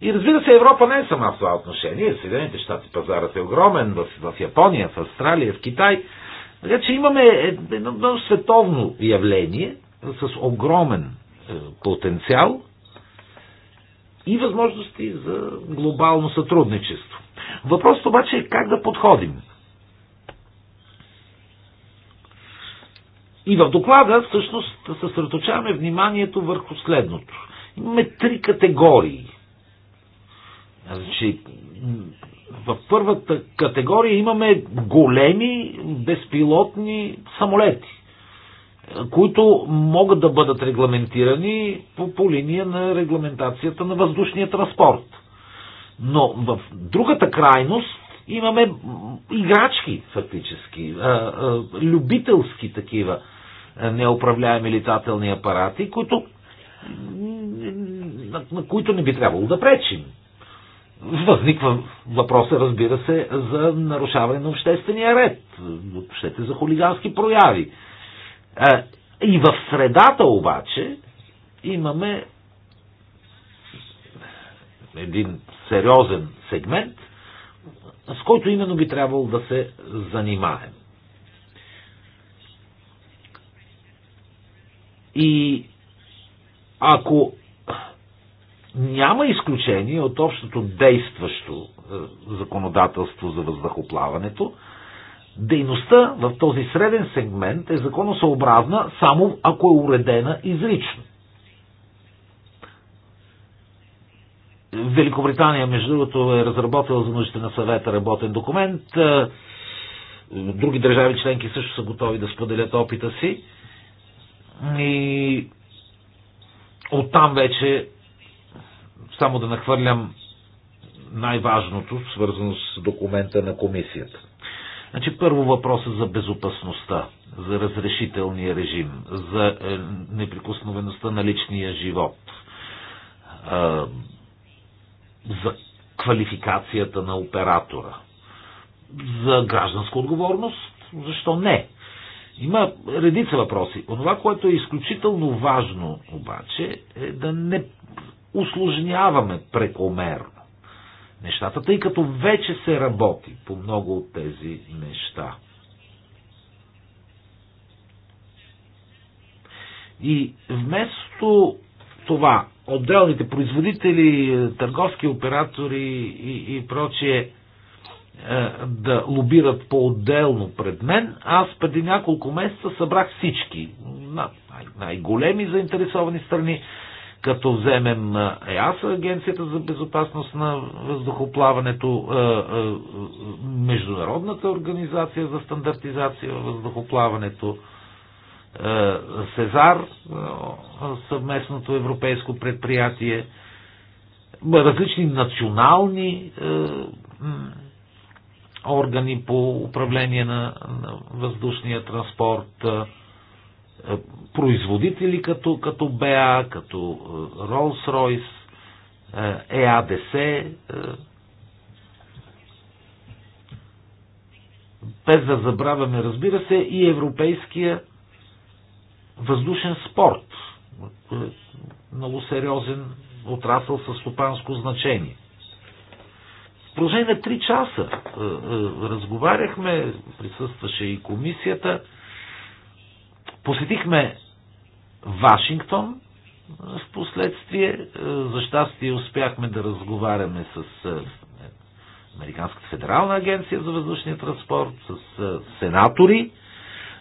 И разбира се, Европа не е сама в това отношение. Съединените щати пазарът е огромен, в, в Япония, в Австралия, в Китай. Така че имаме едно световно явление с огромен е, потенциал и възможности за глобално сътрудничество. Въпросът обаче е как да подходим. И в доклада всъщност съсредоточаваме вниманието върху следното. Имаме три категории. Значи, в първата категория имаме големи безпилотни самолети, които могат да бъдат регламентирани по, по линия на регламентацията на въздушния транспорт. Но в другата крайност имаме играчки, фактически, любителски такива неуправляеми летателни апарати, които на, на които не би трябвало да пречим. Възниква въпроса, разбира се, за нарушаване на обществения ред, щете за хулигански прояви. И в средата обаче имаме един сериозен сегмент, с който именно би трябвало да се занимаем. И ако няма изключение от общото действащо е, законодателство за въздухоплаването, дейността в този среден сегмент е законосъобразна само ако е уредена изрично. Великобритания, между другото, е разработила за нуждите на съвета работен документ. Е, други държави членки също са готови да споделят опита си. И Оттам вече, само да нахвърлям най-важното, свързано с документа на комисията. Значи първо въпроса за безопасността, за разрешителния режим, за е, неприкосновеността на личния живот, е, за квалификацията на оператора, за гражданска отговорност, защо не? Има редица въпроси. Онова, което е изключително важно обаче, е да не усложняваме прекомерно нещата, тъй като вече се работи по много от тези неща. И вместо това, отделните производители, е, търговски оператори и, и прочие, е, да лобират по-отделно пред мен. Аз преди няколко месеца събрах всички най-големи заинтересовани страни, като вземем е, ЕАСА, Агенцията за безопасност на въздухоплаването, е, Международната организация за стандартизация във въздухоплаването, Сезар, съвместното европейско предприятие, различни национални органи по управление на, на въздушния транспорт, производители като, като БА, като Ролс Ройс, ЕАДС, без да забравяме, разбира се, и европейския въздушен спорт. Е много сериозен отрасъл със стопанско значение продължение на 3 часа е, е, разговаряхме, присъстваше и комисията. Посетихме Вашингтон е, в последствие. За щастие успяхме да разговаряме с Американската федерална агенция за въздушния транспорт, с сенатори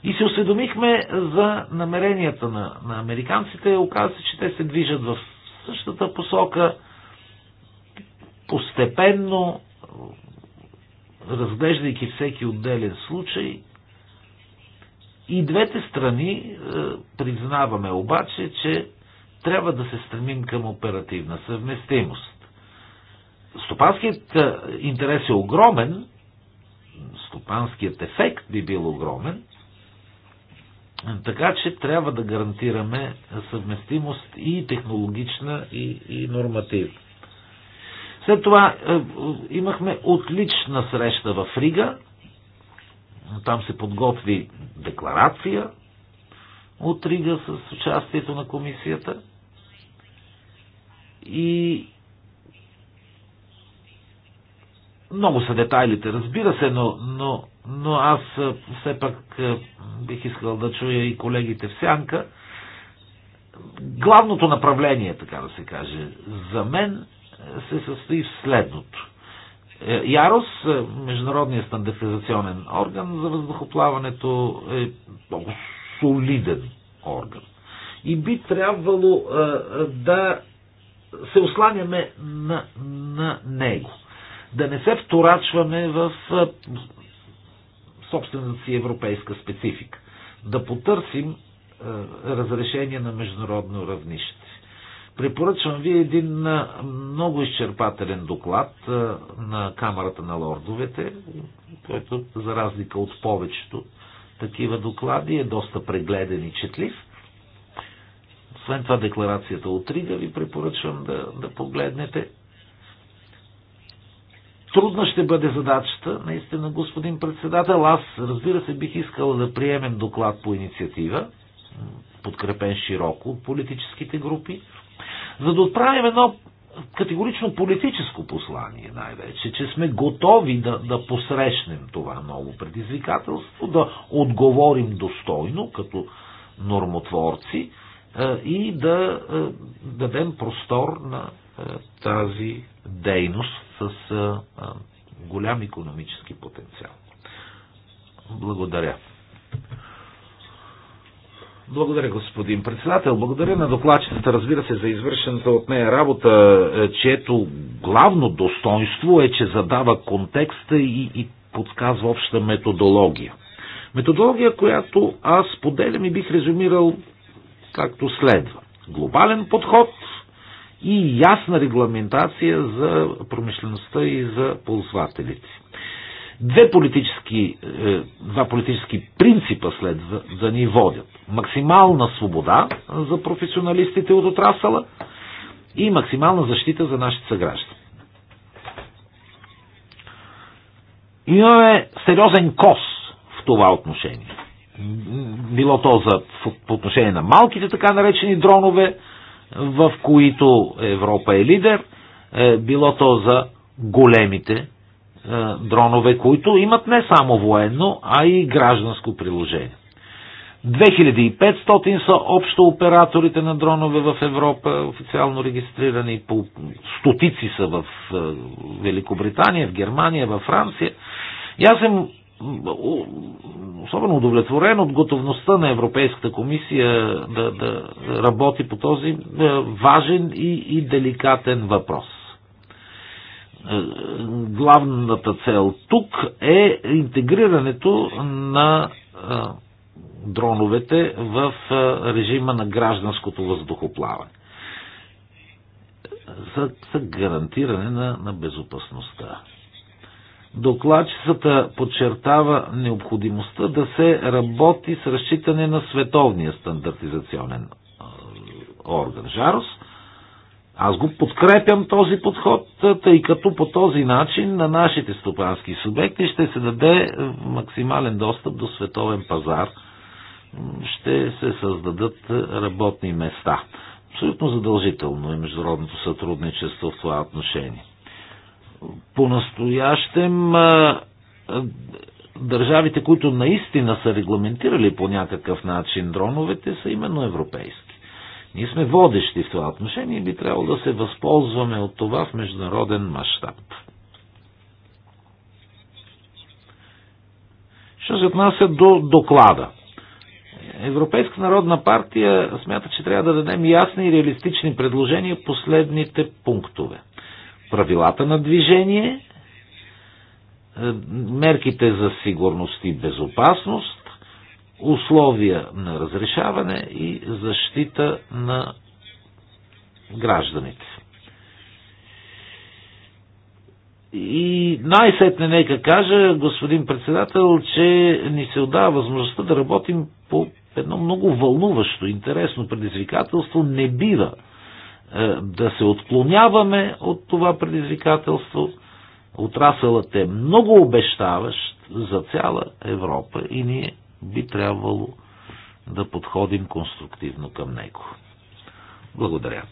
и се осведомихме за намеренията на, на американците. Оказа се, че те се движат в същата посока – постепенно, разглеждайки всеки отделен случай, и двете страни е, признаваме обаче, че трябва да се стремим към оперативна съвместимост. Стопанският е, интерес е огромен, стопанският ефект би бил огромен, така че трябва да гарантираме съвместимост и технологична, и, и нормативна. След това е, е, имахме отлична среща в Рига. Там се подготви декларация от Рига с участието на комисията. И много са детайлите, разбира се, но, но, но аз е, все пак е, бих искал да чуя и колегите в сянка. Главното направление, така да се каже, за мен се състои в следното. Е, Ярос, е, Международният стандартизационен орган за въздухоплаването, е много солиден орган. И би трябвало е, да се осланяме на, на него. Да не се вторачваме в собствената си европейска специфика. Да потърсим разрешение на международно равнище. Препоръчвам ви един много изчерпателен доклад на Камерата на лордовете, който за разлика от повечето такива доклади е доста прегледен и четлив. Освен това декларацията от Рига ви препоръчвам да, да погледнете. Трудна ще бъде задачата, наистина, господин председател. Аз, разбира се, бих искал да приемем доклад по инициатива, подкрепен широко от политическите групи за да отправим едно категорично политическо послание най-вече, че сме готови да, да посрещнем това ново предизвикателство, да отговорим достойно като нормотворци е, и да е, дадем простор на е, тази дейност с голям економически потенциал. Благодаря. Благодаря, господин председател. Благодаря на докладчицата, разбира се, за извършената от нея работа, е, чието главно достоинство е, че задава контекста и, и подсказва обща методология. Методология, която аз поделям и бих резюмирал както следва. Глобален подход и ясна регламентация за промишлеността и за ползвателите. Две политически, е, два политически принципа след за ни водят. Максимална свобода за професионалистите от отрасала и максимална защита за нашите съграждани. Имаме сериозен кос в това отношение. Било то за, по отношение на малките така наречени дронове, в които Европа е лидер, е, било то за големите е, дронове, които имат не само военно, а и гражданско приложение. 2500 са общо операторите на дронове в Европа, официално регистрирани, по стотици са в е, Великобритания, в Германия, в Франция. И аз съм особено удовлетворен от готовността на Европейската комисия да, да работи по този е, важен и, и деликатен въпрос. Е, главната цел тук е интегрирането на е, дроновете в е, режима на гражданското въздухоплаване. За, за гарантиране на, на безопасността. Докладчицата подчертава необходимостта да се работи с разчитане на световния стандартизационен орган Жарос аз го подкрепям този подход, тъй като по този начин на нашите стопански субекти ще се даде максимален достъп до световен пазар, ще се създадат работни места. Абсолютно задължително е международното сътрудничество в това отношение. По-настоящем държавите, които наистина са регламентирали по някакъв начин дроновете, са именно европейски. Ние сме водещи в това отношение и би трябвало да се възползваме от това в международен мащаб. Що се отнася до доклада? Европейска народна партия смята, че трябва да дадем ясни и реалистични предложения по следните пунктове. Правилата на движение, е, мерките за сигурност и безопасност, условия на разрешаване и защита на гражданите. И най-сетне нека кажа, господин председател, че ни се отдава възможността да работим по едно много вълнуващо, интересно предизвикателство. Не бива е, да се отклоняваме от това предизвикателство. Отрасълът е много обещаващ за цяла Европа и ние би трябвало да подходим конструктивно към него. Благодаря.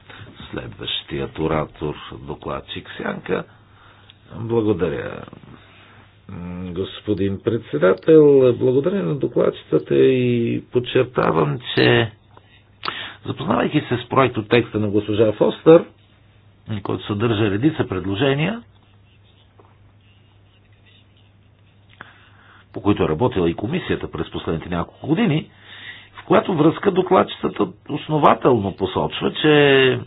Следващият оратор, докладчик Сянка. Благодаря. Господин председател, благодаря на докладчицата и подчертавам, че запознавайки се с проекто текста на госпожа Фостър, който съдържа редица предложения, по които е работила и комисията през последните няколко години, в която връзка докладчетата основателно посочва, че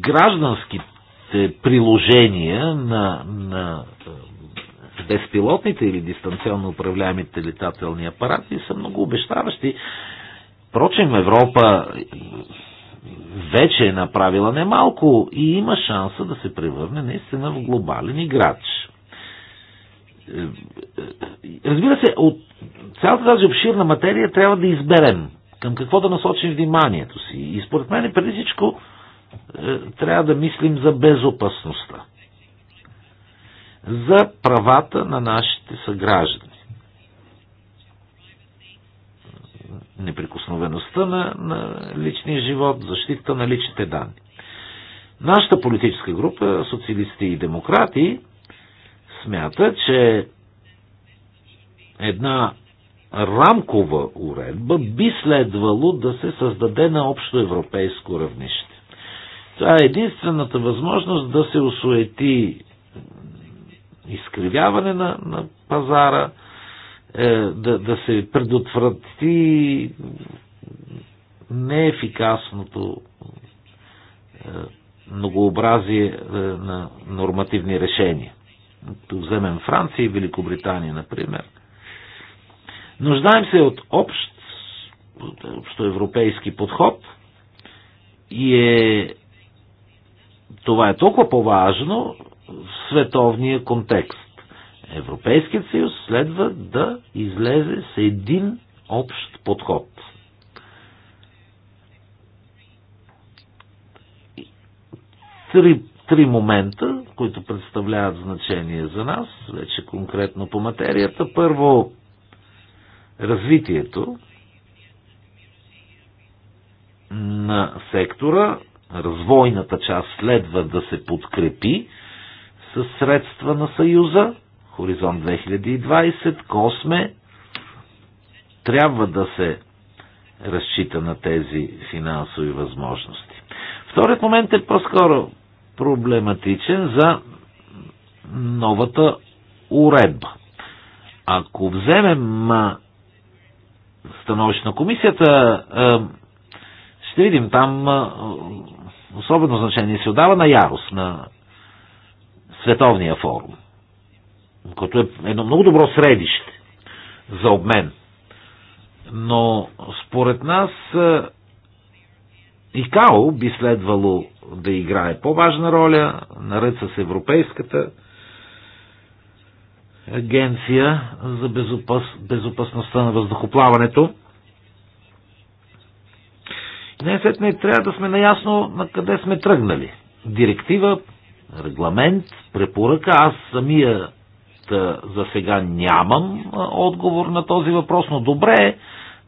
гражданските приложения на, на е, безпилотните или дистанционно управляемите летателни апарати са много обещаващи. Впрочем, Европа вече е направила немалко и има шанса да се превърне наистина в глобален играч. Е, е, е, разбира се, от цялата тази обширна материя трябва да изберем към какво да насочим вниманието си. И според мен преди всичко трябва да мислим за безопасността. За правата на нашите съграждани. Неприкосновеността на, на личния живот, защита на личните данни. Нашата политическа група, социалисти и демократи, смята, че една рамкова уредба би следвало да се създаде на общо европейско равнище. Това е единствената възможност да се осуети изкривяване на, на пазара, е, да, да се предотврати неефикасното е, многообразие е, на нормативни решения. Като вземем Франция и Великобритания, например. Нуждаем се от общ, европейски подход и е, това е толкова по-важно в световния контекст. Европейският съюз следва да излезе с един общ подход. Три три момента, които представляват значение за нас, вече конкретно по материята. Първо, развитието на сектора, развойната част следва да се подкрепи с средства на Съюза, Хоризонт 2020, Косме, трябва да се разчита на тези финансови възможности. Вторият момент е по-скоро проблематичен за новата уредба. Ако вземем становище на комисията, ще видим там особено значение се отдава на ярост на световния форум, който е едно много добро средище за обмен. Но според нас ИКАО би следвало да играе по-важна роля, наред с Европейската агенция за безопас, безопасността на въздухоплаването. И не след не трябва да сме наясно на къде сме тръгнали. Директива, регламент, препоръка. Аз самия за сега нямам отговор на този въпрос, но добре е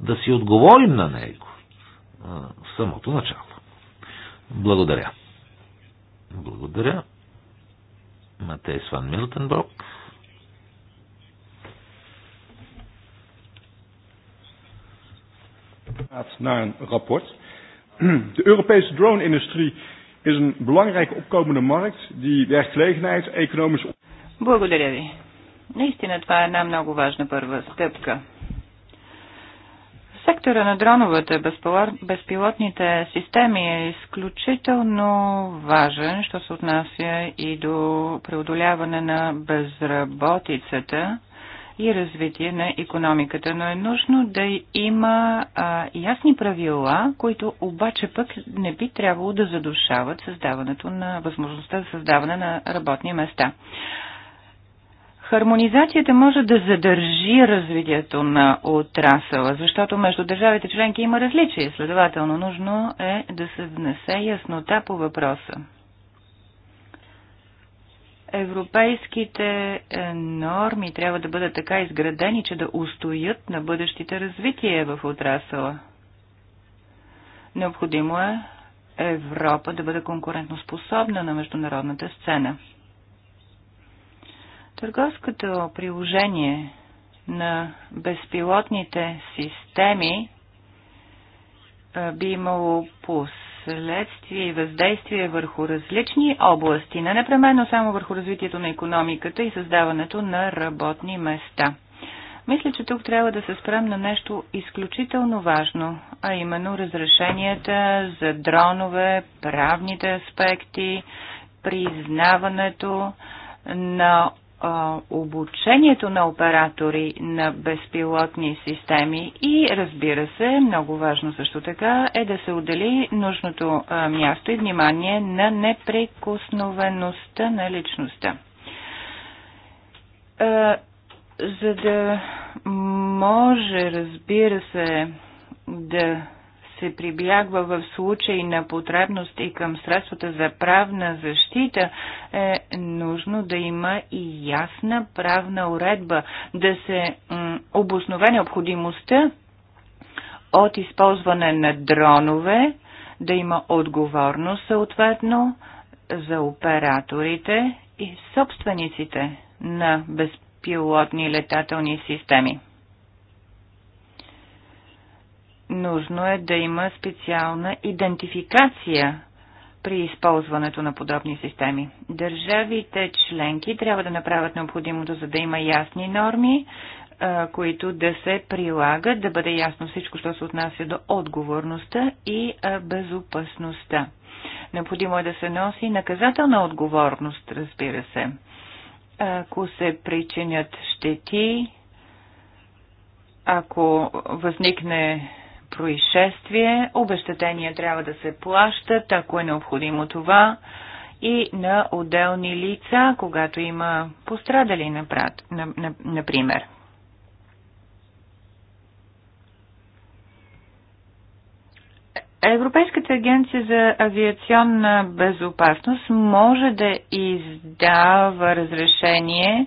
да си отговорим на него в самото начало. Благодаря. Благодаря. Матейс Ван Милтенброк. gaat naar een rapport. De Europese drone-industrie is een belangrijke opkomende markt die werkgelegenheid, economisch... Благодаря ви. Наистина това е една много важна първа стъпка сектора на дроновете, безпилотните системи е изключително важен, що се отнася и до преодоляване на безработицата и развитие на економиката, но е нужно да има а, ясни правила, които обаче пък не би трябвало да задушават създаването на възможността за създаване на работни места. Хармонизацията може да задържи развитието на отрасъла, защото между държавите членки има различия. Следователно, нужно е да се внесе яснота по въпроса. Европейските е, норми трябва да бъдат така изградени, че да устоят на бъдещите развитие в отрасъла. Необходимо е Европа да бъде конкурентоспособна на международната сцена. Търговското приложение на безпилотните системи би имало последствия и въздействие върху различни области, не непременно само върху развитието на економиката и създаването на работни места. Мисля, че тук трябва да се спрем на нещо изключително важно, а именно разрешенията за дронове, правните аспекти, признаването на обучението на оператори на безпилотни системи и разбира се, много важно също така е да се отдели нужното място и внимание на неприкосновеността на личността. За да може, разбира се, да се прибягва в случай на потребност и към средствата за правна защита, е нужно да има и ясна правна уредба, да се обоснове необходимостта от използване на дронове, да има отговорност съответно за операторите и собствениците на безпилотни летателни системи. Нужно е да има специална идентификация при използването на подобни системи. Държавите членки трябва да направят необходимото, за да има ясни норми, които да се прилагат, да бъде ясно всичко, що се отнася до отговорността и безопасността. Необходимо е да се носи наказателна отговорност, разбира се. Ако се причинят щети, ако възникне происшествие. Обещетения трябва да се плащат, ако е необходимо това, и на отделни лица, когато има пострадали, например. Европейската агенция за авиационна безопасност може да издава разрешение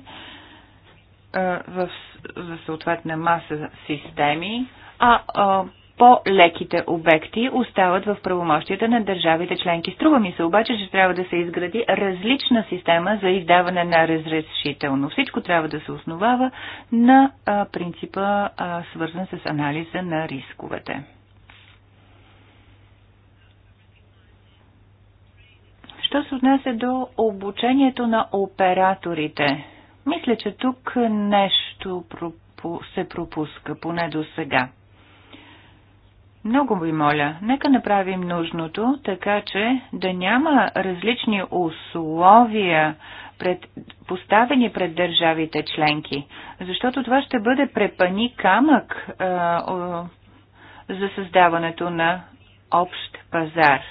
в, за съответна маса системи, а, а по-леките обекти остават в правомощията на държавите членки. Струва ми се обаче, че трябва да се изгради различна система за издаване на разрешително. Всичко трябва да се основава на принципа, свързан с анализа на рисковете. Що се отнася до обучението на операторите? Мисля, че тук нещо се пропуска, поне до сега. Много ви моля, нека направим нужното, така че да няма различни условия пред, поставени пред държавите членки, защото това ще бъде препани камък а, о, за създаването на общ пазар.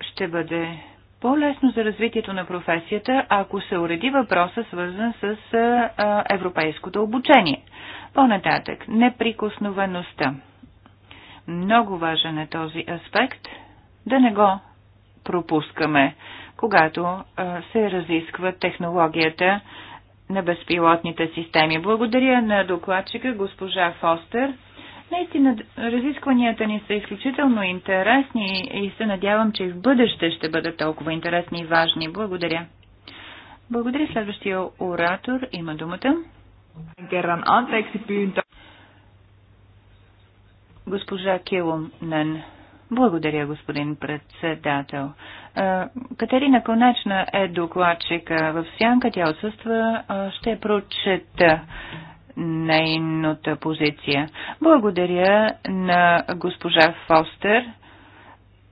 Ще бъде по-лесно за развитието на професията, ако се уреди въпроса, свързан с европейското обучение. По-нататък, неприкосновеността. Много важен е този аспект, да не го пропускаме, когато се разисква технологията на безпилотните системи. Благодаря на докладчика госпожа Фостер Наистина, разискванията ни са изключително интересни и се надявам, че и в бъдеще ще бъдат толкова интересни и важни. Благодаря. Благодаря. Следващия оратор има думата. Kerran anteeksi pyyntö. Госпожа Килунен. Благодаря, господин председател. Катерина Конечна е докладчика в Сянка. Тя отсъства. Ще прочета нейната позиция. Благодаря на госпожа Фостер.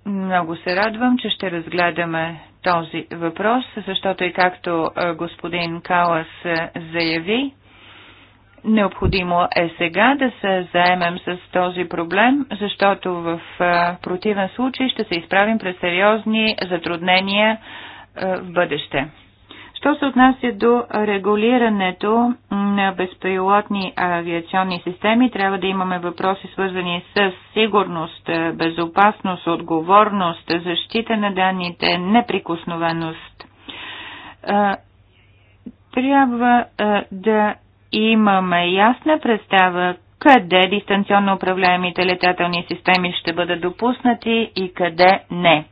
Много се радвам, че ще разгледаме този въпрос, защото и както господин Калас заяви, Необходимо е сега да се заемем с този проблем, защото в противен случай ще се изправим пред сериозни затруднения в бъдеще. Що се отнася до регулирането на безпилотни авиационни системи, трябва да имаме въпроси свързани с сигурност, безопасност, отговорност, защита на данните, неприкосновеност. Трябва да имаме ясна представа къде дистанционно управляемите летателни системи ще бъдат допуснати и къде не.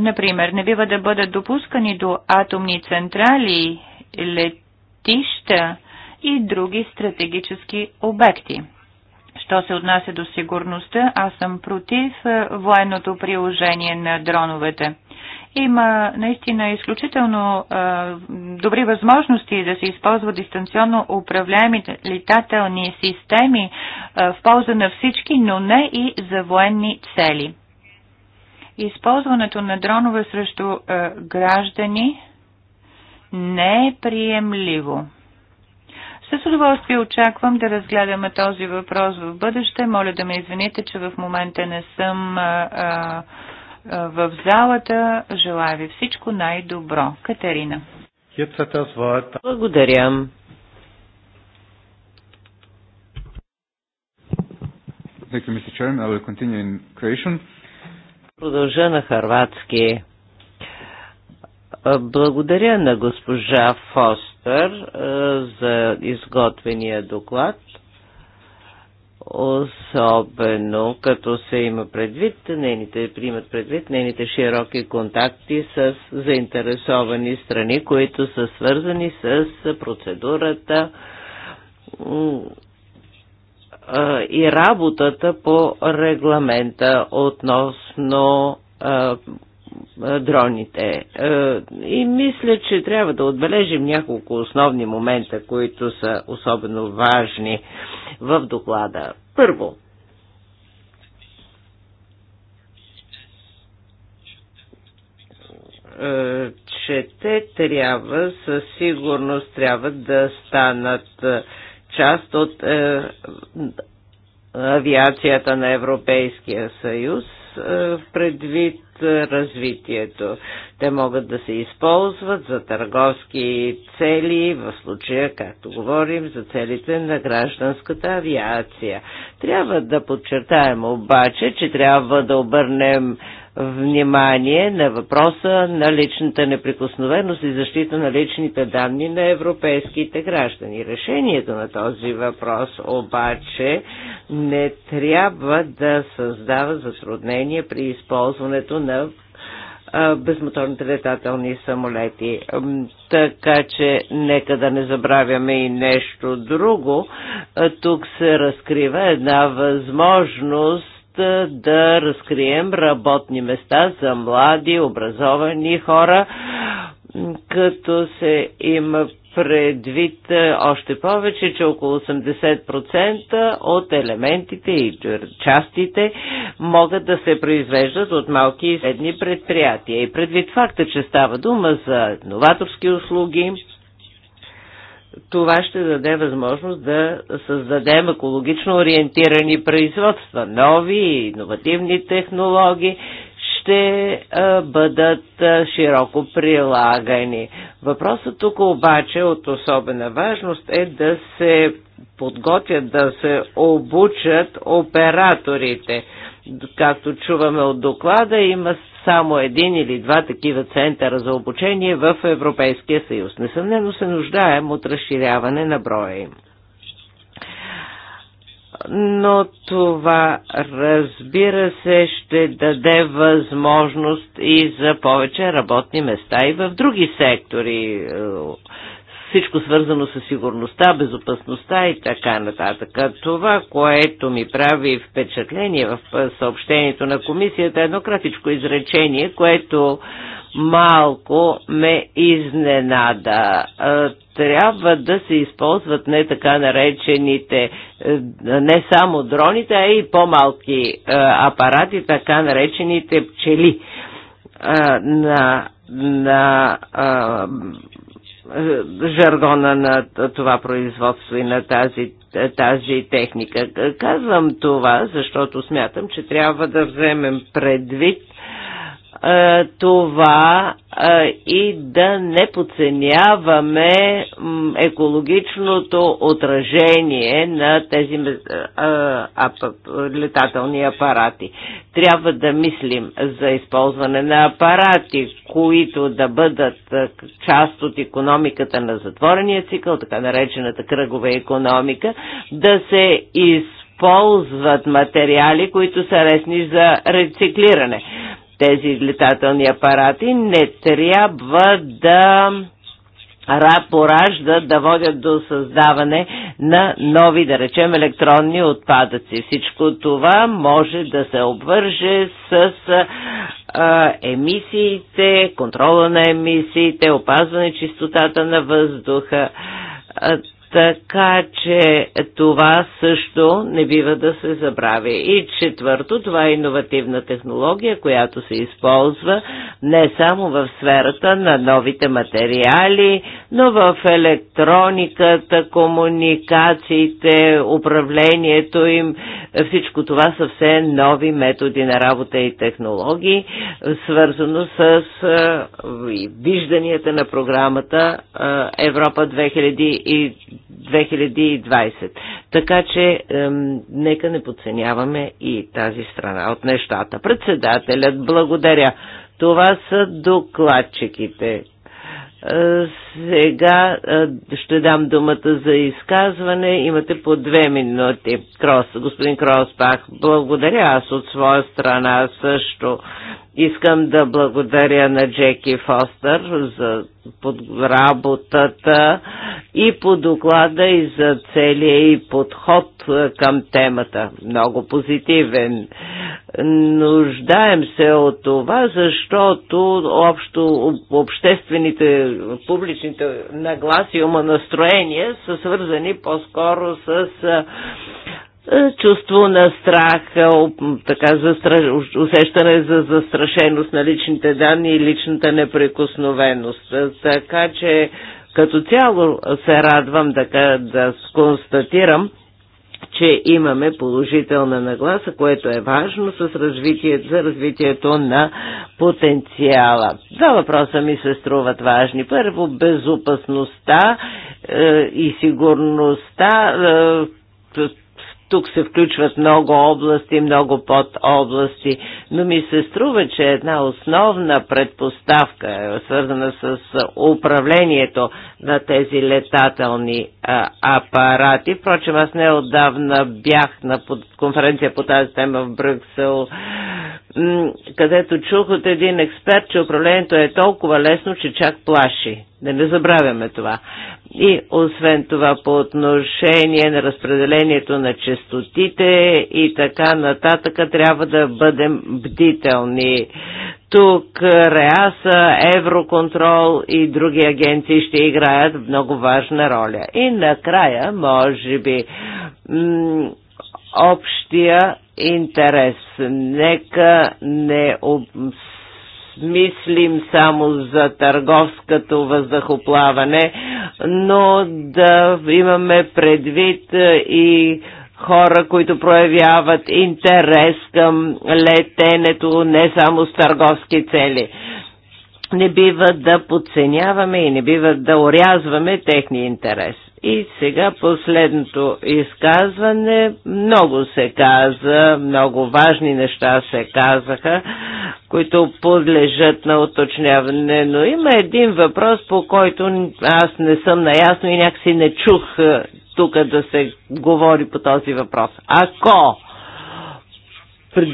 Например, не бива да бъдат допускани до атомни централи, летища и други стратегически обекти. Що се отнася до сигурността, аз съм против е, военното приложение на дроновете. Има наистина изключително е, добри възможности да се използват дистанционно управляеми летателни системи е, в полза на всички, но не и за военни цели използването на дронове срещу е, граждани не е приемливо. С удоволствие очаквам да разгледаме този въпрос в бъдеще. Моля да ме извините, че в момента не съм е, е, е, в залата. Желая ви всичко най-добро. Катерина. Благодаря. Thank you, Mr. Chairman. I will continue in creation. Продължа на харватски. Благодаря на госпожа Фостер за изготвения доклад, особено като се има предвид, нените имат предвид нените широки контакти с заинтересовани страни, които са свързани с процедурата и работата по регламента относно дроните. И мисля, че трябва да отбележим няколко основни момента, които са особено важни в доклада. Първо, че те трябва, със сигурност трябва да станат част от е, авиацията на Европейския съюз е, предвид развитието. Те могат да се използват за търговски цели, в случая, както говорим, за целите на гражданската авиация. Трябва да подчертаем обаче, че трябва да обърнем внимание на въпроса на личната неприкосновеност и защита на личните данни на европейските граждани. Решението на този въпрос обаче не трябва да създава затруднения при използването на безмоторните летателни самолети. Така че нека да не забравяме и нещо друго. Тук се разкрива една възможност да разкрием работни места за млади, образовани хора, като се има предвид е, още повече, че около 80% от елементите и частите могат да се произвеждат от малки и средни предприятия. И предвид факта, че става дума за новаторски услуги, това ще даде възможност да създадем екологично ориентирани производства, нови иновативни технологии, ще бъдат широко прилагани. Въпросът тук обаче от особена важност е да се подготвят, да се обучат операторите. Както чуваме от доклада, има само един или два такива центъра за обучение в Европейския съюз. Несъмнено се нуждаем от разширяване на броя им но това разбира се ще даде възможност и за повече работни места и в други сектори всичко свързано с сигурността, безопасността и така нататък. Това, което ми прави впечатление в съобщението на комисията, е едно кратичко изречение, което малко ме изненада. Трябва да се използват не така наречените не само дроните, а и по-малки апарати, така наречените пчели на на е, жаргона на това производство и на тази, е, тази техника. Казвам това, защото смятам, че трябва да вземем предвид е, това е, и да не подценяваме екологичното отражение на тези е, летателни апарати. Трябва да мислим за използване на апарати, които да бъдат част от економиката на затворения цикъл, така наречената кръгова економика, да се използват материали, които са лесни за рециклиране тези летателни апарати не трябва да поражда да водят до създаване на нови, да речем, електронни отпадъци. Всичко това може да се обвърже с а, емисиите, контрола на емисиите, опазване чистотата на въздуха така че това също не бива да се забрави. И четвърто, това е иновативна технология, която се използва не само в сферата на новите материали, но в електрониката, комуникациите, управлението им. Всичко това са все нови методи на работа и технологии, свързано с вижданията на програмата Европа 2020 2020. Така че е, нека не подценяваме и тази страна от нещата. Председателят, благодаря. Това са докладчиките. Е, сега е, ще дам думата за изказване. Имате по две минути. Крос, господин Кроспах, благодаря аз от своя страна също. Искам да благодаря на Джеки Фостер за под работата и по доклада и за целия и подход е, към темата. Много позитивен. Нуждаем се от това, защото общо обществените, публичните нагласи, ума настроения са свързани по-скоро с чувство на страх, така застра... усещане за застрашеност на личните данни и личната неприкосновеност. Така че като цяло се радвам да, да констатирам, че имаме положителна нагласа, което е важно с развитие, за развитието на потенциала. Два въпроса ми се струват важни. Първо, безопасността е, и сигурността е, тук се включват много области, много подобласти, но ми се струва, че една основна предпоставка, е свързана с управлението на тези летателни а, апарати, впрочем аз не отдавна бях на под конференция по тази тема в Брюксел, където чух от един експерт, че управлението е толкова лесно, че чак плаши. Да не забравяме това. И освен това по отношение на разпределението на частотите и така нататък трябва да бъдем бдителни. Тук е, РЕАСА, Евроконтрол и други агенции ще играят много важна роля. И накрая, може би, общия интерес. Нека не мислим само за търговското въздухоплаване, но да имаме предвид е, и хора, които проявяват интерес към летенето не само с търговски цели. Не бива да подценяваме и не бива да орязваме техния интерес. И сега последното изказване. Много се каза, много важни неща се казаха, които подлежат на уточняване, но има един въпрос, по който аз не съм наясно и някакси не чух е, тук да се говори по този въпрос. Ако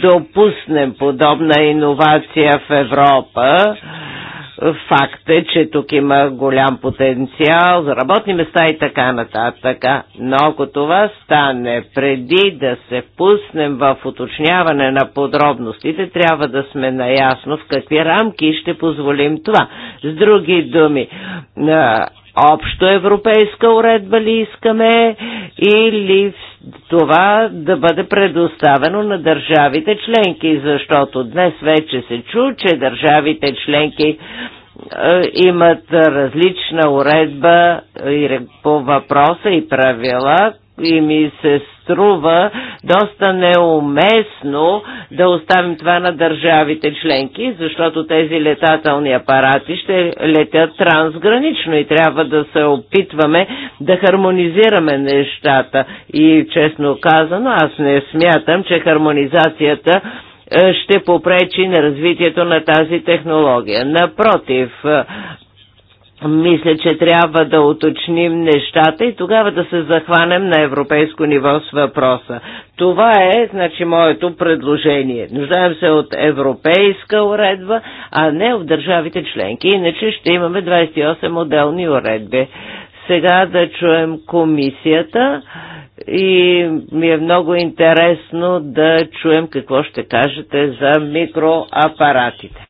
допуснем подобна иновация в Европа, Факт е, че тук има голям потенциал за работни места и така нататък. Но ако това стане преди да се пуснем в уточняване на подробностите, трябва да сме наясно в какви рамки ще позволим това. С други думи, общо европейска уредба ли искаме или все това да бъде предоставено на държавите членки, защото днес вече се чу, че държавите членки е, имат различна уредба е, по въпроса и правила, и ми се струва доста неуместно да оставим това на държавите членки, защото тези летателни апарати ще летят трансгранично и трябва да се опитваме да хармонизираме нещата. И честно казано, аз не смятам, че хармонизацията е, ще попречи на развитието на тази технология. Напротив, е, мисля, че трябва да уточним нещата и тогава да се захванем на европейско ниво с въпроса. Това е, значи, моето предложение. Нуждаем се от европейска уредба, а не от държавите членки. Иначе ще имаме 28 отделни уредби. Сега да чуем комисията и ми е много интересно да чуем какво ще кажете за микроапаратите.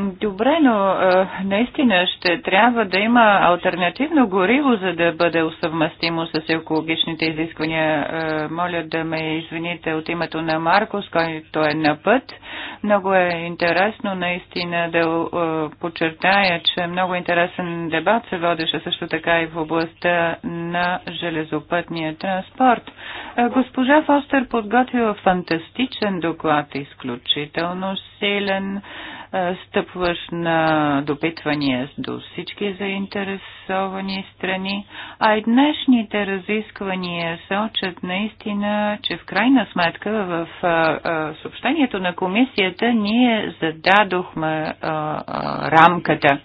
Добре, но е, наистина ще трябва да има альтернативно гориво, за да бъде усъвместимо с екологичните изисквания. Е, моля да ме извините от името на Маркос, който е на път. Много е интересно наистина да е, подчертая, че много интересен дебат се водеше също така и в областта на железопътния транспорт. госпожа Фостер подготвила фантастичен доклад, изключително силен. Е, е, стъпваш на допитвания до всички заинтересовани страни, а и днешните разисквания сочат наистина, че в крайна сметка в е, е, съобщението на комисията ние зададохме рамката.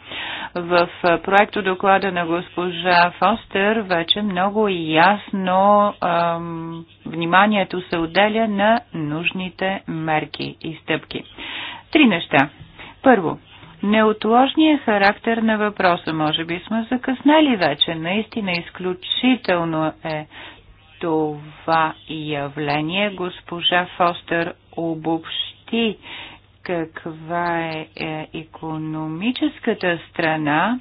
В проекто доклада на госпожа Фостер вече много ясно вниманието се отделя на нужните мерки и стъпки. Три неща. Първо, неотложният характер на въпроса. Може би сме закъснали вече. Наистина изключително е това явление. Госпожа Фостер обобщи каква е, е економическата страна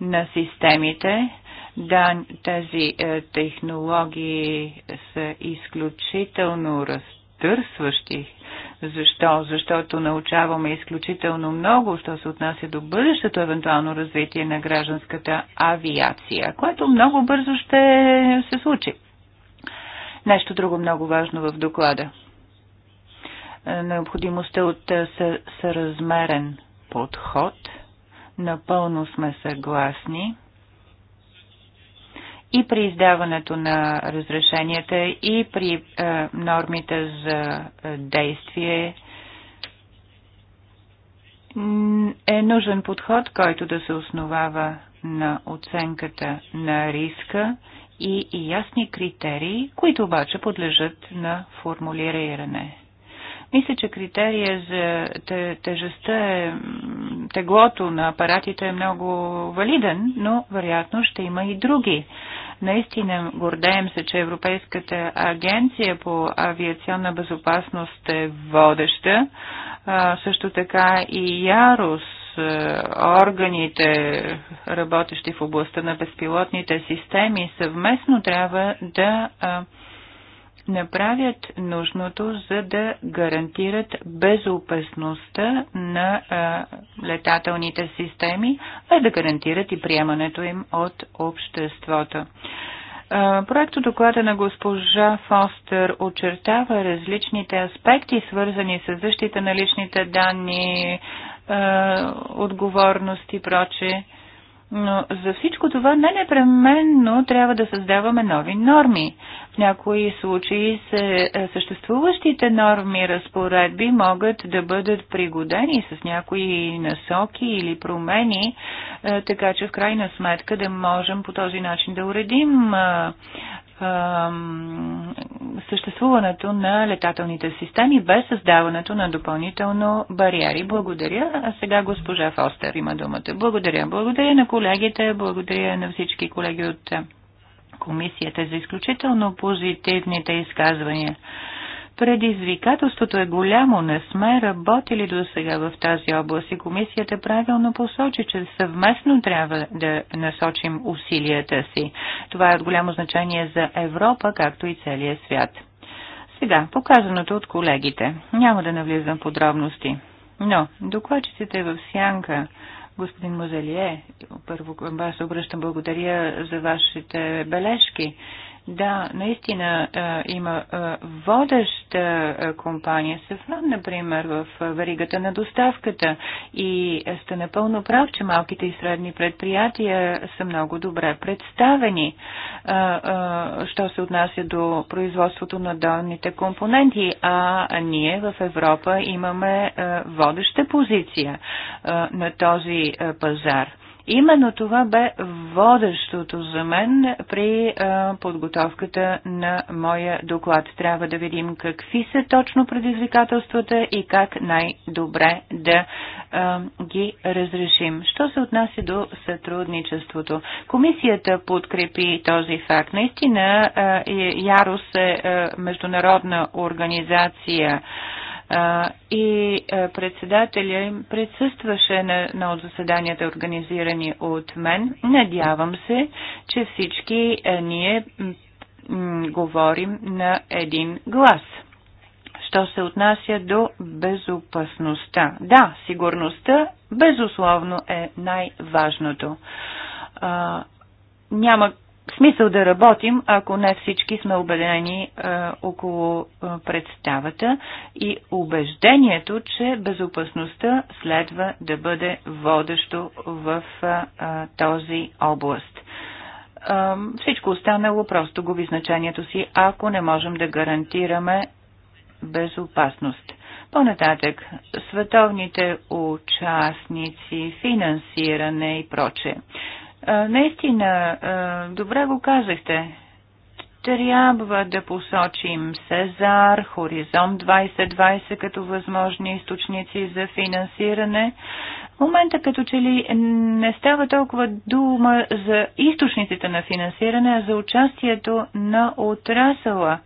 на системите. Да, тези е, технологии са изключително разтърсващи защо? Защото научаваме изключително много, що се отнася до бъдещето евентуално развитие на гражданската авиация, което много бързо ще се случи. Нещо друго много важно в доклада. Е, необходимостта от е, съразмерен подход. Напълно сме съгласни и при издаването на разрешенията, и при е, нормите за е, действие е нужен подход, който да се основава на оценката на риска и, и ясни критерии, които обаче подлежат на формулиране. Мисля, че критерия за тежестта е, теглото на апаратите е много валиден, но вероятно ще има и други Наистина гордеем се, че Европейската агенция по авиационна безопасност е водеща. А, също така и Ярус органите, работещи в областта на безпилотните системи, съвместно трябва да направят нужното, за да гарантират безопасността на а, летателните системи, а да гарантират и приемането им от обществото. Проекто доклада на госпожа Фостер очертава различните аспекти, свързани с защита на личните данни, отговорност и прочее. Но за всичко това не непременно трябва да създаваме нови норми. В някои случаи се, е, съществуващите норми, разпоредби могат да бъдат пригодени с някои насоки или промени, е, така че в крайна сметка да можем по този начин да уредим е, съществуването на летателните системи без създаването на допълнително бариери. Благодаря. А сега госпожа Фостер има думата. Благодаря. Благодаря на колегите, благодаря на всички колеги от комисията за изключително позитивните изказвания. Предизвикателството е голямо, не сме работили до сега в тази област и комисията правилно посочи, че съвместно трябва да насочим усилията си. Това е от голямо значение за Европа, както и целия свят. Сега, показаното от колегите. Няма да навлизам в подробности. Но докладчиците в сянка, господин Мозелие, първо към вас обръщам благодаря за вашите бележки. Да, наистина има водеща компания Сефран, например, в варигата на доставката. И сте напълно прав, че малките и средни предприятия са много добре представени, що се отнася до производството на донните компоненти. А ние в Европа имаме водеща позиция на този пазар. Именно това бе водещото за мен при а, подготовката на моя доклад. Трябва да видим какви са точно предизвикателствата и как най-добре да а, ги разрешим. Що се отнася до сътрудничеството? Комисията подкрепи този факт. Наистина, а, е, Ярус е а, международна организация и председателя им присъстваше на, на заседанията, организирани от мен. Надявам се, че всички ние говорим на един глас. Що се отнася до безопасността? Да, сигурността безусловно е най-важното. няма смисъл да работим, ако не всички сме убедени а, е, около а, е, представата и убеждението, че безопасността следва да бъде водещо в а, е, този област. А, всичко останало просто губи значението си, ако не можем да гарантираме безопасност. По-нататък, световните участници, финансиране и прочее. Наистина, добре го казахте. Трябва да посочим Сезар, Хоризонт 2020 като възможни източници за финансиране. В момента като че ли не става толкова дума за източниците на финансиране, а за участието на отрасъла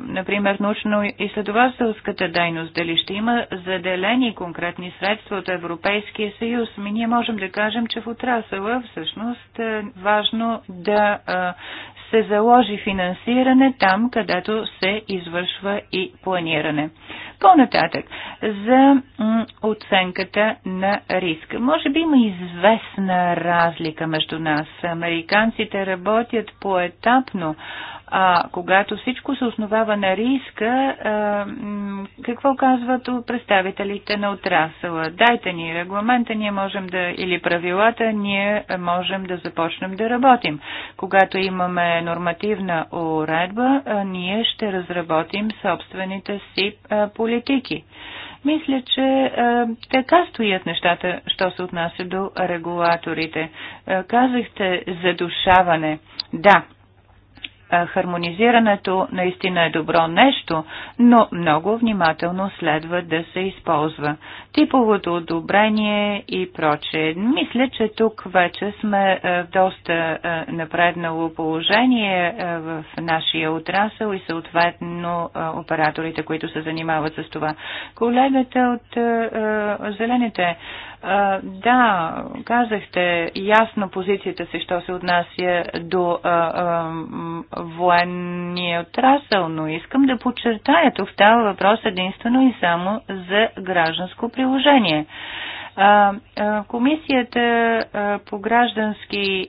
например, научно-изследователската дейност, дали ще има заделени конкретни средства от Европейския съюз. Ми ние можем да кажем, че в отрасъла всъщност е важно да се заложи финансиране там, където се извършва и планиране. По-нататък, за оценката на риска. Може би има известна разлика между нас. Американците работят поетапно, а когато всичко се основава на риска, какво казват представителите на отрасъла? Дайте ни регламента, ние можем да, или правилата, ние можем да започнем да работим. Когато имаме нормативна уредба, ние ще разработим собствените си политики. Мисля, че е, така стоят нещата, що се отнася до регулаторите. Е, казахте задушаване. Да, хармонизирането наистина е добро нещо, но много внимателно следва да се използва. Типовото одобрение и прочее. Мисля, че тук вече сме в доста напреднало положение в нашия отрасъл и съответно операторите, които се занимават с това. Колегата от зелените да, казахте ясно позицията си, що се отнася до а, а, военния отрасъл, но искам да подчертая, тук става въпрос единствено и само за гражданско приложение. Комисията по граждански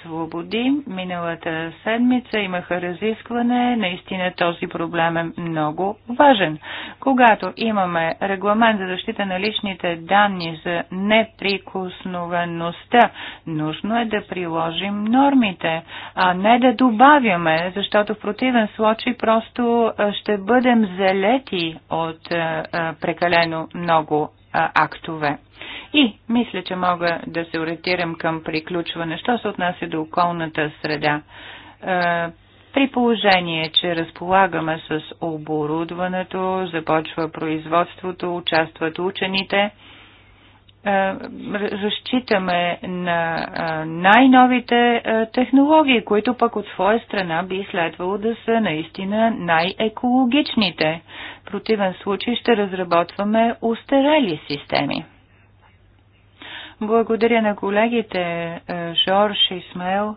свободи миналата седмица имаха разискване. Наистина този проблем е много важен. Когато имаме регламент за защита на личните данни за неприкосновеността, нужно е да приложим нормите, а не да добавяме, защото в противен случай просто ще бъдем залети от прекалено много актове. И мисля, че мога да се ориентирам към приключване. Що се отнася до околната среда? Е, при положение, че разполагаме с оборудването, започва производството, участват учените, е, разчитаме на е, най-новите технологии, които пък от своя страна би следвало да са наистина най-екологичните. В противен случай ще разработваме устарели системи. Благодаря на колегите е, Жорж, Смел.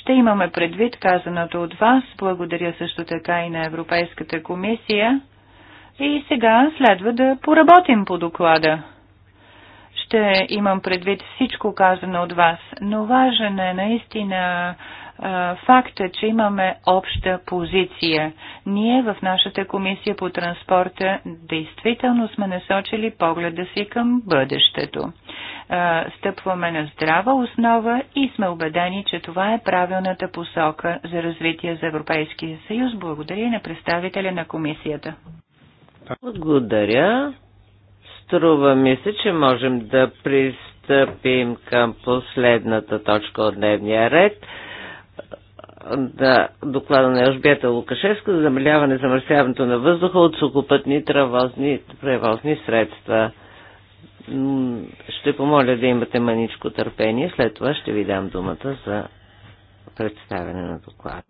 Ще имаме предвид казаното от вас. Благодаря също така и на Европейската комисия. И сега следва да поработим по доклада. Ще имам предвид всичко казано от вас, но важен е наистина факта, че имаме обща позиция. Ние в нашата комисия по транспорта действително сме насочили погледа си към бъдещето. Стъпваме на здрава основа и сме убедени, че това е правилната посока за развитие за Европейския съюз. Благодаря на представителя на комисията. Благодаря. Струва ми се, че можем да пристъпим към последната точка от дневния ред да доклада на Елжбета Лукашевска за замаляване замърсяването на въздуха от сухопътни травозни, превозни средства. Ще помоля да имате маничко търпение, след това ще ви дам думата за представяне на доклада.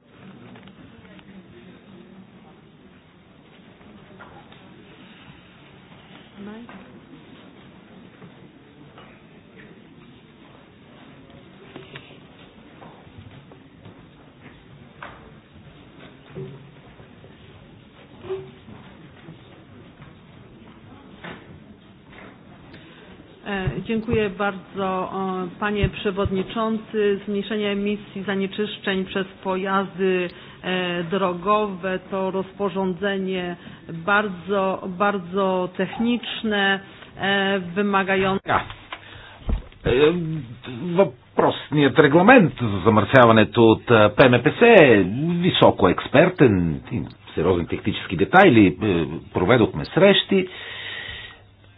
Dziękuję bardzo panie przewodniczący. Zmniejszenie emisji zanieczyszczeń przez pojazdy drogowe to rozporządzenie bardzo, bardzo techniczne, wymagające. Въпросният регламент за замърсяването от ПМПС е високо експертен, сериозни технически детайли, проведохме срещи.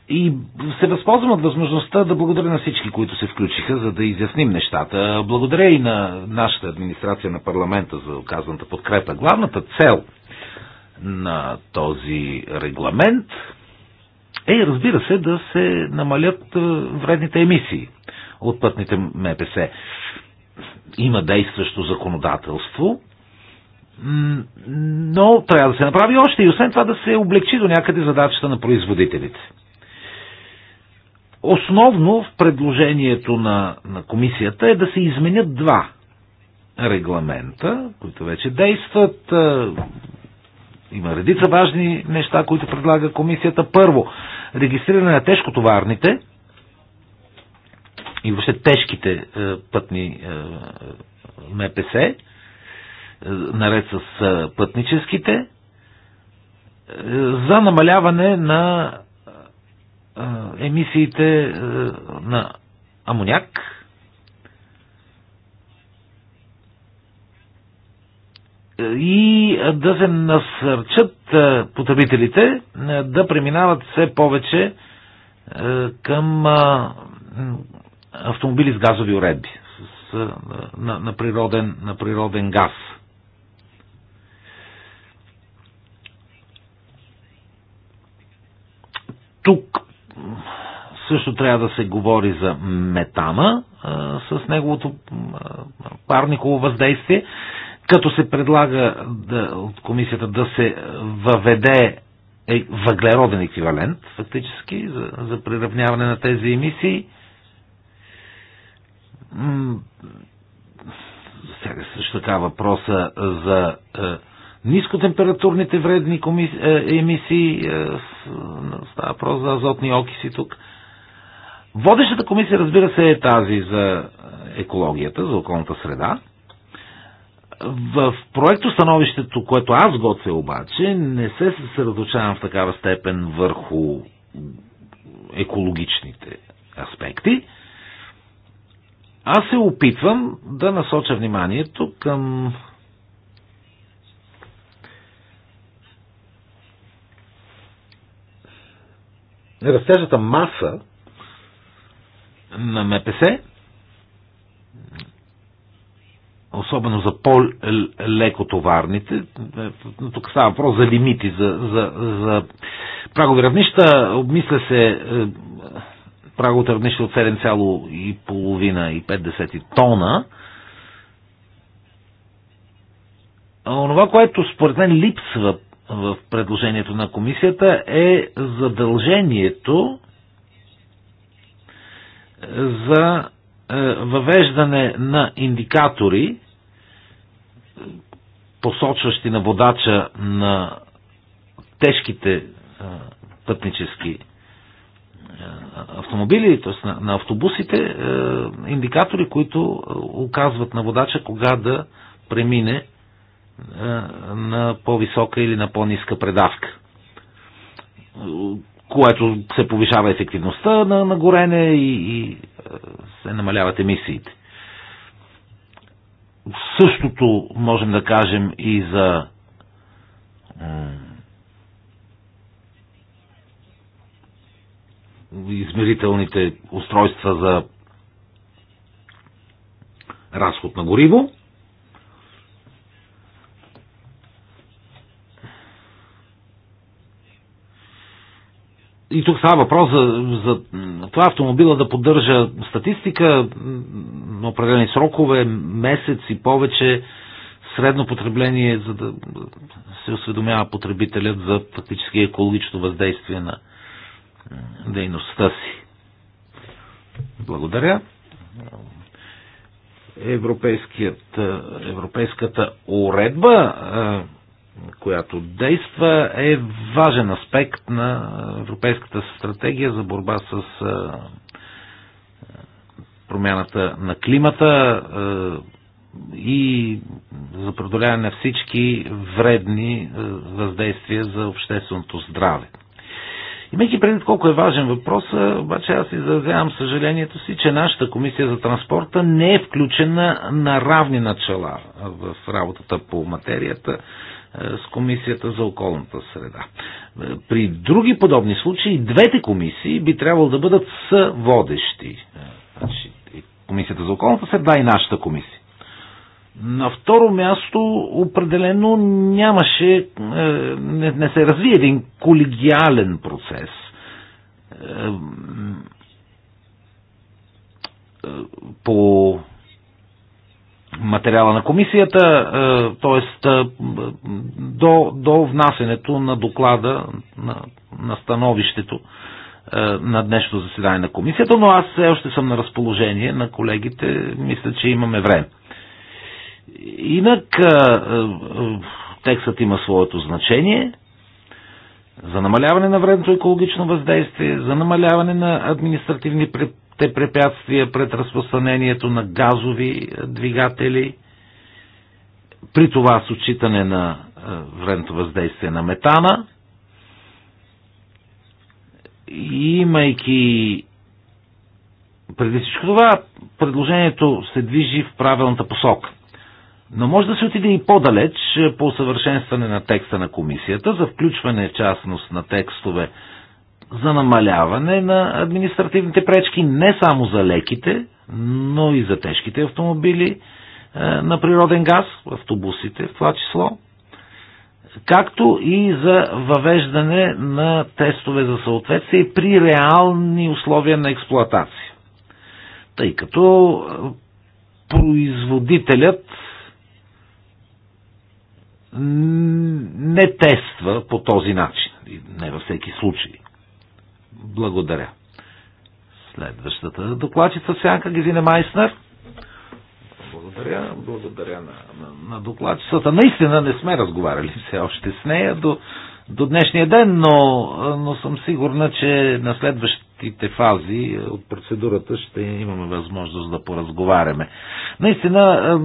И се възползвам от възможността да благодаря на всички, които се включиха, за да изясним нещата. Благодаря и на нашата администрация на парламента за оказаната подкрепа. Главната цел на този регламент е, разбира се, да се намалят е, вредните емисии от пътните МПС. Има действащо законодателство, но трябва да се направи още и освен това да се облегчи до някъде задачата на производителите. Основно в предложението на, на комисията е да се изменят два регламента, които вече действат. Е, има редица важни неща, които предлага комисията. Първо, регистриране на тежкотоварните и въобще тежките е, пътни е, МПС, наред с пътническите, за намаляване на емисиите на амоняк. И да се насърчат потребителите да преминават все повече към автомобили с газови уредби, с, на, на, природен, на природен газ. Тук също трябва да се говори за метана с неговото парниково въздействие, като се предлага да, от комисията да се въведе е, въглероден еквивалент, фактически, за, за приравняване на тези емисии. Сега е също така въпроса за е, нискотемпературните вредни е, емисии, е, става въпрос за азотни окиси тук. Водещата комисия, разбира се, е тази за екологията, за околната среда. В проекто становището, което аз готвя обаче, не се съсредоточавам в такава степен върху екологичните аспекти. Аз се опитвам да насоча вниманието към растящата маса на МПС, особено за по-лекотоварните, тук става въпрос за лимити, за, за, за прагови равнища, обмисля се е, праговото равнища от 7,5 и 50 тона, Онова, което според мен липсва в предложението на комисията е задължението за е, въвеждане на индикатори, посочващи на водача на тежките е, пътнически е, автомобили, т.е. на автобусите, индикатори, които оказват на водача кога да премине е, на по-висока или на по-ниска предавка. Което се повишава ефективността на, на горене и, и е, се намаляват емисиите. Същото можем да кажем и за измерителните устройства за разход на гориво. и тук става въпрос за, за това автомобила да поддържа статистика на определени срокове, месец и повече средно потребление, за да се осведомява потребителят за фактически екологично въздействие на дейността си. Благодаря. Европейската уредба която действа, е важен аспект на Европейската стратегия за борба с промяната на климата и за преодоляване на всички вредни въздействия за общественото здраве. Имайки предвид колко е важен въпрос, обаче аз изразявам съжалението си, че нашата комисия за транспорта не е включена на равни начала в работата по материята е, с Комисията за околната среда. Е, при други подобни случаи двете комисии би трябвало да бъдат съводещи. Е, значи, комисията за околната среда и нашата комисия. На второ място определено нямаше, не, не се разви един колегиален процес. По материала на комисията, т.е. Е, до, до внасенето на доклада на, на становището е, на днешното заседание на комисията, но аз все още съм на разположение на колегите, мисля, че имаме време. Инак е, текстът има своето значение за намаляване на вредното екологично въздействие, за намаляване на административни предприятия, те препятствия пред разпространението на газови е, двигатели, при това с отчитане на е, вредното въздействие на метана, и имайки преди всичко това, предложението се движи в правилната посока. Но може да се отиде и по-далеч е, по усъвършенстване на текста на комисията, за включване частност на текстове за намаляване на административните пречки не само за леките, но и за тежките автомобили е, на природен газ, автобусите в това число, както и за въвеждане на тестове за съответствие при реални условия на експлоатация. Тъй като е, производителят не тества по този начин, не във всеки случай благодаря. Следващата докладчица Сянка Гизина Майснер. Благодаря, благодаря на, на, на докладчицата. Наистина не сме разговаряли [LAUGHS] все още с нея до, до днешния ден, но, но съм сигурна, че на следващите фази от процедурата ще имаме възможност да поразговаряме. Наистина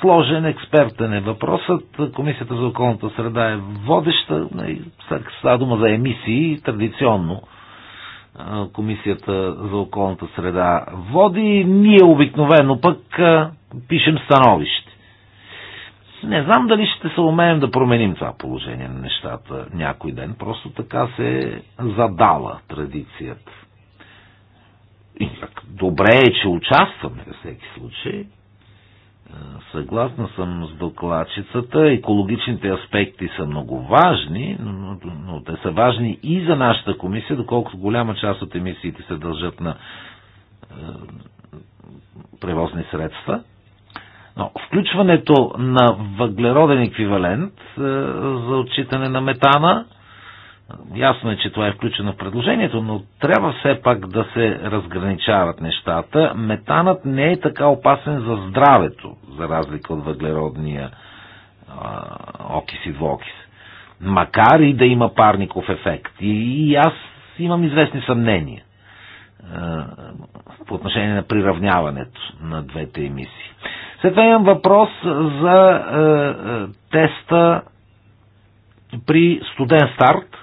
сложен, експертен е въпросът. Комисията за околната среда е водеща, нали, след като става дума за емисии, традиционно Комисията за околната среда води, ние обикновено пък пишем становище. Не знам дали ще се умеем да променим това положение на нещата някой ден. Просто така се задала традицията. И, добре е, че участваме във всеки случай. Съгласна съм с докладчицата. Екологичните аспекти са много важни, но, но те са важни и за нашата комисия, доколкото голяма част от емисиите се дължат на е, превозни средства. Но включването на въглероден еквивалент е, за отчитане на метана Ясно е, че това е включено в предложението, но трябва все пак да се разграничават нещата. Метанът не е така опасен за здравето, за разлика от въглеродния а, окис и двуокис. Макар и да има парников ефект. И, и аз имам известни съмнения а, по отношение на приравняването на двете емисии. След това имам въпрос за а, а, теста при студен старт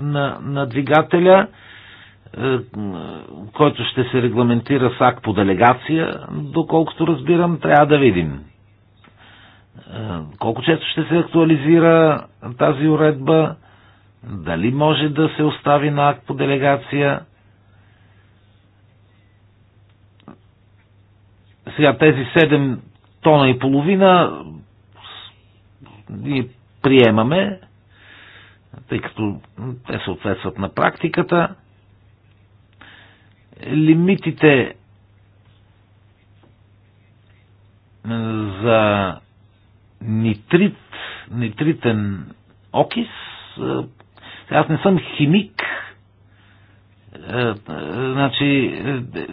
на, на двигателя, е, който ще се регламентира с акт по делегация, доколкото разбирам, трябва да видим. Е, колко често ще се актуализира тази уредба, дали може да се остави на акт по делегация. Сега тези 7 тона и половина ние приемаме, тъй като те съответстват на практиката. Лимитите е, за нитрит, нитритен окис. Е, аз не съм химик. Е, значи,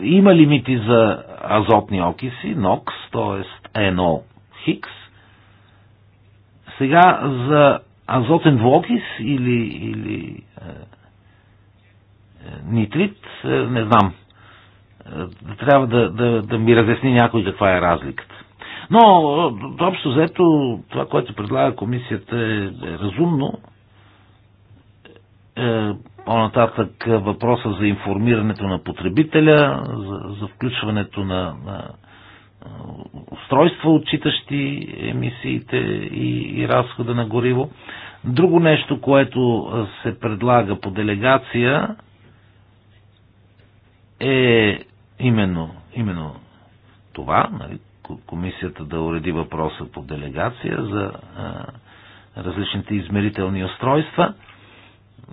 има лимити за азотни окиси, НОКС, т.е. НО, ХИКС. Сега за азотен двуокис или, или е, е нитрит, е, не знам. Е, трябва да, да, да ми разясни някой каква е разликата. Но, е, общо взето, това, което предлага комисията е разумно. Е, по-нататък въпроса за информирането на потребителя, за, за включването на, на устройства, отчитащи емисиите и, и разхода на гориво. Друго нещо, което се предлага по делегация е именно, именно това, нали, комисията да уреди въпроса по делегация за а, различните измерителни устройства.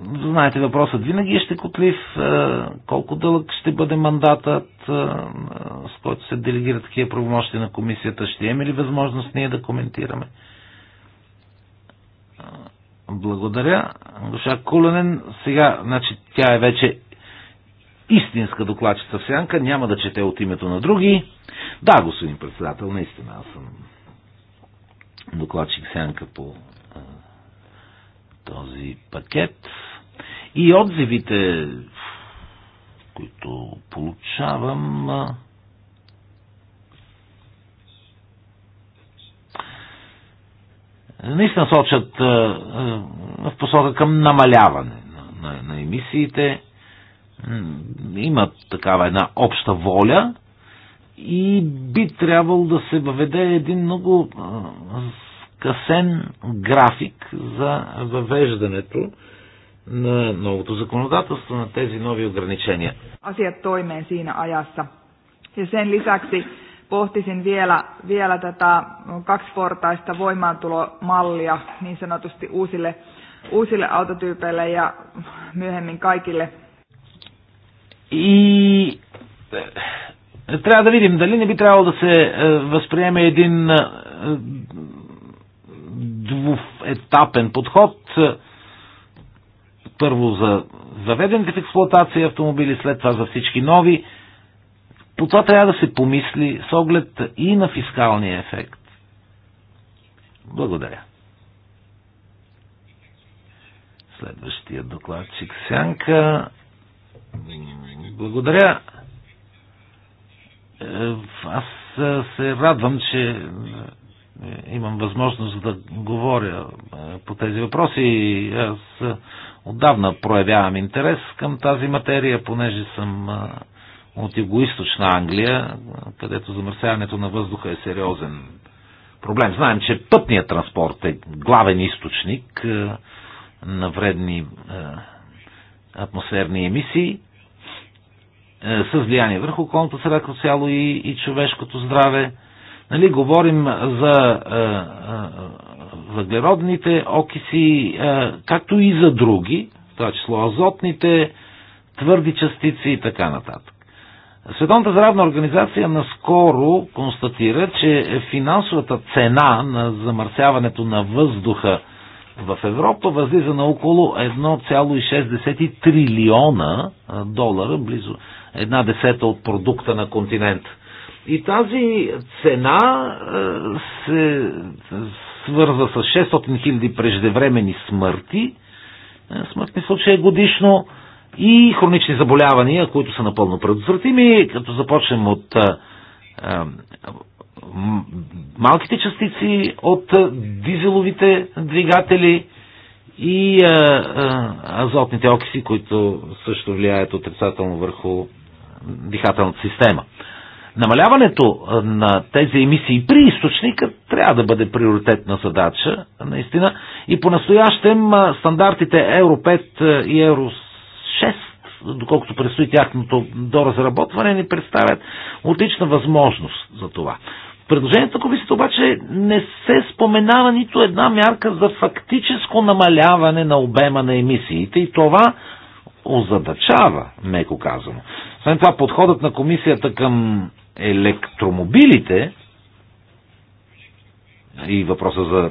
Знаете, въпросът винаги е щекотлив, колко дълъг ще бъде мандатът, с който се делегират такива правомощи на комисията, ще имаме ли възможност ние да коментираме? Благодаря. Гоша Куленен, сега, значи, тя е вече истинска докладчица в сянка, няма да чете от името на други. Да, господин председател, наистина, аз съм докладчик сянка по а, този пакет. И отзивите в които получавам, наистина сочат в посока към намаляване на, на, на емисиите. Има такава една обща воля и би трябвало да се въведе един много скъсен график за въвеждането на новото законодателство, на тези нови ограничения. Asiat toimeen siinä ajassa. Ja sen lisäksi pohtisin vielä, vielä tätä kaksiportaista voimaantulomallia niin sanotusti uusille, uusille autotyypeille ja myöhemmin kaikille. И трябва да видим дали не би трябвало да се възприеме един двуетапен подход, първо за заведените в експлуатация автомобили, след това за всички нови. По това трябва да се помисли с оглед и на фискалния ефект. Благодаря. Следващия докладчик Сянка. Благодаря. Е, аз е, се радвам, че е, имам възможност да говоря по тези въпроси. Аз отдавна проявявам интерес към тази материя, понеже съм от югоисточна Англия, където замърсяването на въздуха е сериозен проблем. Знаем, че пътният транспорт е главен източник на вредни атмосферни емисии с влияние върху околната среда като цяло и, и човешкото здраве. Нали, говорим за въглеродните окиси, е, както и за други, в това число азотните, твърди частици и така нататък. Световната здравна организация наскоро констатира, че финансовата цена на замърсяването на въздуха в Европа възлиза на около 1,6 трилиона е, долара, близо една десета от продукта на континента. И тази цена е, се свърза с 600 000 преждевремени смърти, е, смъртни случаи е годишно и хронични заболявания, които са напълно предотвратими, като започнем от е, малките частици от дизеловите двигатели и азотните окиси, които също влияят отрицателно върху дихателната система. Намаляването на тези емисии при източника трябва да бъде приоритетна задача, наистина. И по-настоящем стандартите Евро 5 и Евро 6 доколкото предстои тяхното доразработване, ни представят отлична възможност за това. В предложението на комисията обаче не се споменава нито една мярка за фактическо намаляване на обема на емисиите и това озадачава, меко казано. Освен това, подходът на комисията към електромобилите и въпроса за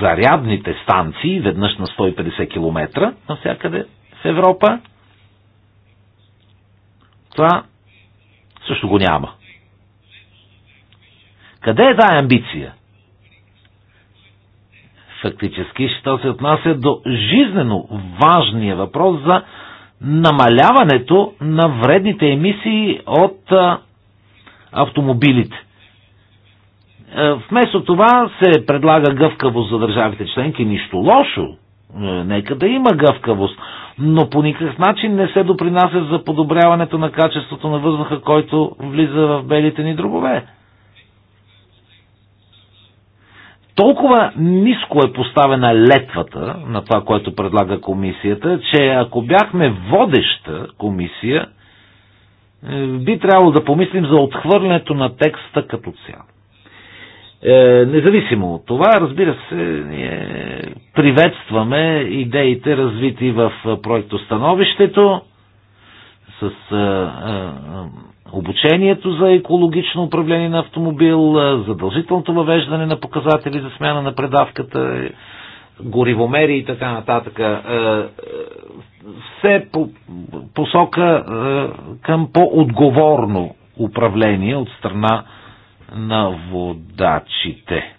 зарядните станции, веднъж на 150 км навсякъде в Европа, това също го няма. Къде е тази амбиция? Фактически, що се отнася до жизнено важния въпрос за намаляването на вредните емисии от а, автомобилите. Е, вместо това се предлага гъвкавост за държавите членки. Нищо лошо. Е, нека да има гъвкавост. Но по никакъв начин не се допринася за подобряването на качеството на въздуха, който влиза в белите ни дробове. Толкова ниско е поставена летвата на това, което предлага комисията, че ако бяхме водеща комисия, е, би трябвало да помислим за отхвърлянето на текста като цяло. Е, независимо от това, разбира се, ние приветстваме идеите, развити в е, проектостановището с е, е, обучението за екологично управление на автомобил, е, задължителното въвеждане на показатели за смяна на предавката, горивомери и така нататък. Е, е, все по посока е, към по-отговорно управление от страна на водачите.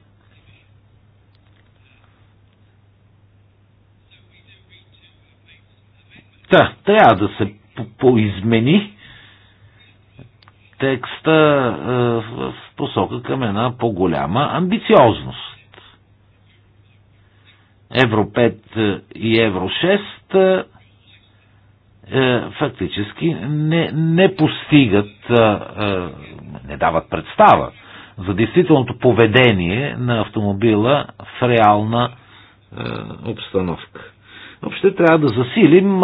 Та, трябва да се по поизмени текста в посока към една по-голяма амбициозност. Евро 5 е, и Евро 6 е, е, фактически не, не постигат, не дават представа за действителното поведение на автомобила в реална обстановка. Въобще трябва да засилим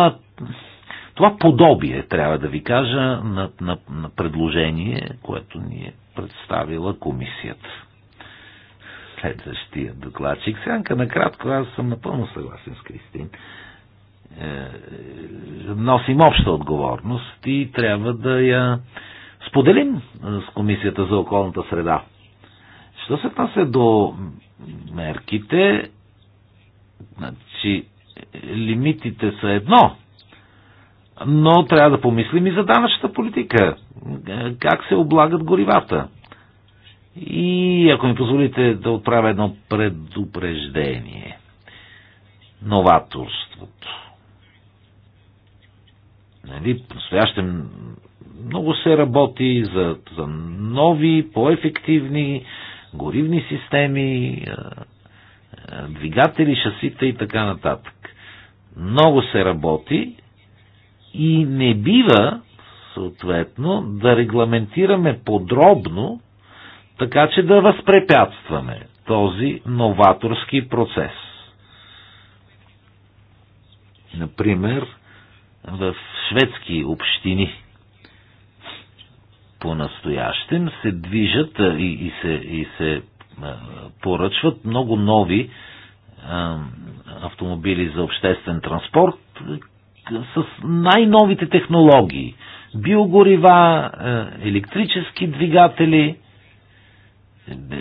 това подобие, трябва да ви кажа, на, на, на предложение, което ни е представила комисията следващия докладчик. Сянка, накратко, аз съм напълно съгласен с Кристин. Е, е, носим обща отговорност и трябва да я споделим е, с Комисията за околната среда. Що се отнася до мерките, значи, лимитите са едно, но трябва да помислим и за данъчната политика. Как се облагат горивата? И ако ми позволите да отправя едно предупреждение. Новаторството. Нали, настоящем много се работи за, за нови, по-ефективни горивни системи, двигатели, шасита и така нататък. Много се работи и не бива, съответно, да регламентираме подробно така че да възпрепятстваме този новаторски процес. Например, в шведски общини по-настоящем се движат и, и се, и се поръчват много нови а, автомобили за обществен транспорт с най-новите технологии. Биогорива, електрически двигатели,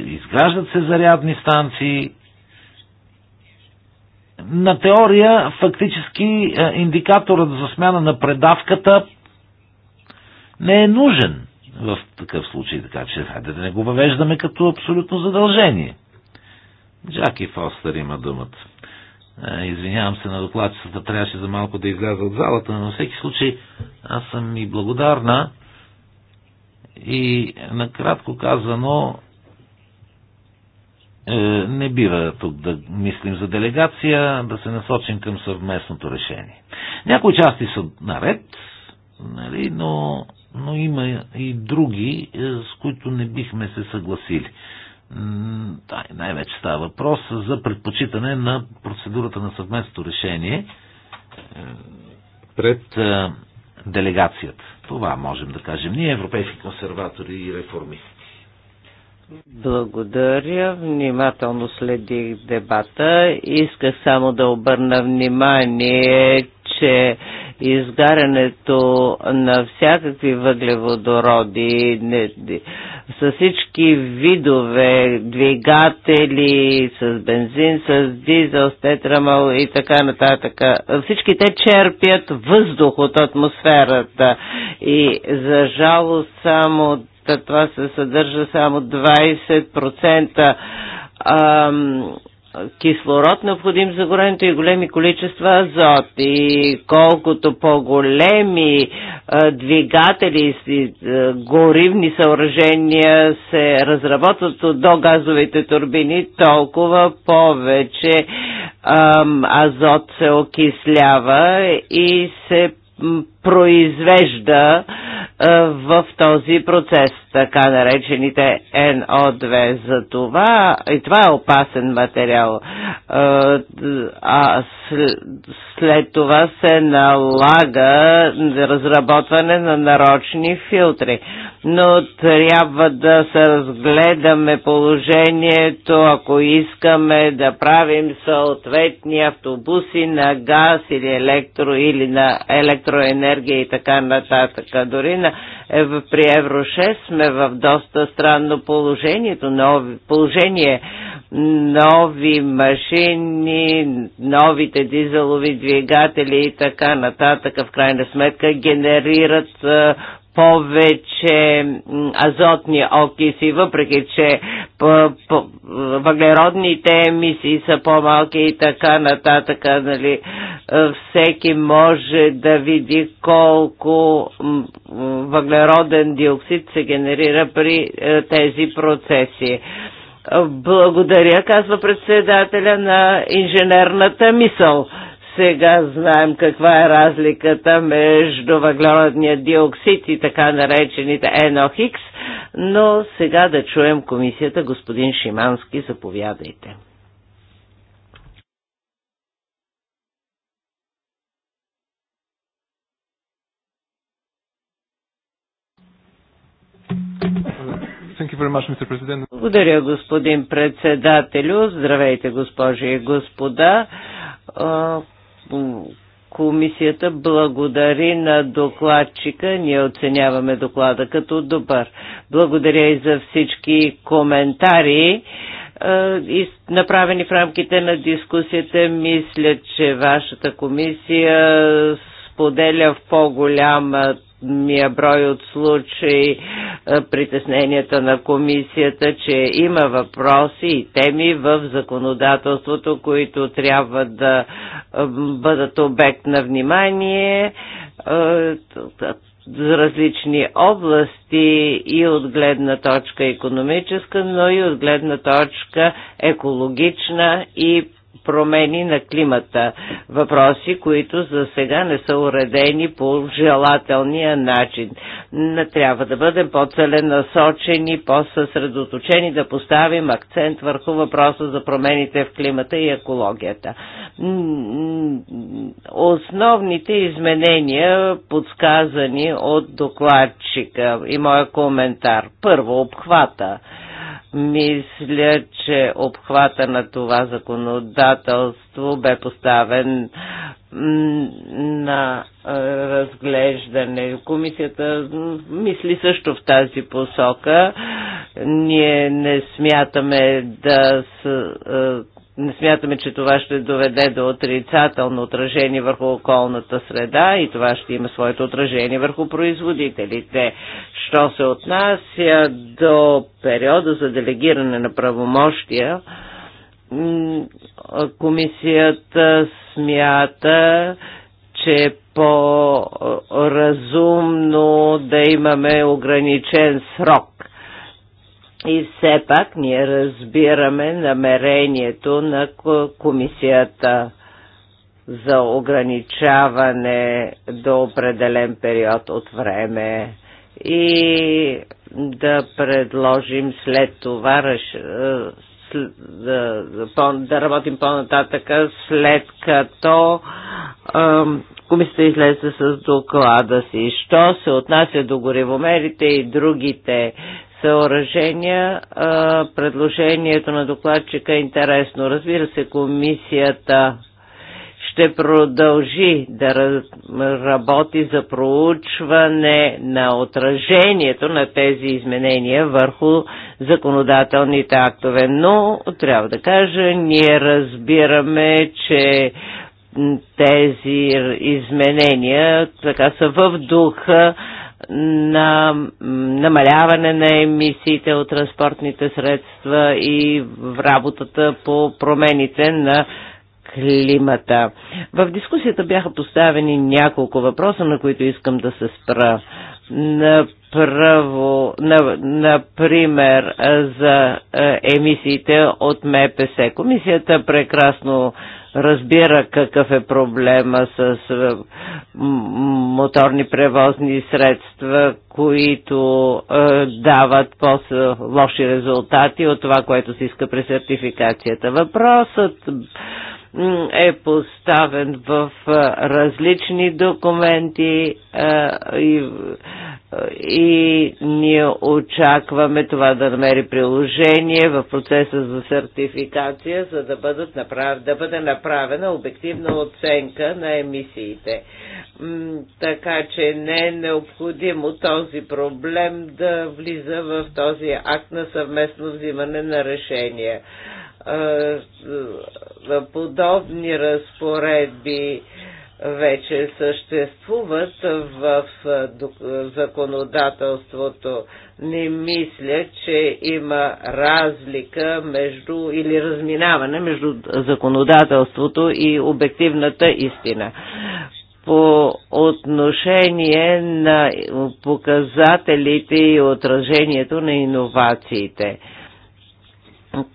изграждат се зарядни станции. На теория фактически е, индикаторът за смяна на предавката не е нужен в такъв случай, така че хайде да не го въвеждаме като абсолютно задължение. Джаки Фостър има думата. Е, извинявам се на докладчицата, трябваше за малко да изляза от залата, но на всеки случай аз съм и благодарна и накратко казано е, не бива тук да мислим за делегация, да се насочим към съвместното решение. Някои части са наред, нали, но, но има и други, е, с които не бихме се съгласили. Най-вече става въпрос за предпочитане на процедурата на съвместното решение е, пред делегацията. Това можем да кажем ние, европейски консерватори и реформисти. Благодаря. Внимателно следих дебата. Исках само да обърна внимание, че изгарянето на всякакви въглеводороди не, с всички видове двигатели, с бензин, с дизел, с тетрамал и така нататък. Всички те черпят въздух от атмосферата и за жалост само Та Това се съдържа само 20% кислород, необходим за горенето и големи количества азот. И колкото по-големи двигатели и горивни съоръжения се разработват до газовите турбини, толкова повече азот се окислява и се произвежда в този процес, така наречените но 2 За това, и това е опасен материал. А след това се налага разработване на нарочни филтри. Но трябва да се разгледаме положението, ако искаме да правим съответни автобуси на газ или електро или на електроенергия енергия и така нататък. Дори на, е, при Евро 6 сме в доста странно положението, нови, положение. Нови машини, новите дизелови двигатели и така нататък в крайна сметка генерират е, повече азотни окиси, въпреки че въглеродните емисии са по-малки и така нататък. Нали, е, всеки може да види колко въглероден диоксид се генерира при е, тези процеси. Благодаря, казва председателя на инженерната мисъл. Сега знаем каква е разликата между въглеродния диоксид и така наречените NOx, но сега да чуем комисията господин Шимански, заповядайте. Благодаря, господин председателю. Здравейте, госпожи и господа. Комисията благодари на докладчика. Ние оценяваме доклада като добър. Благодаря и за всички коментари е, направени в рамките на дискусията. Мисля, че вашата комисия споделя в по голямата големия брой от случаи е, притесненията на комисията, че има въпроси и теми в законодателството, които трябва да е, бъдат обект на внимание е, за различни области и от гледна точка економическа, но и от гледна точка екологична и промени на климата. Въпроси, които за сега не са уредени по желателния начин. Трябва да бъдем по-целенасочени, по-съсредоточени, да поставим акцент върху въпроса за промените в климата и екологията. Основните изменения, подсказани от докладчика и моя коментар. Първо, обхвата мисля, че обхвата на това законодателство бе поставен на разглеждане. Комисията мисли също в тази посока. Ние не смятаме да не смятаме, че това ще доведе до отрицателно отражение върху околната среда и това ще има своето отражение върху производителите. Що се отнася до периода за делегиране на правомощия, комисията смята, че е по-разумно да имаме ограничен срок и все пак ние разбираме намерението на комисията за ограничаване до определен период от време и да предложим след това е, да, работим по-нататъка, след като е, комисията излезе с доклада си. Що се отнася до горевомерите и другите съоръжения. Предложението на докладчика е интересно. Разбира се, комисията ще продължи да работи за проучване на отражението на тези изменения върху законодателните актове. Но трябва да кажа, ние разбираме, че тези изменения така са в духа на намаляване на емисиите от транспортните средства и в работата по промените на климата. В дискусията бяха поставени няколко въпроса, на които искам да се спра. Направо, на, например, за е, емисиите от МПС. Комисията прекрасно разбира какъв е проблема с е, моторни превозни средства, които е, дават по-лоши резултати от това, което се иска при сертификацията. Въпросът е поставен в различни документи и, и ние очакваме това да намери приложение в процеса за сертификация, за да, бъдат направ... да бъде направена обективна оценка на емисиите. Така че не е необходимо този проблем да влиза в този акт на съвместно взимане на решения подобни разпоредби вече съществуват в законодателството. Не мисля, че има разлика между или разминаване между законодателството и обективната истина по отношение на показателите и отражението на иновациите.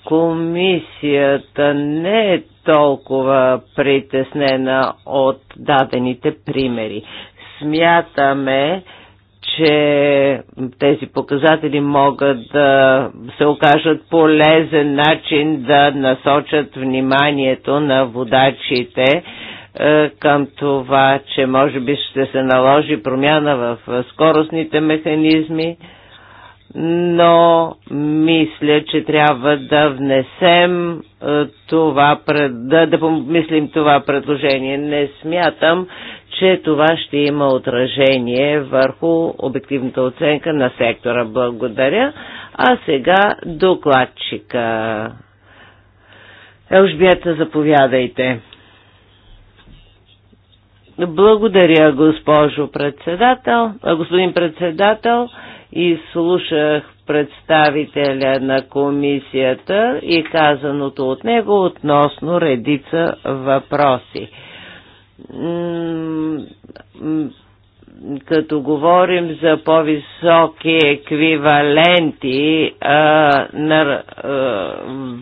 Комисията не е толкова притеснена от дадените примери. Смятаме, че тези показатели могат да се окажат полезен начин да насочат вниманието на водачите е, към това, че може би ще се наложи промяна в е, скоростните механизми но мисля, че трябва да внесем е, това, да, да помислим това предложение. Не смятам, че това ще има отражение върху обективната оценка на сектора. Благодаря. А сега докладчика. Елжбета, заповядайте. Благодаря, госпожо председател, господин председател и слушах представителя на комисията и казаното от него относно редица въпроси като говорим за по-високи еквиваленти а, на а,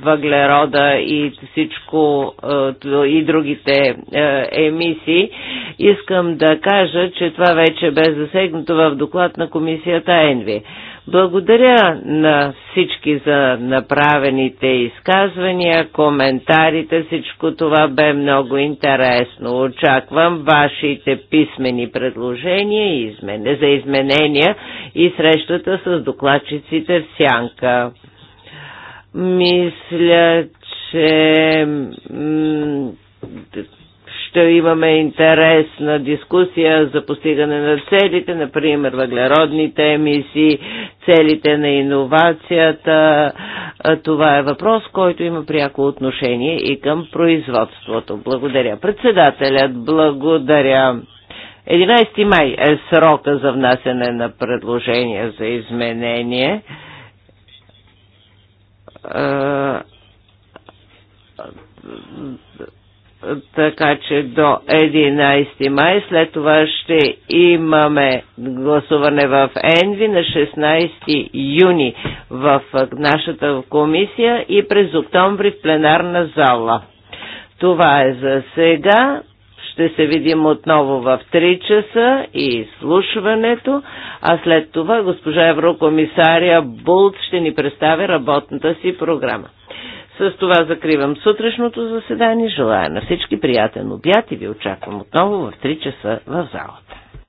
въглерода и всичко а, и другите а, емисии, искам да кажа, че това вече бе засегнато в доклад на комисията ЕНВИ. Благодаря на всички за направените изказвания, коментарите, всичко това бе много интересно. Очаквам вашите писмени предложения и за изменения и срещата с докладчиците в Сянка. Мисля, че ще имаме интересна дискусия за постигане на целите, например въглеродните емисии, целите на иновацията. Това е въпрос, който има пряко отношение и към производството. Благодаря. Председателят, благодаря. 11 май е срока за внасяне на предложения за изменение така че до 11 май. След това ще имаме гласуване в Енви на 16 юни в нашата комисия и през октомври в пленарна зала. Това е за сега. Ще се видим отново в 3 часа и слушването, а след това госпожа Еврокомисария Булт ще ни представи работната си програма. С това закривам сутрешното заседание. Желая на всички приятен обяд и ви очаквам отново в 3 часа в залата.